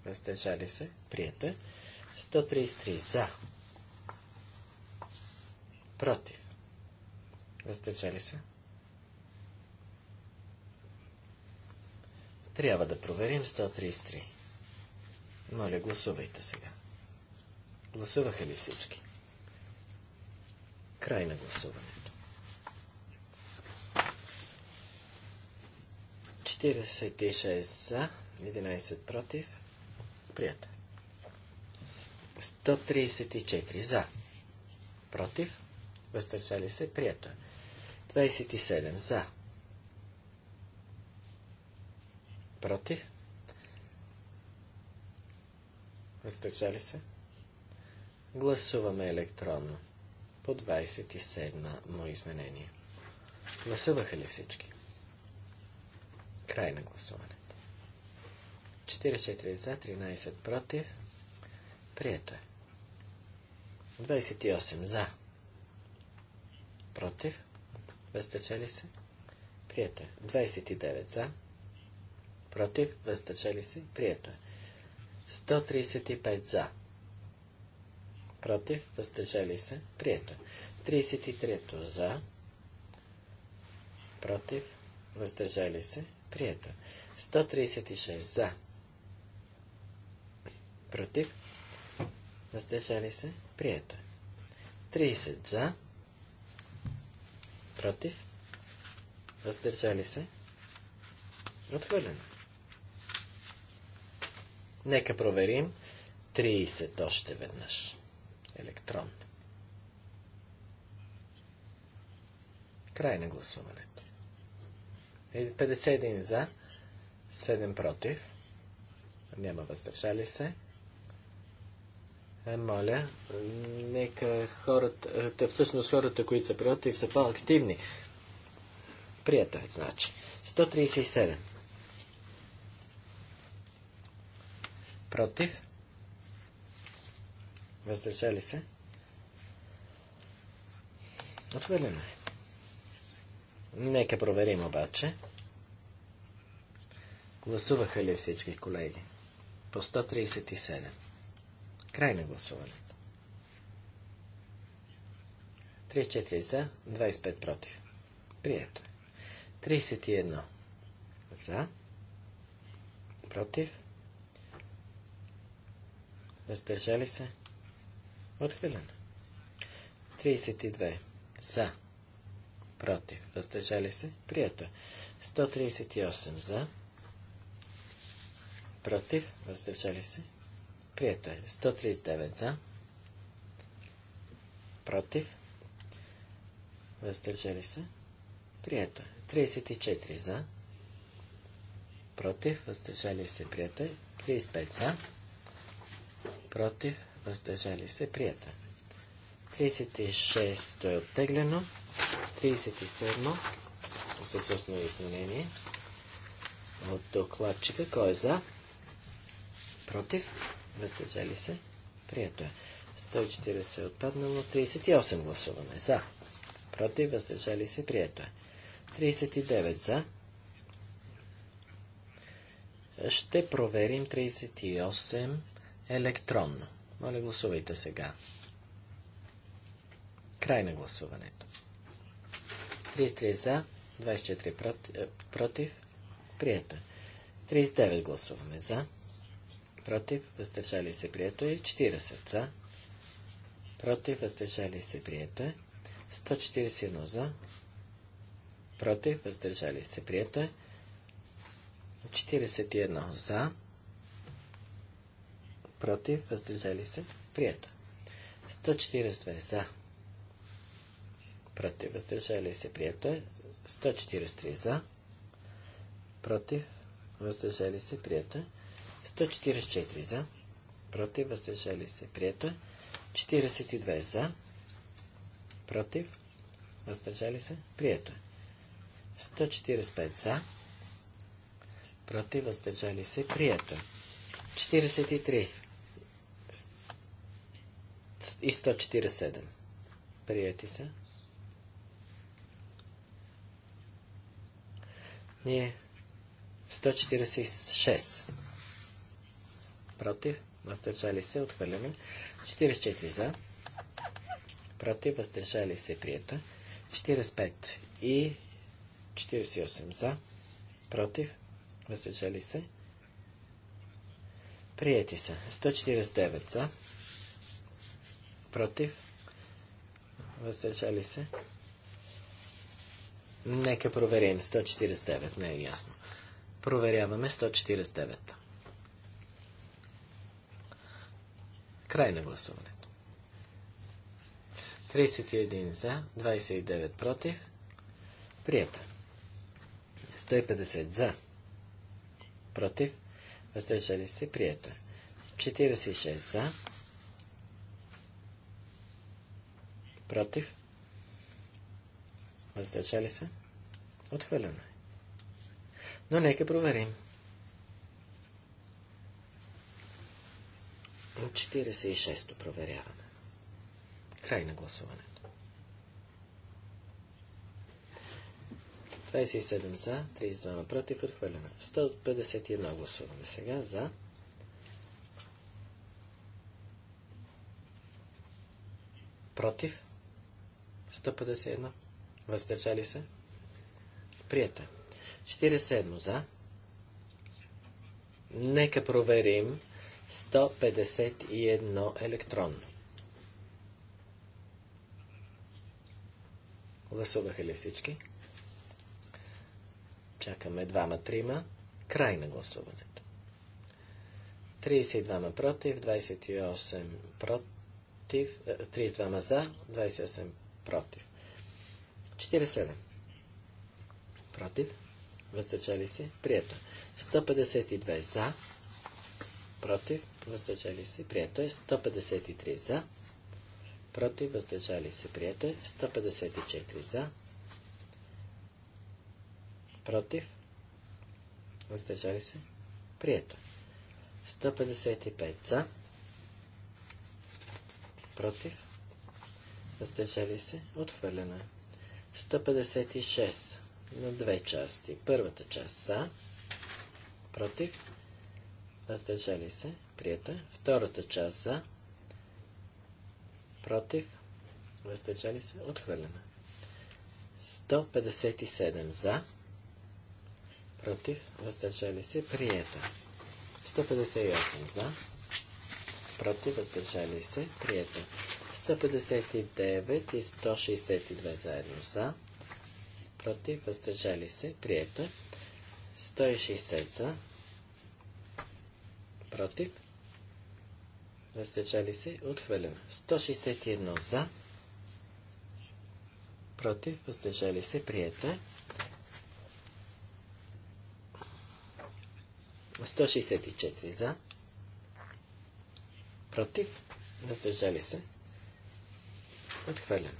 въздържали се, прието е. 133 за, против, въздържали се. Трябва да проверим 133. Моля, гласувайте сега. Гласуваха ли всички? Край на гласуване. 46 за, 11 против. Прият. 134 за. Против. Въздържали се. Прието. 27 е. за. Против. Въздържали се. Гласуваме електронно. По 27 му изменение. Гласуваха ли всички? Край на гласуването. 44 за, 13 против. Прието е. 28 за. Против. Въздържали се. Прието е. 29 за. Против. Въздържали се. Прието е. 135 за. Против. Въздържали се. Прието е. 33 за. Против. Въздържали се. Прието. 136 за. Против. Въздържали се. Прието. 30 за. Против. Въздържали се. Отхвърлено. Нека проверим 30 още веднъж. Електронно. Край на гласуването. 51 е, за, 7 против. Няма въздържали се. Е, моля, нека хората, е, всъщност хората, които са против, са по-активни. Прието е, значи. 137. Против. Въздържали се. Отхвърлено е. Нека проверим обаче. Гласуваха ли всички колеги? По 137. Край на гласуването. 34 за, 25 против. Прието. 31 за, против. Въздържали се. Отхвилено. 32 за, против, въздържали се, прието е. 138 за, против, въздържали се, прието е. 139 за, против, въздържали се, прието е. 34 за, против, въздържали се, прието е. 35 за, против, въздържали се, прието е. 36 е оттеглено. 37 с устно изменение от докладчика. Кой е за? Против? Въздържали се? Прието е. 140 е отпаднало. 38 гласуваме. За. Против? Въздържали се? Прието е. 39 за. Ще проверим 38 електронно. Моля, гласувайте сега. Край на гласуването. 33 за, 24 против, е, против прието е. 39 гласуваме за, против, въздържали се, прието е. 40 за, против, въздържали се, прието е. 141 за, против, въздържали се, прието е. 41 за, против, въздържали се, прието. 142 е. за, против, въздържали се, прието е. 143 за, против, въздържали се, прието е. 144 за, против, въздържали се, прието е. 42 за, против, въздържали се, прието е. 145 за, против, въздържали се, прието е. 43 и 147. Прияти са. Ние 146 против, въздържали се, отхвърляме. 44 за, против, въздържали се, прието. 45 и 48 за, против, въздържали се. Приети са. 149 за, против, въздържали се. Нека проверим. 149 не е ясно. Проверяваме 149. Край на гласуването. 31 за, 29 против. Прието. 150 е. за. Против. Въздържали се. Прието. 46 е. за. Против. Въздържали се? Отхвърлено е. Но нека проверим. 46-то проверяваме. Край на гласуването. 27 за, 32 против, отхвърлено. 151 е. гласуваме сега за. Против. 151. Въздържали се? Прието. 47 е. за. Нека проверим 151 електронно. Гласуваха ли всички? Чакаме двама-трима. Край на гласуването. 32 против, 28 против, 32 е, за, 28 против. 47. Против. Въздържали се. Прието. 152 за. Против. Въздържали се. Прието е. 153 за. Против. Въздържали се. Прието е. 154 за. Против. Въздържали се. Прието. 155 за. Против. Въздържали се. Отхвърлено е. 156 на две части. Първата част за, против, въздържали се, прията. Втората част са против, въздържали се, отхвърлена. 157 за, против, въздържали се, прията. 158 за, против, въздържали се, прията. 159 и 162 заедно за. Против, въздържали се, прието. 160 е. за. Против, въздържали се, отхвърлено. 161 за. Против, въздържали се, прието. 164 е. за. Против, въздържали се, Отхвърлено.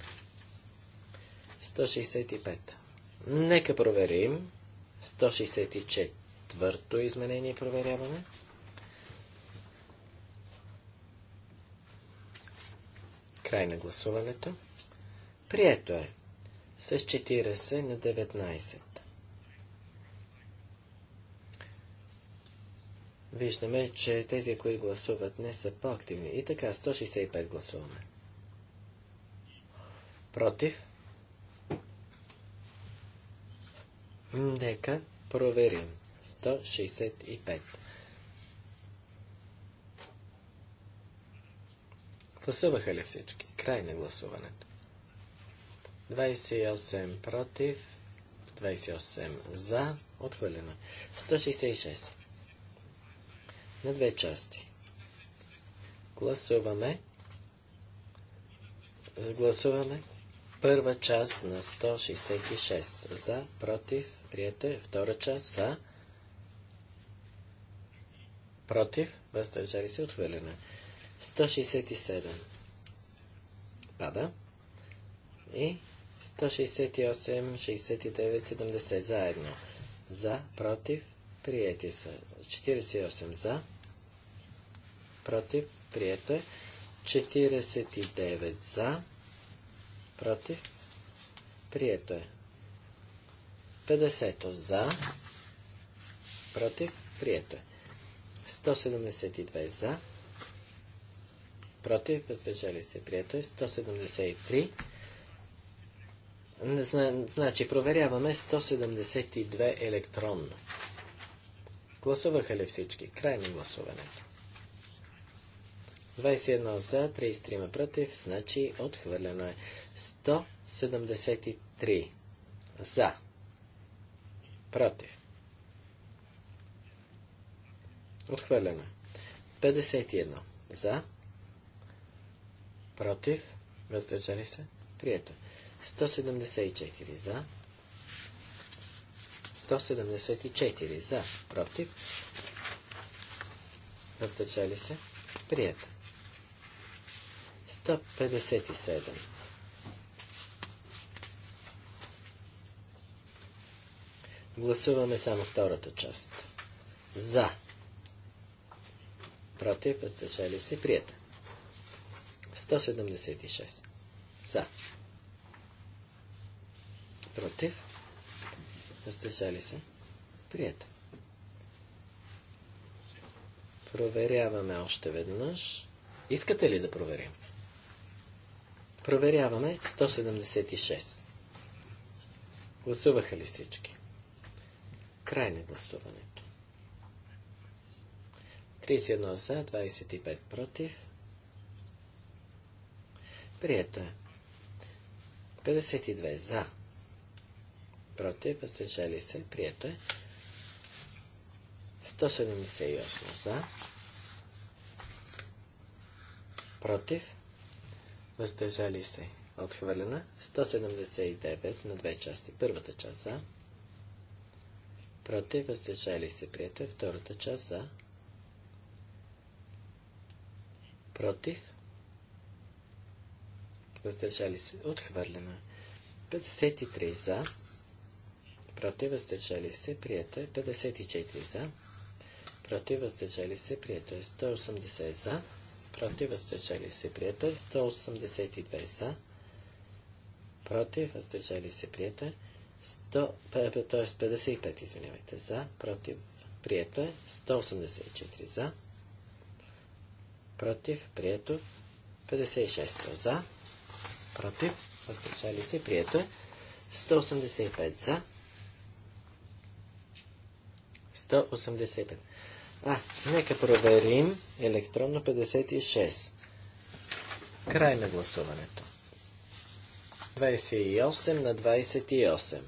165. Нека проверим. 164-то изменение проверяваме. Край на гласуването. Прието е. С 40 на 19. Виждаме, че тези, които гласуват, не са по-активни. И така, 165 гласуваме. Против? Нека проверим. 165. Гласуваха ли всички? Край на гласуването. 28 против, 28 за, отхвърлено. 166. На две части. Гласуваме. Гласуваме Първа част на 166 за, против, прието е. Втора част за, против, въздържали се, отхвърлена. 167 пада. И 168, 69, 70 заедно. За, против, приети са. 48 за, против, прието е. 49 за, против, прието е. 50 за, против, прието е. 172 за, против, въздържали се, прието е. 173 Значи, проверяваме 172 електронно. Гласуваха ли всички? Край на гласуването. 21 за, 33 против, значи отхвърлено е. 173 за, против. Отхвърлено е. 51 за, против, въздържали се, прието. 174 е. за, 174 за, против, въздържали се, прието. Е. 157. Гласуваме само втората част. За. Против, въздържали се, прието. 176. За. Против, въздържали се, прието. Проверяваме още веднъж. Искате ли да проверим? Проверяваме 176. Гласуваха ли всички? Край на гласуването. 31 за, 25 против. Прието е. 52 за. Против, въздържали се. Прието е. 178 за. Против въздържали се, отхвърлена. 179 е. на две части. Първата част за, против, въздържали се, прието е. Втората част за, против, въздържали се, отхвърлена. 53 е. за, против, въздържали се, прието е. 54 за, против, въздържали се, прието е. 180 за, против, въздържали се, прието. 182 за, против, въздържали се, прието. 100, т.е. 55, извинявайте, за, против, прието е. 184 за, против, прието. 56 за, против, въздържали се, прието е. 185 за, 185. А, нека проверим електронно 56. Край на гласуването. 28 на 28.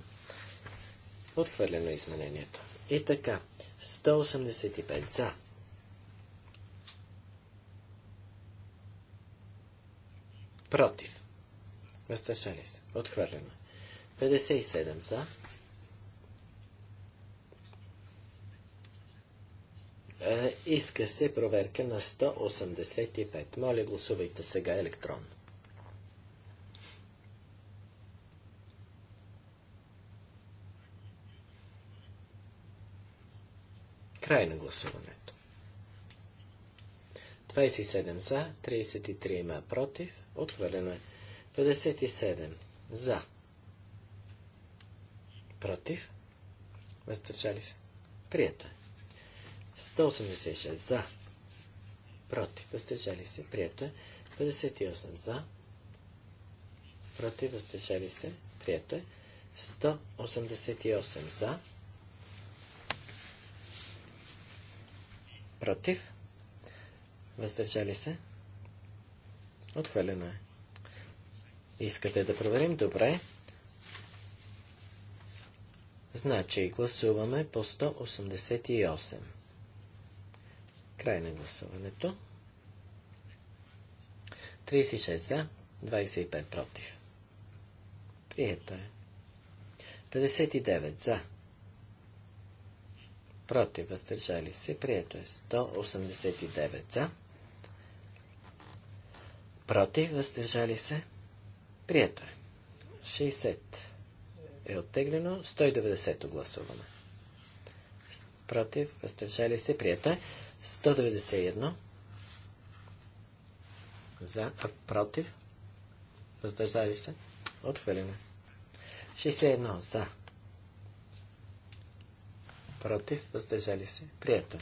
Отхвърлено е изменението. И така, 185 за. Против. Въздържали се. Отхвърлено. 57 за. Иска се проверка на 185. Моля, гласувайте сега електронно. Край на гласуването. 27 за, 33 има против. Отхвърлено е. 57 за. Против. Въздържали се. Прието е. 186 за. Против. Въздържали се. Прието е. 58 за. Против. Въздържали се. Прието е. 188 за. Против. Въздържали се. Отхвърлено е. Искате да проверим? Добре. Значи гласуваме по 188. Край на гласуването. 36 за, 25 против. Прието е. 59 за. Против, въздържали се. Прието е. 189 за. Против, въздържали се. Прието е. 60 е оттеглено. 190 гласуваме. Против, въздържали се. Прието е. 191 за, а, против, въздържали се, отхвърлено. 61 за, против, въздържали се, прието.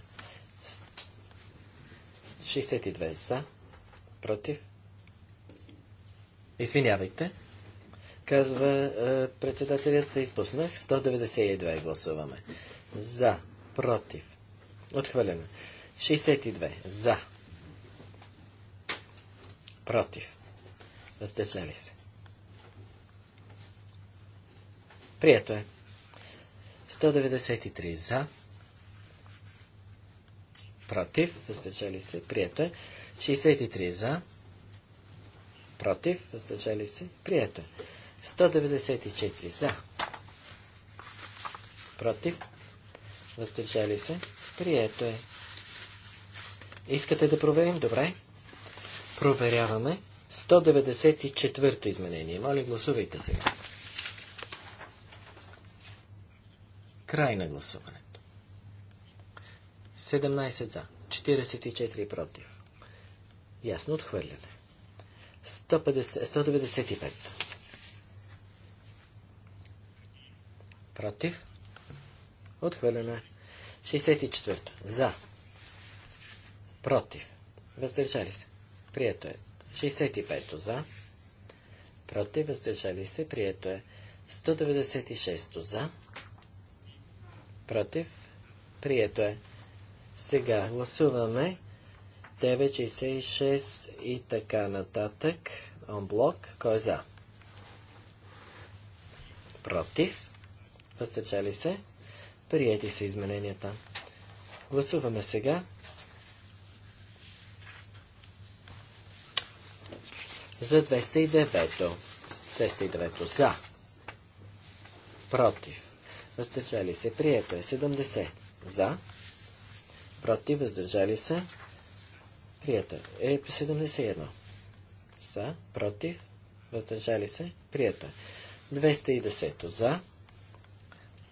62 за, против, извинявайте, казва е, председателят, изпуснах, 192 гласуваме. За, против, отхвърлено. 62. За. Против. Въздържали се. Прието е. 193 за. Против. Въздържали се. Прието е. 63 за. Против. Въздържали се. Прието е. 194 за. Против. Въздържали се. Прието е. Искате да проверим? Добре. Проверяваме. 194-то изменение. Моля, гласувайте сега. Край на гласуването. 17 за, 44 против. Ясно отхвърляне. 150, 195. Против. Отхвърляне. 64. За против, въздържали се, прието е. 65 за, против, въздържали се, прието е. 196 за, против, прието е. Сега гласуваме 966 и така нататък. Онблок, кой е за? Против, въздържали се, приети са измененията. Гласуваме сега за 209. 209 за. Против. Въздържали се. Прието е 70. За. Против. Въздържали се. Прието е 71. Е, за. Против. Въздържали се. Прието е. 210 за.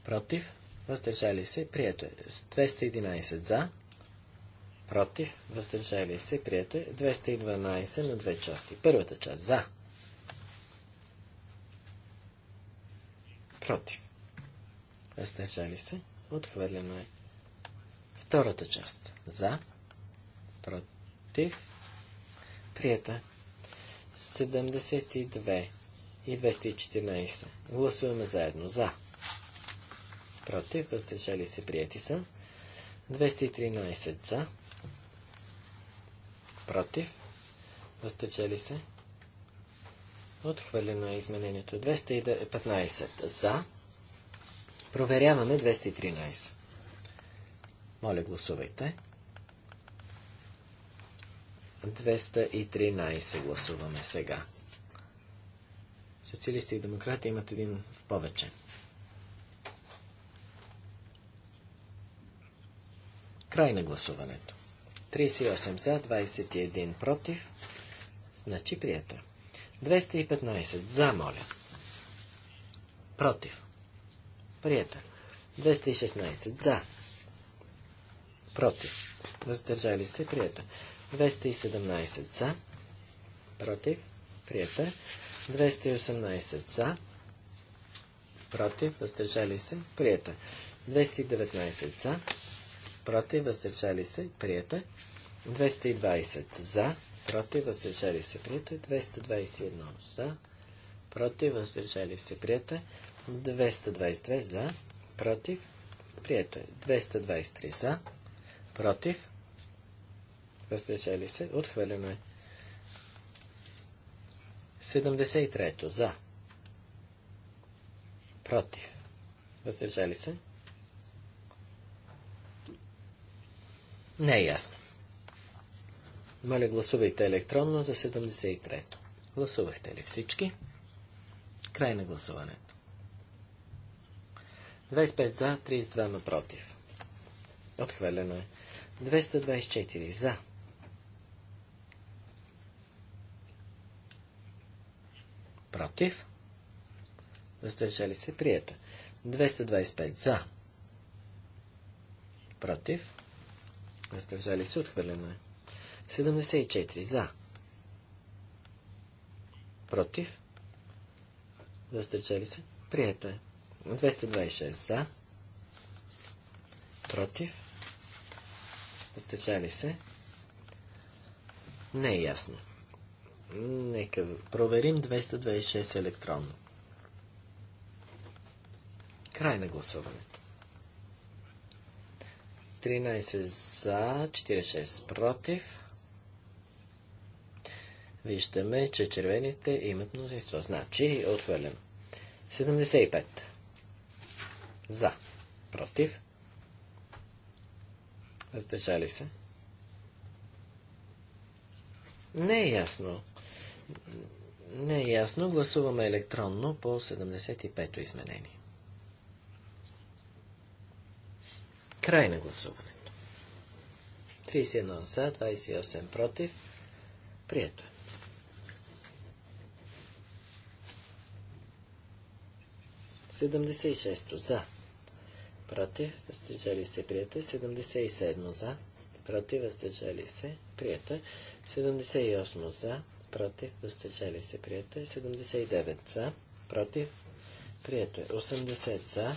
Против. Въздържали се. Прието е. 211 за против, въздържали се, прието е 212 на две части. Първата част за, против, въздържали се, отхвърлено е. Втората част за, против, прието е 72 и 214. Гласуваме заедно за, против, въздържали се, прияти са 213 за, против, въздържали се. Отхвърлено е изменението 215 за. Проверяваме 213. Моля, гласувайте. 213 гласуваме сега. Социалисти и демократи имат един в повече. Край на гласуването. 38 за, 21 против. Значи прието 215 за, моля. Против. Прието 216 за. Против. Въздържали се. Прието 217 за. Против. Прието 218 за. Против. Въздържали се. Прието 219 за против, въздържали се, прието е. 220 за, против, въздържали се, прието е. 221 за, против, въздържали се, прието е. 222 за, против, прието е. 223 за, против, въздържали се, отхвърлено е. 73 за, против, въздържали се, Не е ясно. Моля, гласувайте електронно за 73-то. Гласувахте ли всички? Край на гласуването. 25 за, 32 ма против. Отхвърлено е. 224 за. Против. Въздържали се. Прието. 225 за. Против. Въздържали се, отхвърлено е. 74 за. Против. Въздържали се. Прието е. 226 за. Против. Въздържали се. Не е ясно. Нека проверим 226 електронно. Край на гласуването. 13 за, 46 против. Виждаме, че червените имат мнозинство. Значи е отхвърлено. 75 за, против. Въздържали се. Не е ясно. Не е ясно. Гласуваме електронно по 75-то изменение. Край на гласуването. 31 за, 28 против. Прието е. за. Против, въздържали се, прието е. 77 за. Против, въздържали се, прието е. 78 за. Против, въздържали се, прието е. 79 за. Против, прието е. 80 за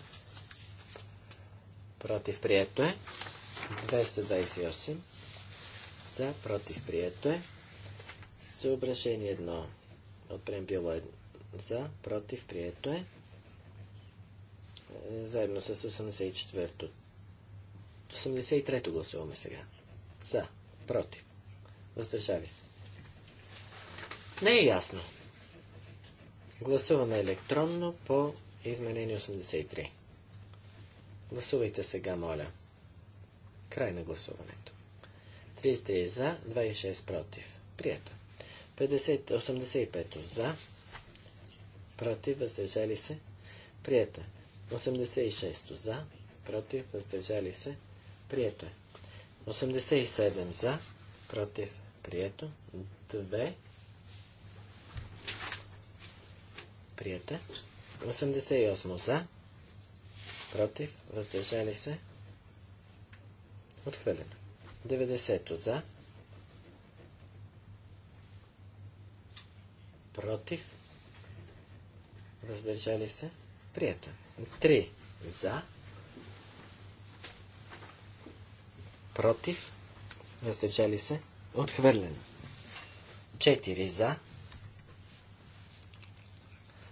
против прието е. 228 за, против прието е. Съображение 1 от било 1 е за, против прието е. е заедно с 84-то. 83-то гласуваме сега. За, против. Въздържали се. Не е ясно. Гласуваме електронно по изменение 83. Гласувайте сега, моля. Край на гласуването. 33 за, 26 против. Прието. 50, 85 за, против, въздържали се. Прието. 86 за, против, въздържали се. Прието е. 87 е. за, против, прието. 2. Прието. 88 е. за, против, въздържали се, отхвърлено. 90 за, против, въздържали се, прието. 3 за, против, въздържали се, отхвърлено. 4 за,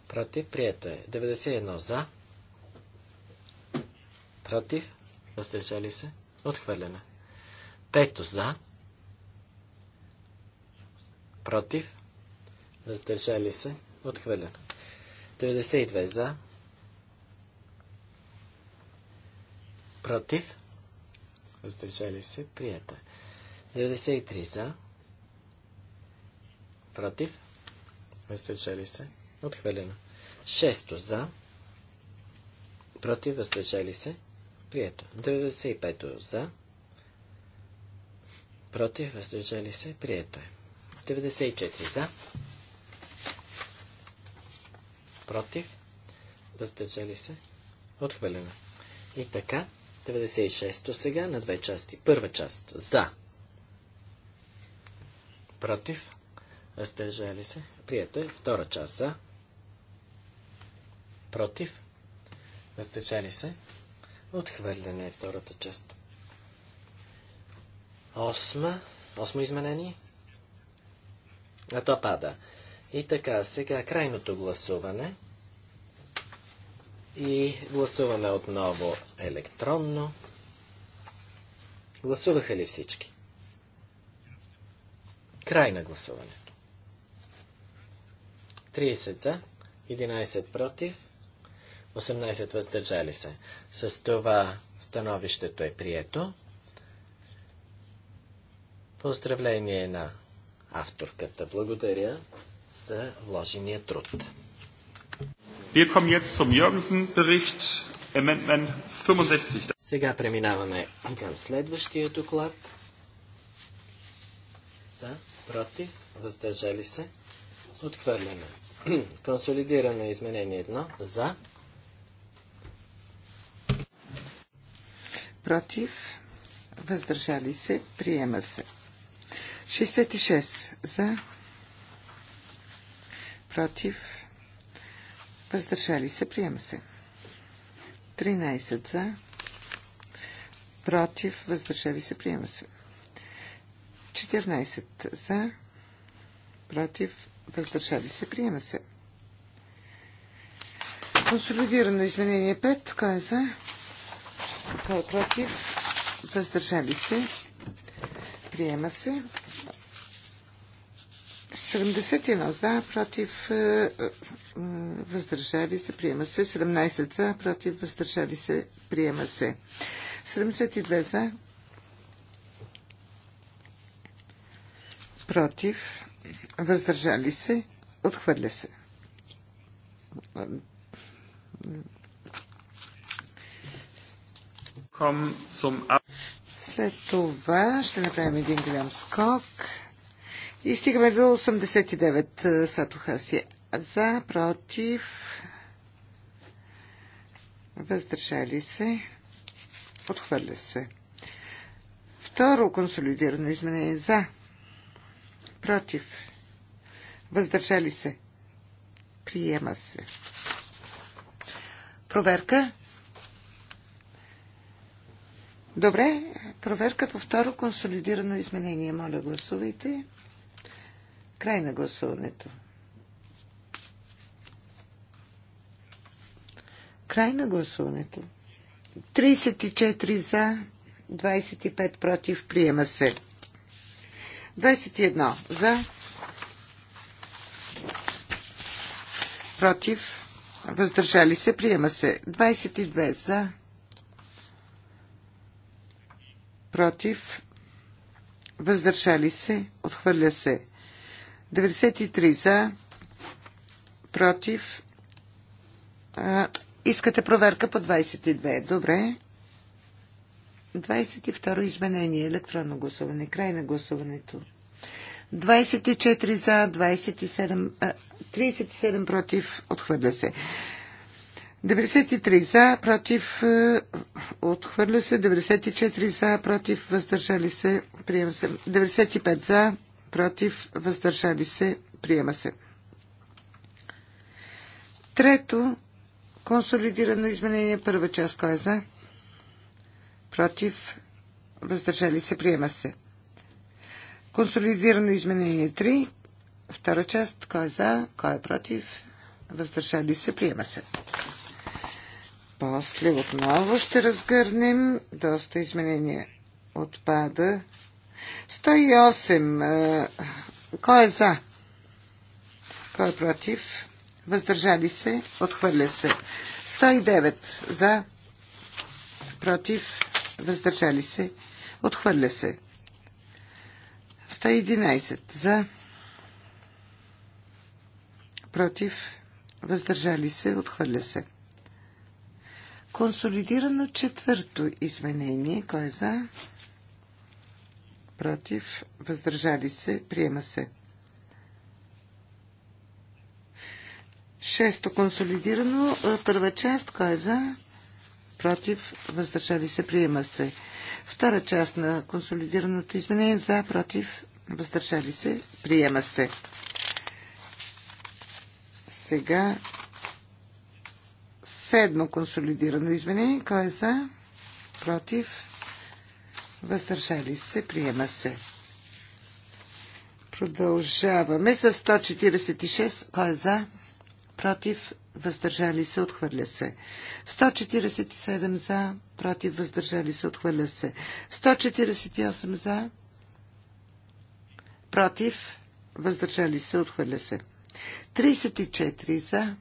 против, прието е. 91 за, Против. Въздържали се. Отхвърлена. Пето за. Против. Въздържали се. отхвърлена. 92 за. Против. Въздържали се. Прията. 93 е. за. Против. Въздържали се. Отхвърлено. 6 за. Против. Въздържали се. Прието. 95 за. Против. Въздържали се. Прието е. 94 за. Против. Въздържали се. Отхвърлено. И така. 96-то сега на две части. Първа част. За. Против. Въздържали се. Прието е. Втора част. За. Против. Въздържали се. Отхвърляне е втората част. Осма. Осмо изменение. А то пада. И така, сега крайното гласуване. И гласуваме отново електронно. Гласуваха ли всички? Край на гласуването. 30 за, 11 против, 18 въздържали се. С това становището е прието. Поздравление на авторката. Благодаря за вложения труд. Сега преминаваме към следващия доклад. За, против, въздържали се, отхвърляме. Консолидирано изменение 1 за, против, въздържали се, приема се. 66 за, против, въздържали се, приема се. 13 за, против, въздържали се, приема се. 14 за, против, въздържали се, приема се. Консолидирано изменение 5, кой е за? Кой е против? Въздържали се. Приема се. 71 е, е, за, против, въздържали се, приема се. 17 за, против, въздържали се, приема се. 72 за, против, въздържали се, отхвърля се. След това ще направим един голям скок. И стигаме до 89 е, си. За, против, въздържали се, отхвърля се. Второ консолидирано изменение за, против, въздържали се, приема се. Проверка Добре, проверка по второ консолидирано изменение. Моля, гласувайте. Край на гласуването. Край на гласуването. 34 за, 25 против, приема се. 21 за, против, въздържали се, приема се. 22 за, против, въздържали се, отхвърля се. 93 за, против. А, искате проверка по 22. Добре. 22 изменение, електронно гласуване, край на гласуването. 24 за, 27, а, 37 против, отхвърля се. 93 за, против, е, отхвърля се. 94 за, против, въздържали се, приема се. 95 за, против, въздържали се, приема се. Трето, консолидирано изменение, първа част, кой е за? Против, въздържали се, приема се. Консолидирано изменение 3, втора част, кой е за, кой е против, въздържали се, приема се. После отново ще разгърнем. Доста изменения отпада. 108. Кой е за? Кой е против? Въздържали се? Отхвърля се. 109. За? Против? Въздържали се? Отхвърля се. 111. За? Против? Въздържали се? Отхвърля се. Консолидирано четвърто изменение. Кой е за? Против. Въздържали се. Приема се. Шесто консолидирано. Е, първа част. Кой е за? Против. Въздържали се. Приема се. Втора част на консолидираното изменение. За. Против. Въздържали се. Приема се. Сега Седмо консолидирано изменение. Кой е за? Против? Въздържали се? Приема се. Продължаваме с 146. Кой е за? Против? Въздържали се? Отхвърля се. 147 за? Против? Въздържали се? Отхвърля се. 148 за? Против? Въздържали се? Отхвърля се. 34 за?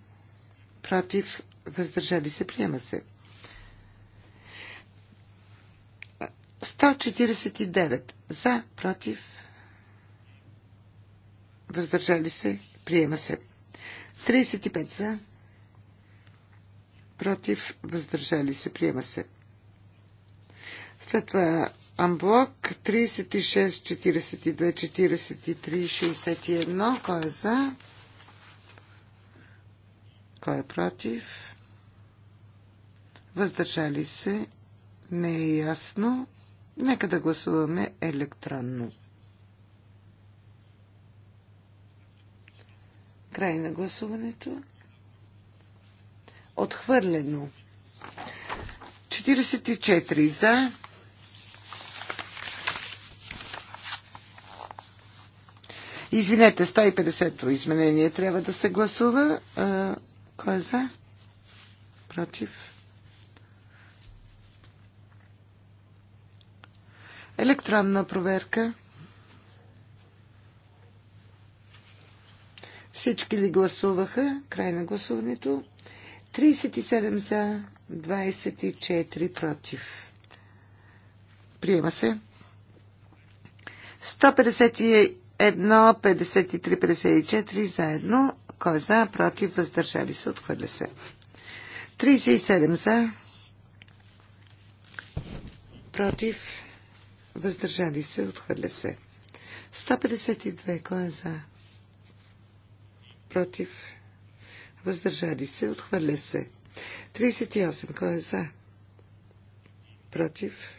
Против? въздържали се, приема се. 149 за, против, въздържали се, приема се. 35 за, против, въздържали се, приема се. След това Амблок 36, 42, 43, 61. Кой е за? Кой е против? въздържали се, не е ясно. Нека да гласуваме електронно. Край на гласуването. Отхвърлено. 44 за. Извинете, 150-то изменение трябва да се гласува. кой е за? Против? Електронна проверка. Всички ли гласуваха? Край на гласуването. 37 за, 24 против. Приема се. 151, 53, 54 заедно. Кой е за, против, въздържали се, отхвърля се. 37 за, против, въздържали се, отхвърля се. 152. Кой е за? Против. Въздържали се, отхвърля се. 38. Кой е за? Против.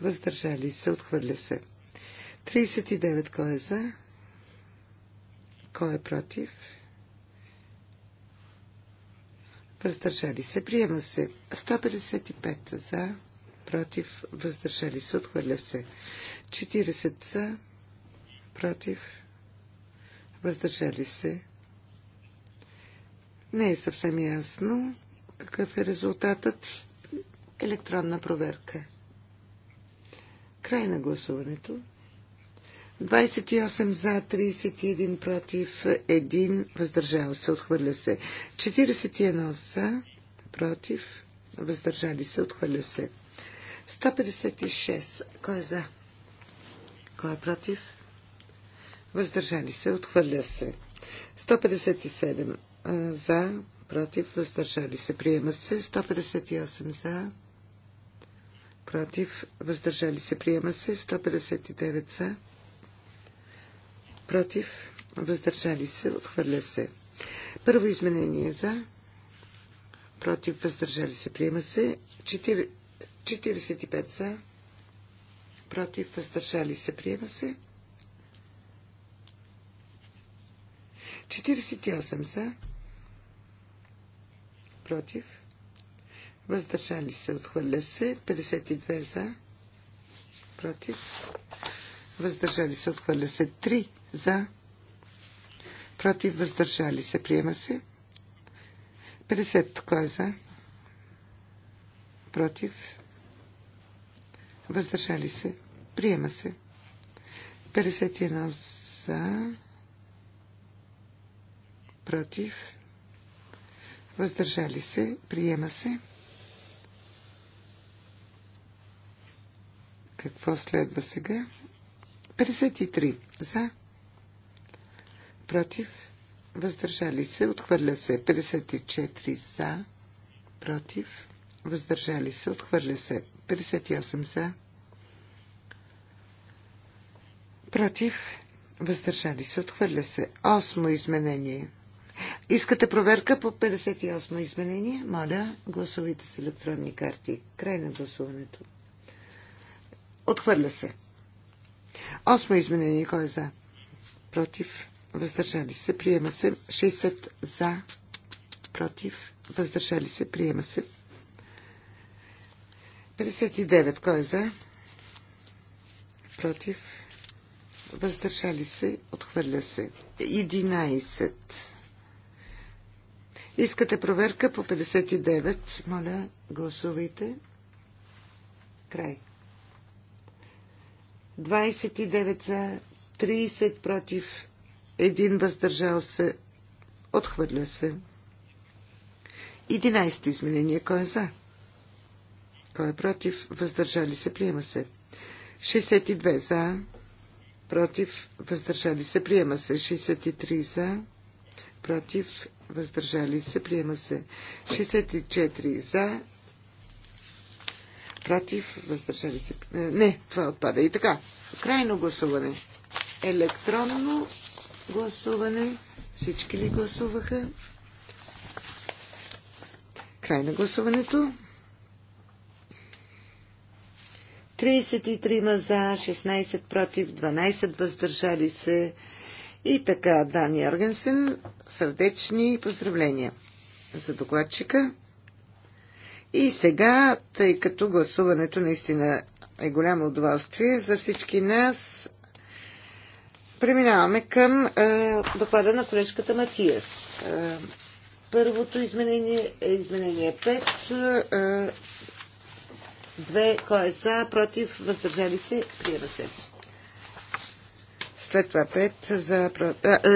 Въздържали се, отхвърля се. 39. Кой е за? Кой е против? Въздържали се, приема се. 155 за против, въздържали се, отхвърля се. 40 са, против, въздържали се. Не е съвсем ясно какъв е резултатът. Електронна проверка. Край на гласуването. 28 за, 31 против, 1 въздържал се, отхвърля се. 41 за, против, въздържали се, отхвърля се. 156. Кой е за? Кой е против? Въздържали се. Отхвърля се. 157. За. Против. Въздържали се. Приема се. 158. За. Против. Въздържали се. Приема се. 159. За. Против. Въздържали се. Отхвърля се. Първо изменение за против въздържали се. Приема се 4, 45 за, против, въздържали се, приема се. 48 за, против, въздържали се, отхвърля се. 52 за, против, въздържали се, отхвърля се. 3 за, против, въздържали се, приема се. 50 кой е за, против, въздържали се, приема се. 51 за, против, въздържали се, приема се. Какво следва сега? 53 за, против, въздържали се, отхвърля се. 54 за, против, въздържали се, отхвърля се. 58 за, Против. Въздържали се. Отхвърля се. Осмо изменение. Искате проверка по 58 изменение? Моля, гласувайте с електронни карти. Край на гласуването. Отхвърля се. Осмо изменение. Кой е за? Против. Въздържали се. Приема се. 60 за. Против. Въздържали се. Приема се. 59. Кой е за? Против въздържали се, отхвърля се. 11. Искате проверка по 59. Моля, гласувайте. Край. 29 за, 30 против, 1 въздържал се, отхвърля се. 11 изменение. Кой е за? Кой е против? Въздържали се, приема се. 62 за против, въздържали се, приема се. 63 за, против, въздържали се, приема се. 64 за, против, въздържали се. Е, не, това отпада. И така, крайно гласуване. Електронно гласуване. Всички ли гласуваха? Край на гласуването. 33 за, 16 против, 12 въздържали се. И така, Дани Аргенсен, сърдечни поздравления за докладчика. И сега, тъй като гласуването наистина е голямо удоволствие за всички нас, преминаваме към е, доклада на колежката Матиас. Е, първото изменение е изменение 5. Е, 2. Кой е за? Против? Въздържали се? Приема се. След това 5 за...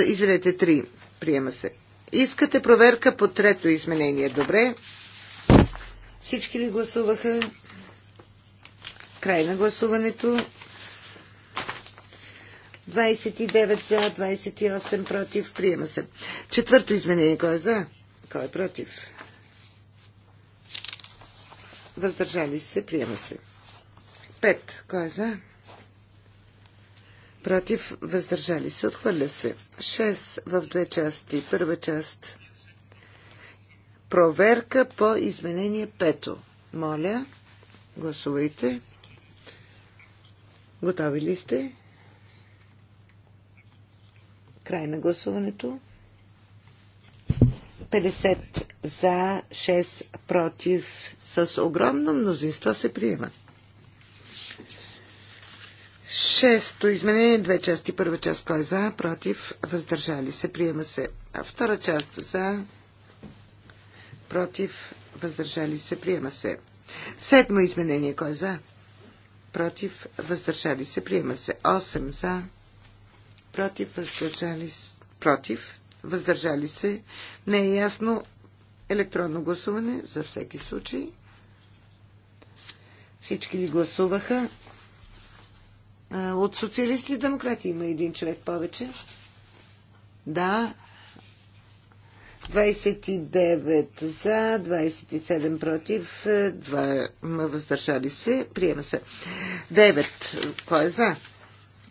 извинете, 3. Приема се. Искате проверка по трето изменение. Добре. Всички ли гласуваха? Край на гласуването. 29 за, 28 против. Приема се. Четвърто изменение. Кой е за? Кой е против? въздържали се, приема се. 5. Кой е за? Против, въздържали се, отхвърля се. 6 в две части. Първа част. Проверка по изменение 5. Моля, гласувайте. Готови ли сте? Край на гласуването. 50 за, 6 против. С огромно мнозинство се приема. Шесто изменение, две части. Първа част кой е за, против, въздържали се, приема се. А втора част за, против, въздържали се, приема се. Седмо изменение кой е за, против, въздържали се, приема се. Осем за, против, въздържали се, против, въздържали се. Не е ясно електронно гласуване за всеки случай. Всички ли гласуваха? От социалисти и демократи има един човек повече. Да. 29 за, 27 против, 2 въздържали се. Приема се. 9. Кой е за?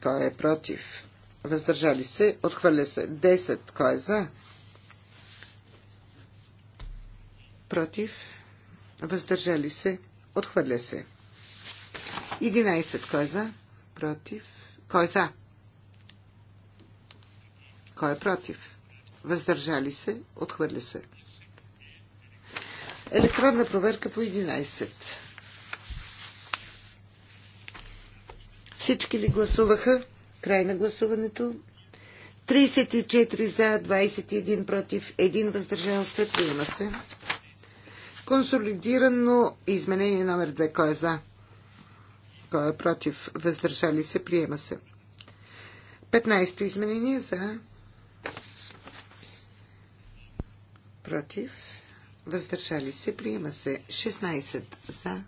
Кой е против? въздържали се, отхвърля се. 10. Кой е за? Против, въздържали се, отхвърля се. 11. Кой е за? Против. Кой е за? Кой е против? Въздържали се, отхвърля се. Електронна проверка по 11. Всички ли гласуваха? Край на гласуването. 34 за, 21 против, 1 въздържал се, приема се. Консолидирано изменение номер 2. Кой е за? Кой е против? Въздържали се, приема се. 15-то изменение за против. Въздържали се, приема се. 16 за.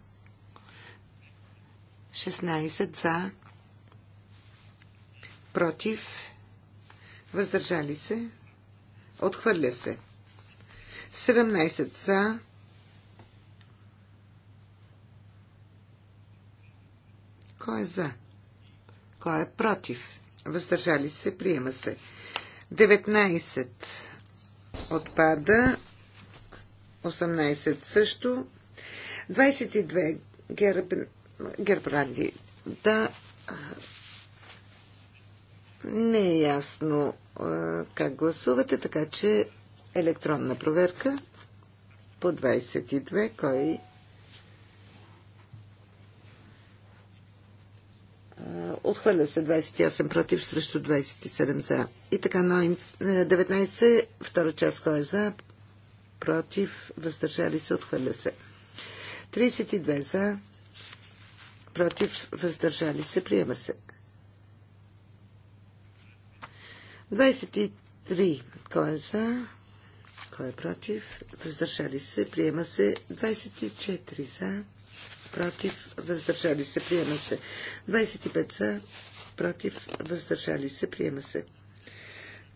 16 за, против, въздържали се, отхвърля се. 17 за, кой е за, кой е против, въздържали се, приема се. 19 отпада, 18 също, 22 герб, ради, Да, не е ясно как гласувате, така че електронна проверка по 22. Кой Отхвърля се 28 против срещу 27 за. И така, но 19, втора част, кой е за, против, въздържали се, отхвърля се. 32 за, против, въздържали се, приема се. 23. Кой е за? Кой е против? Въздържали се. Приема се. 24 за. Против. Въздържали се. Приема се. 25 за. Против. Въздържали се. Приема се.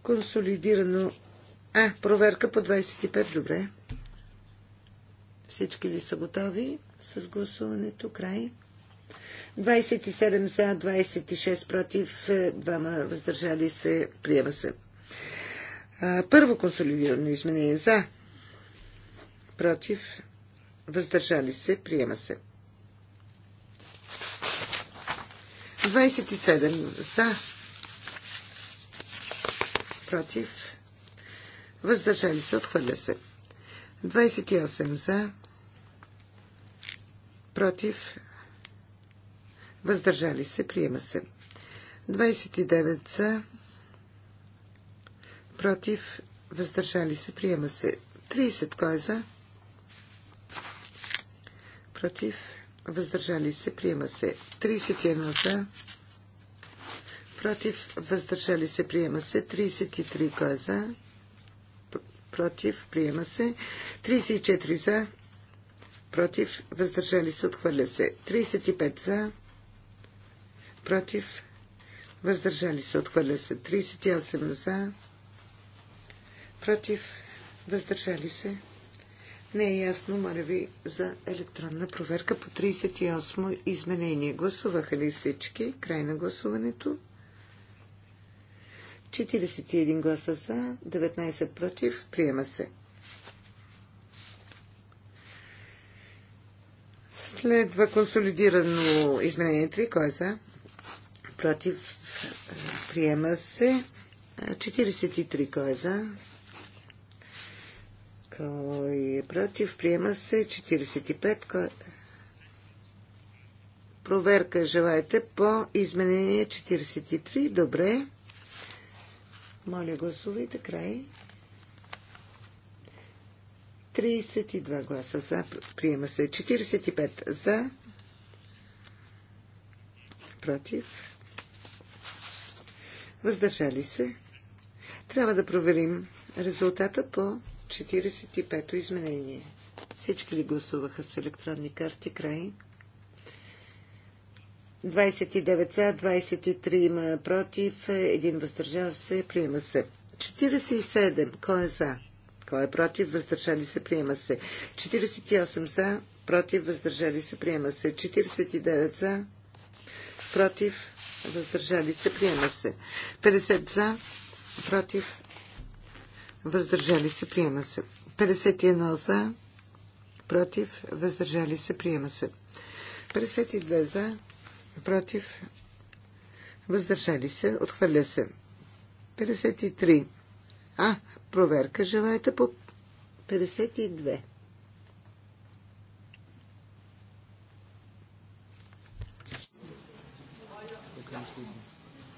Консолидирано. А, проверка по 25. Добре. Всички ли са готови с гласуването? Край. 27 за, 26 против, 2 е, въздържали се, приема се. Първо консолидирано изменение за, против, въздържали се, приема се. 27 за, против, въздържали се, отхвърля се. 28 за, против, въздържали се, приема се. 29 за, против, въздържали се, приема се. 30 кой е за, против, въздържали се, приема се. 31 за, против, въздържали се, приема се. 33 кой е за, против, приема се. 34 за, против, въздържали се, отхвърля се. 35 за, против, въздържали се, отхвърля се 38 за, против, въздържали се. Не е ясно, моля ви, за електронна проверка по 38 изменение. Гласуваха ли всички? Край на гласуването. 41 гласа за, 19 против. Приема се. Следва консолидирано изменение 3. Кой е за? против, приема се. 43, кой е за? Кой е против, приема се. 45, кой е? Проверка желаете по изменение 43. Добре. Моля, гласувайте край. 32 гласа за. Приема се 45 за. Против въздържали се. Трябва да проверим резултата по 45-то изменение. Всички ли гласуваха с електронни карти? Край. 29 за, 23 има против, един въздържал се, приема се. 47. Кой е за? Кой е против? Въздържали се, приема се. 48 за, против, въздържали се, приема се. 49 за, против, въздържали се, приема се. 50 за, против, въздържали се, приема се. 51 за, против, въздържали се, приема се. 52 за, против, въздържали се, отхвърля се. 53. А, проверка желаете по 52.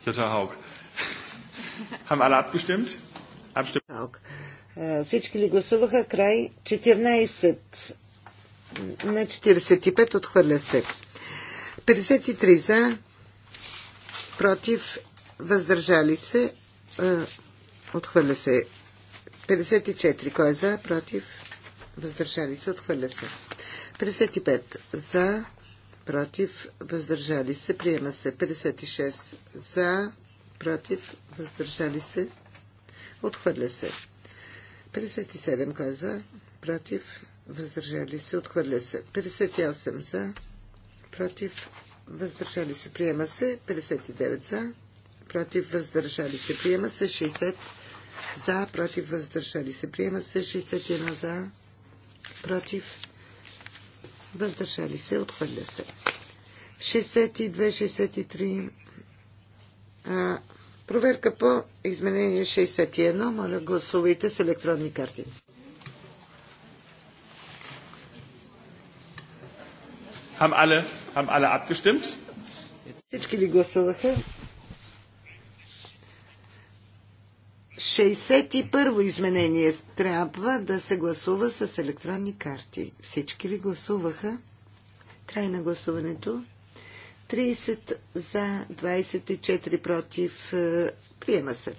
Jutta Haug. Haben alle abgestimmt? Abstimmt. Е, всички ли гласуваха? Край 14 на 45 отхвърля се. 53 за, против, въздържали се, е, отхвърля се. 54 кой е за, против, въздържали се, отхвърля се. 55 за, против, въздържали се, приема се 56 за, против, въздържали се, отхвърля се. 57 кой е за, против, въздържали се, отхвърля се. 58 за, против, въздържали се, приема се. 59 за, против, въздържали се, приема се. 60 за, против, въздържали се, приема се. 61 за, против, въздържали се, отхвърля се. 62-63. проверка по изменение 61. Моля, гласувайте с електронни карти. Haben alle, haben alle abgestimmt? Всички ли гласуваха? 61-во изменение трябва да се гласува с електронни карти. Всички ли гласуваха? Край на гласуването. 30 за, 24 против. Е, приема се.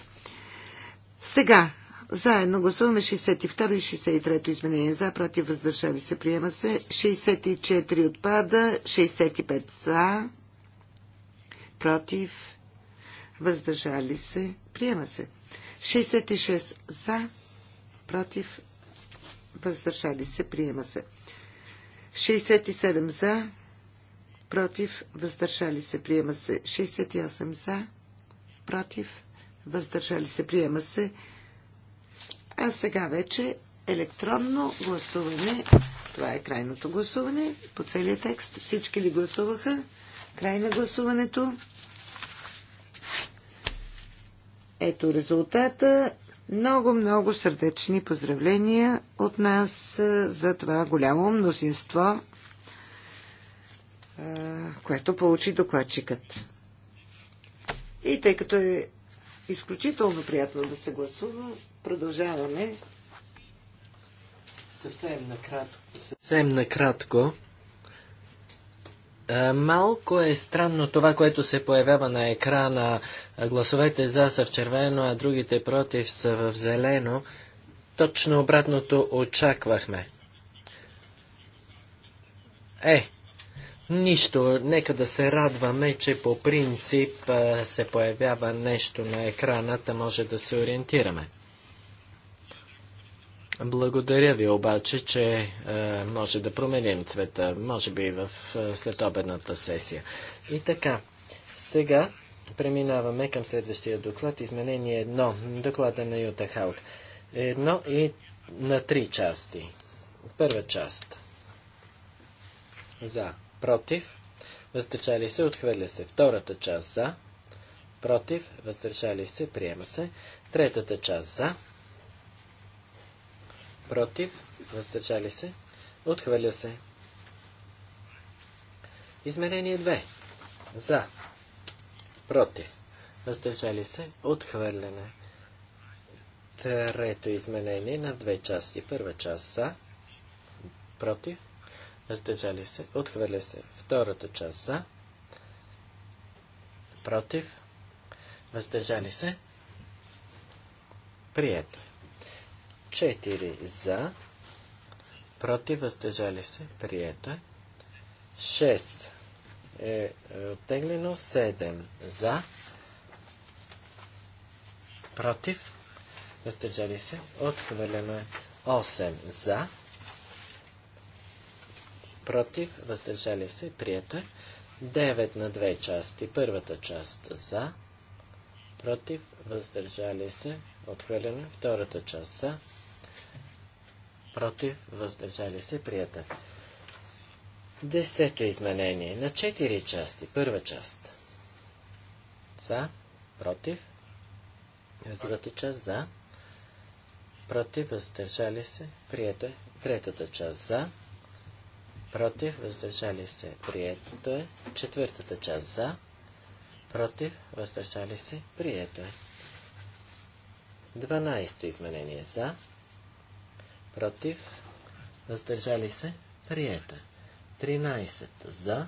Сега, заедно гласуваме 62 и 63 изменение за, против, въздържали се, приема се. 64 отпада, 65 за, против, въздържали се, приема се. 66 за, против, въздържали се, приема се. 67 за, против, въздържали се, приема се. 68 за, против, въздържали се, приема се. А сега вече електронно гласуване. Това е крайното гласуване по целия текст. Всички ли гласуваха? Край на гласуването. Ето резултата. Много, много сърдечни поздравления от нас за това голямо мнозинство, което получи докладчикът. И тъй като е изключително приятно да се гласува, продължаваме. Съвсем накратко. Съвсем накратко е, малко е странно това, което се появява на екрана. Гласовете за са в червено, а другите против са в зелено. Точно обратното очаквахме. Е, нищо, нека да се радваме, че по принцип е, се появява нещо на екраната, може да се ориентираме. Благодаря ви обаче, че е, може да променим цвета, може би в е, следобедната сесия. И така, сега преминаваме към следващия доклад, изменение едно, доклада на Юта Халк. Едно и на три части. Първа част. За. Против. Въздържали се. Отхвърля се. Втората част. За. Против. Въздържали се. Приема се. Третата част. За против, въздържали се, отхвърля се. Изменение 2. За, против, въздържали се, отхвърляне. Трето изменение на две части. Първа част за, против, въздържали се, отхвърля се. Втората част за, против, въздържали се, прието. 4 за, против, въздържали се, прието е. 6 е, е оттеглено, 7 за, против, въздържали се, отхвърлено е 8 за, против, въздържали се, прието е 9 на 2 части, първата част за, против, въздържали се, отхвърлено, е. втората част за, против, въздържали се, прията. Десето изменение на четири части. Първа част. За, против, другата част за, против, въздържали се, прието е. Третата част за, против, въздържали се, прието е. Четвъртата част за, против, въздържали се, прието е. Дванайсто изменение за, против, въздържали се, приета. 13 за,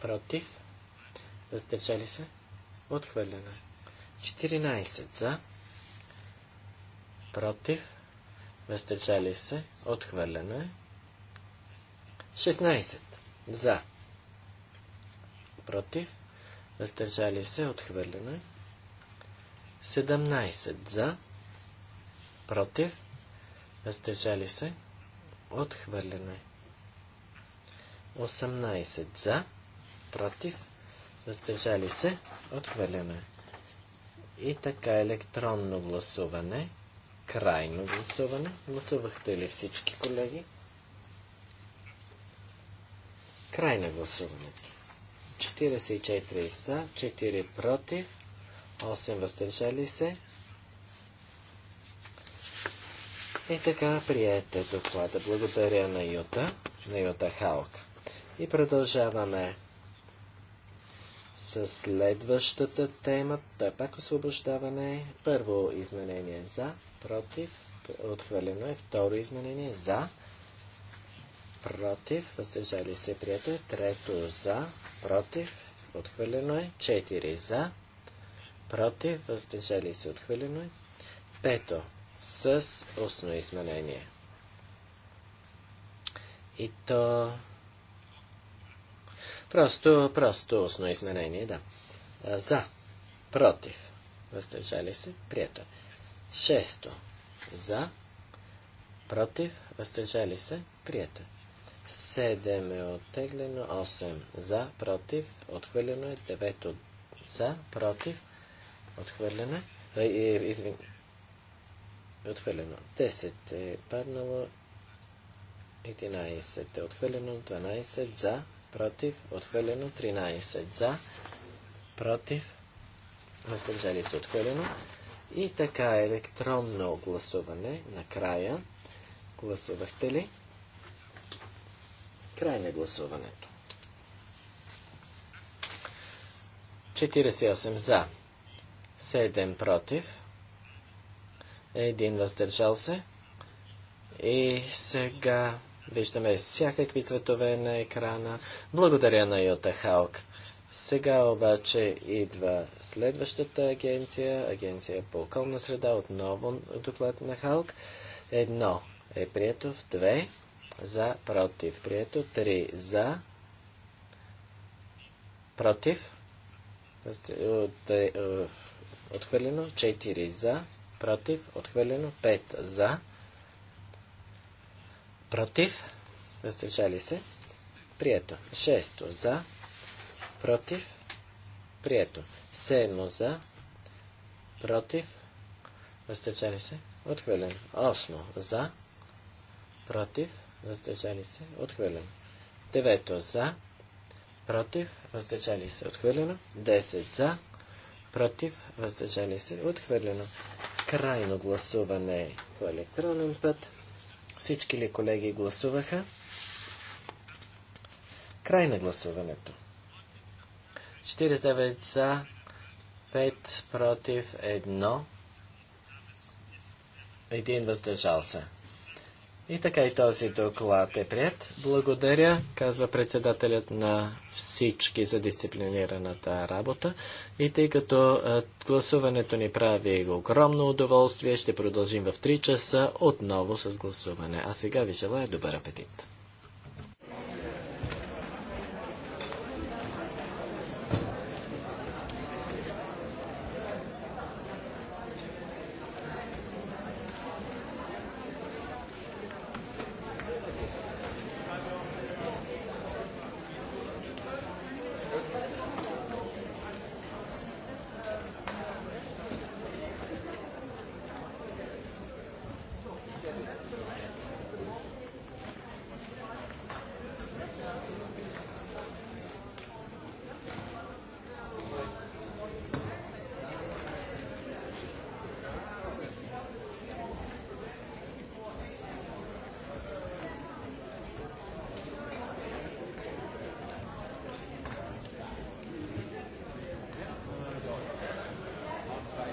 против, въздържали се, отхвърлена. 14 за, против, въздържали се, отхвърлено е. 16 за, против, въздържали се, отхвърлено е. 17 за, против, въздържали се, отхвърляне. 18 за, против, въздържали се, отхвърляне. И така електронно гласуване, крайно гласуване. Гласувахте ли всички колеги? Край на гласуването. 44 са, 4 против, 8 въздържали се. И така приете доклада. Благодаря на Юта, на Юта Халк. И продължаваме с следващата тема. Той е пак освобождаване. Първо изменение за, против, отхвърлено е. Второ изменение за, против, въздържали се, прието е. Трето за, против, отхвърлено е. Четири за, против, въздържали се, отхвърлено е. Пето, с устно изменение. И то... Просто, просто устно изменение, да. За, против, въздържали се, прието е. Шесто, за, против, въздържали се, прието е. е оттеглено, 8 за, против, отхвърлено е, девето за, против, Отхвърлена. Е, извин. Отхвърлено. 10 е паднало. 11 е отхвърлено. 12 за. Против. Отхвърлено. 13 за. Против. Въздържали се отхвърлено. И така електронно гласуване накрая. Гласувахте ли? Край на гласуването. 48 за. 7 против, Един въздържал се. И сега виждаме всякакви цветове на екрана. Благодаря на Йота Халк. Сега обаче идва следващата агенция, агенция по околна среда, отново доклад на Халк. Едно е прието в две, за, против, прието, три за, против, е, е, отхвърлено, 4 за, против, отхвърлено, 5 за, против, въздържали се, прието, 6 за, против, прието, 7 за, против, въздържали се, отхвърлено, 8 за, против, въздържали се, отхвърлено, 9 за, против, въздържали се, отхвърлено, 10 за, против, въздържали се, отхвърлено. Крайно гласуване по електронен път. Всички ли колеги гласуваха? Край на гласуването. 49 за, 5 против, 1. Един въздържал се. И така и този доклад е прият. Благодаря, казва председателят на всички за дисциплинираната работа. И тъй като гласуването ни прави огромно удоволствие, ще продължим в 3 часа отново с гласуване. А сега ви желая добър апетит!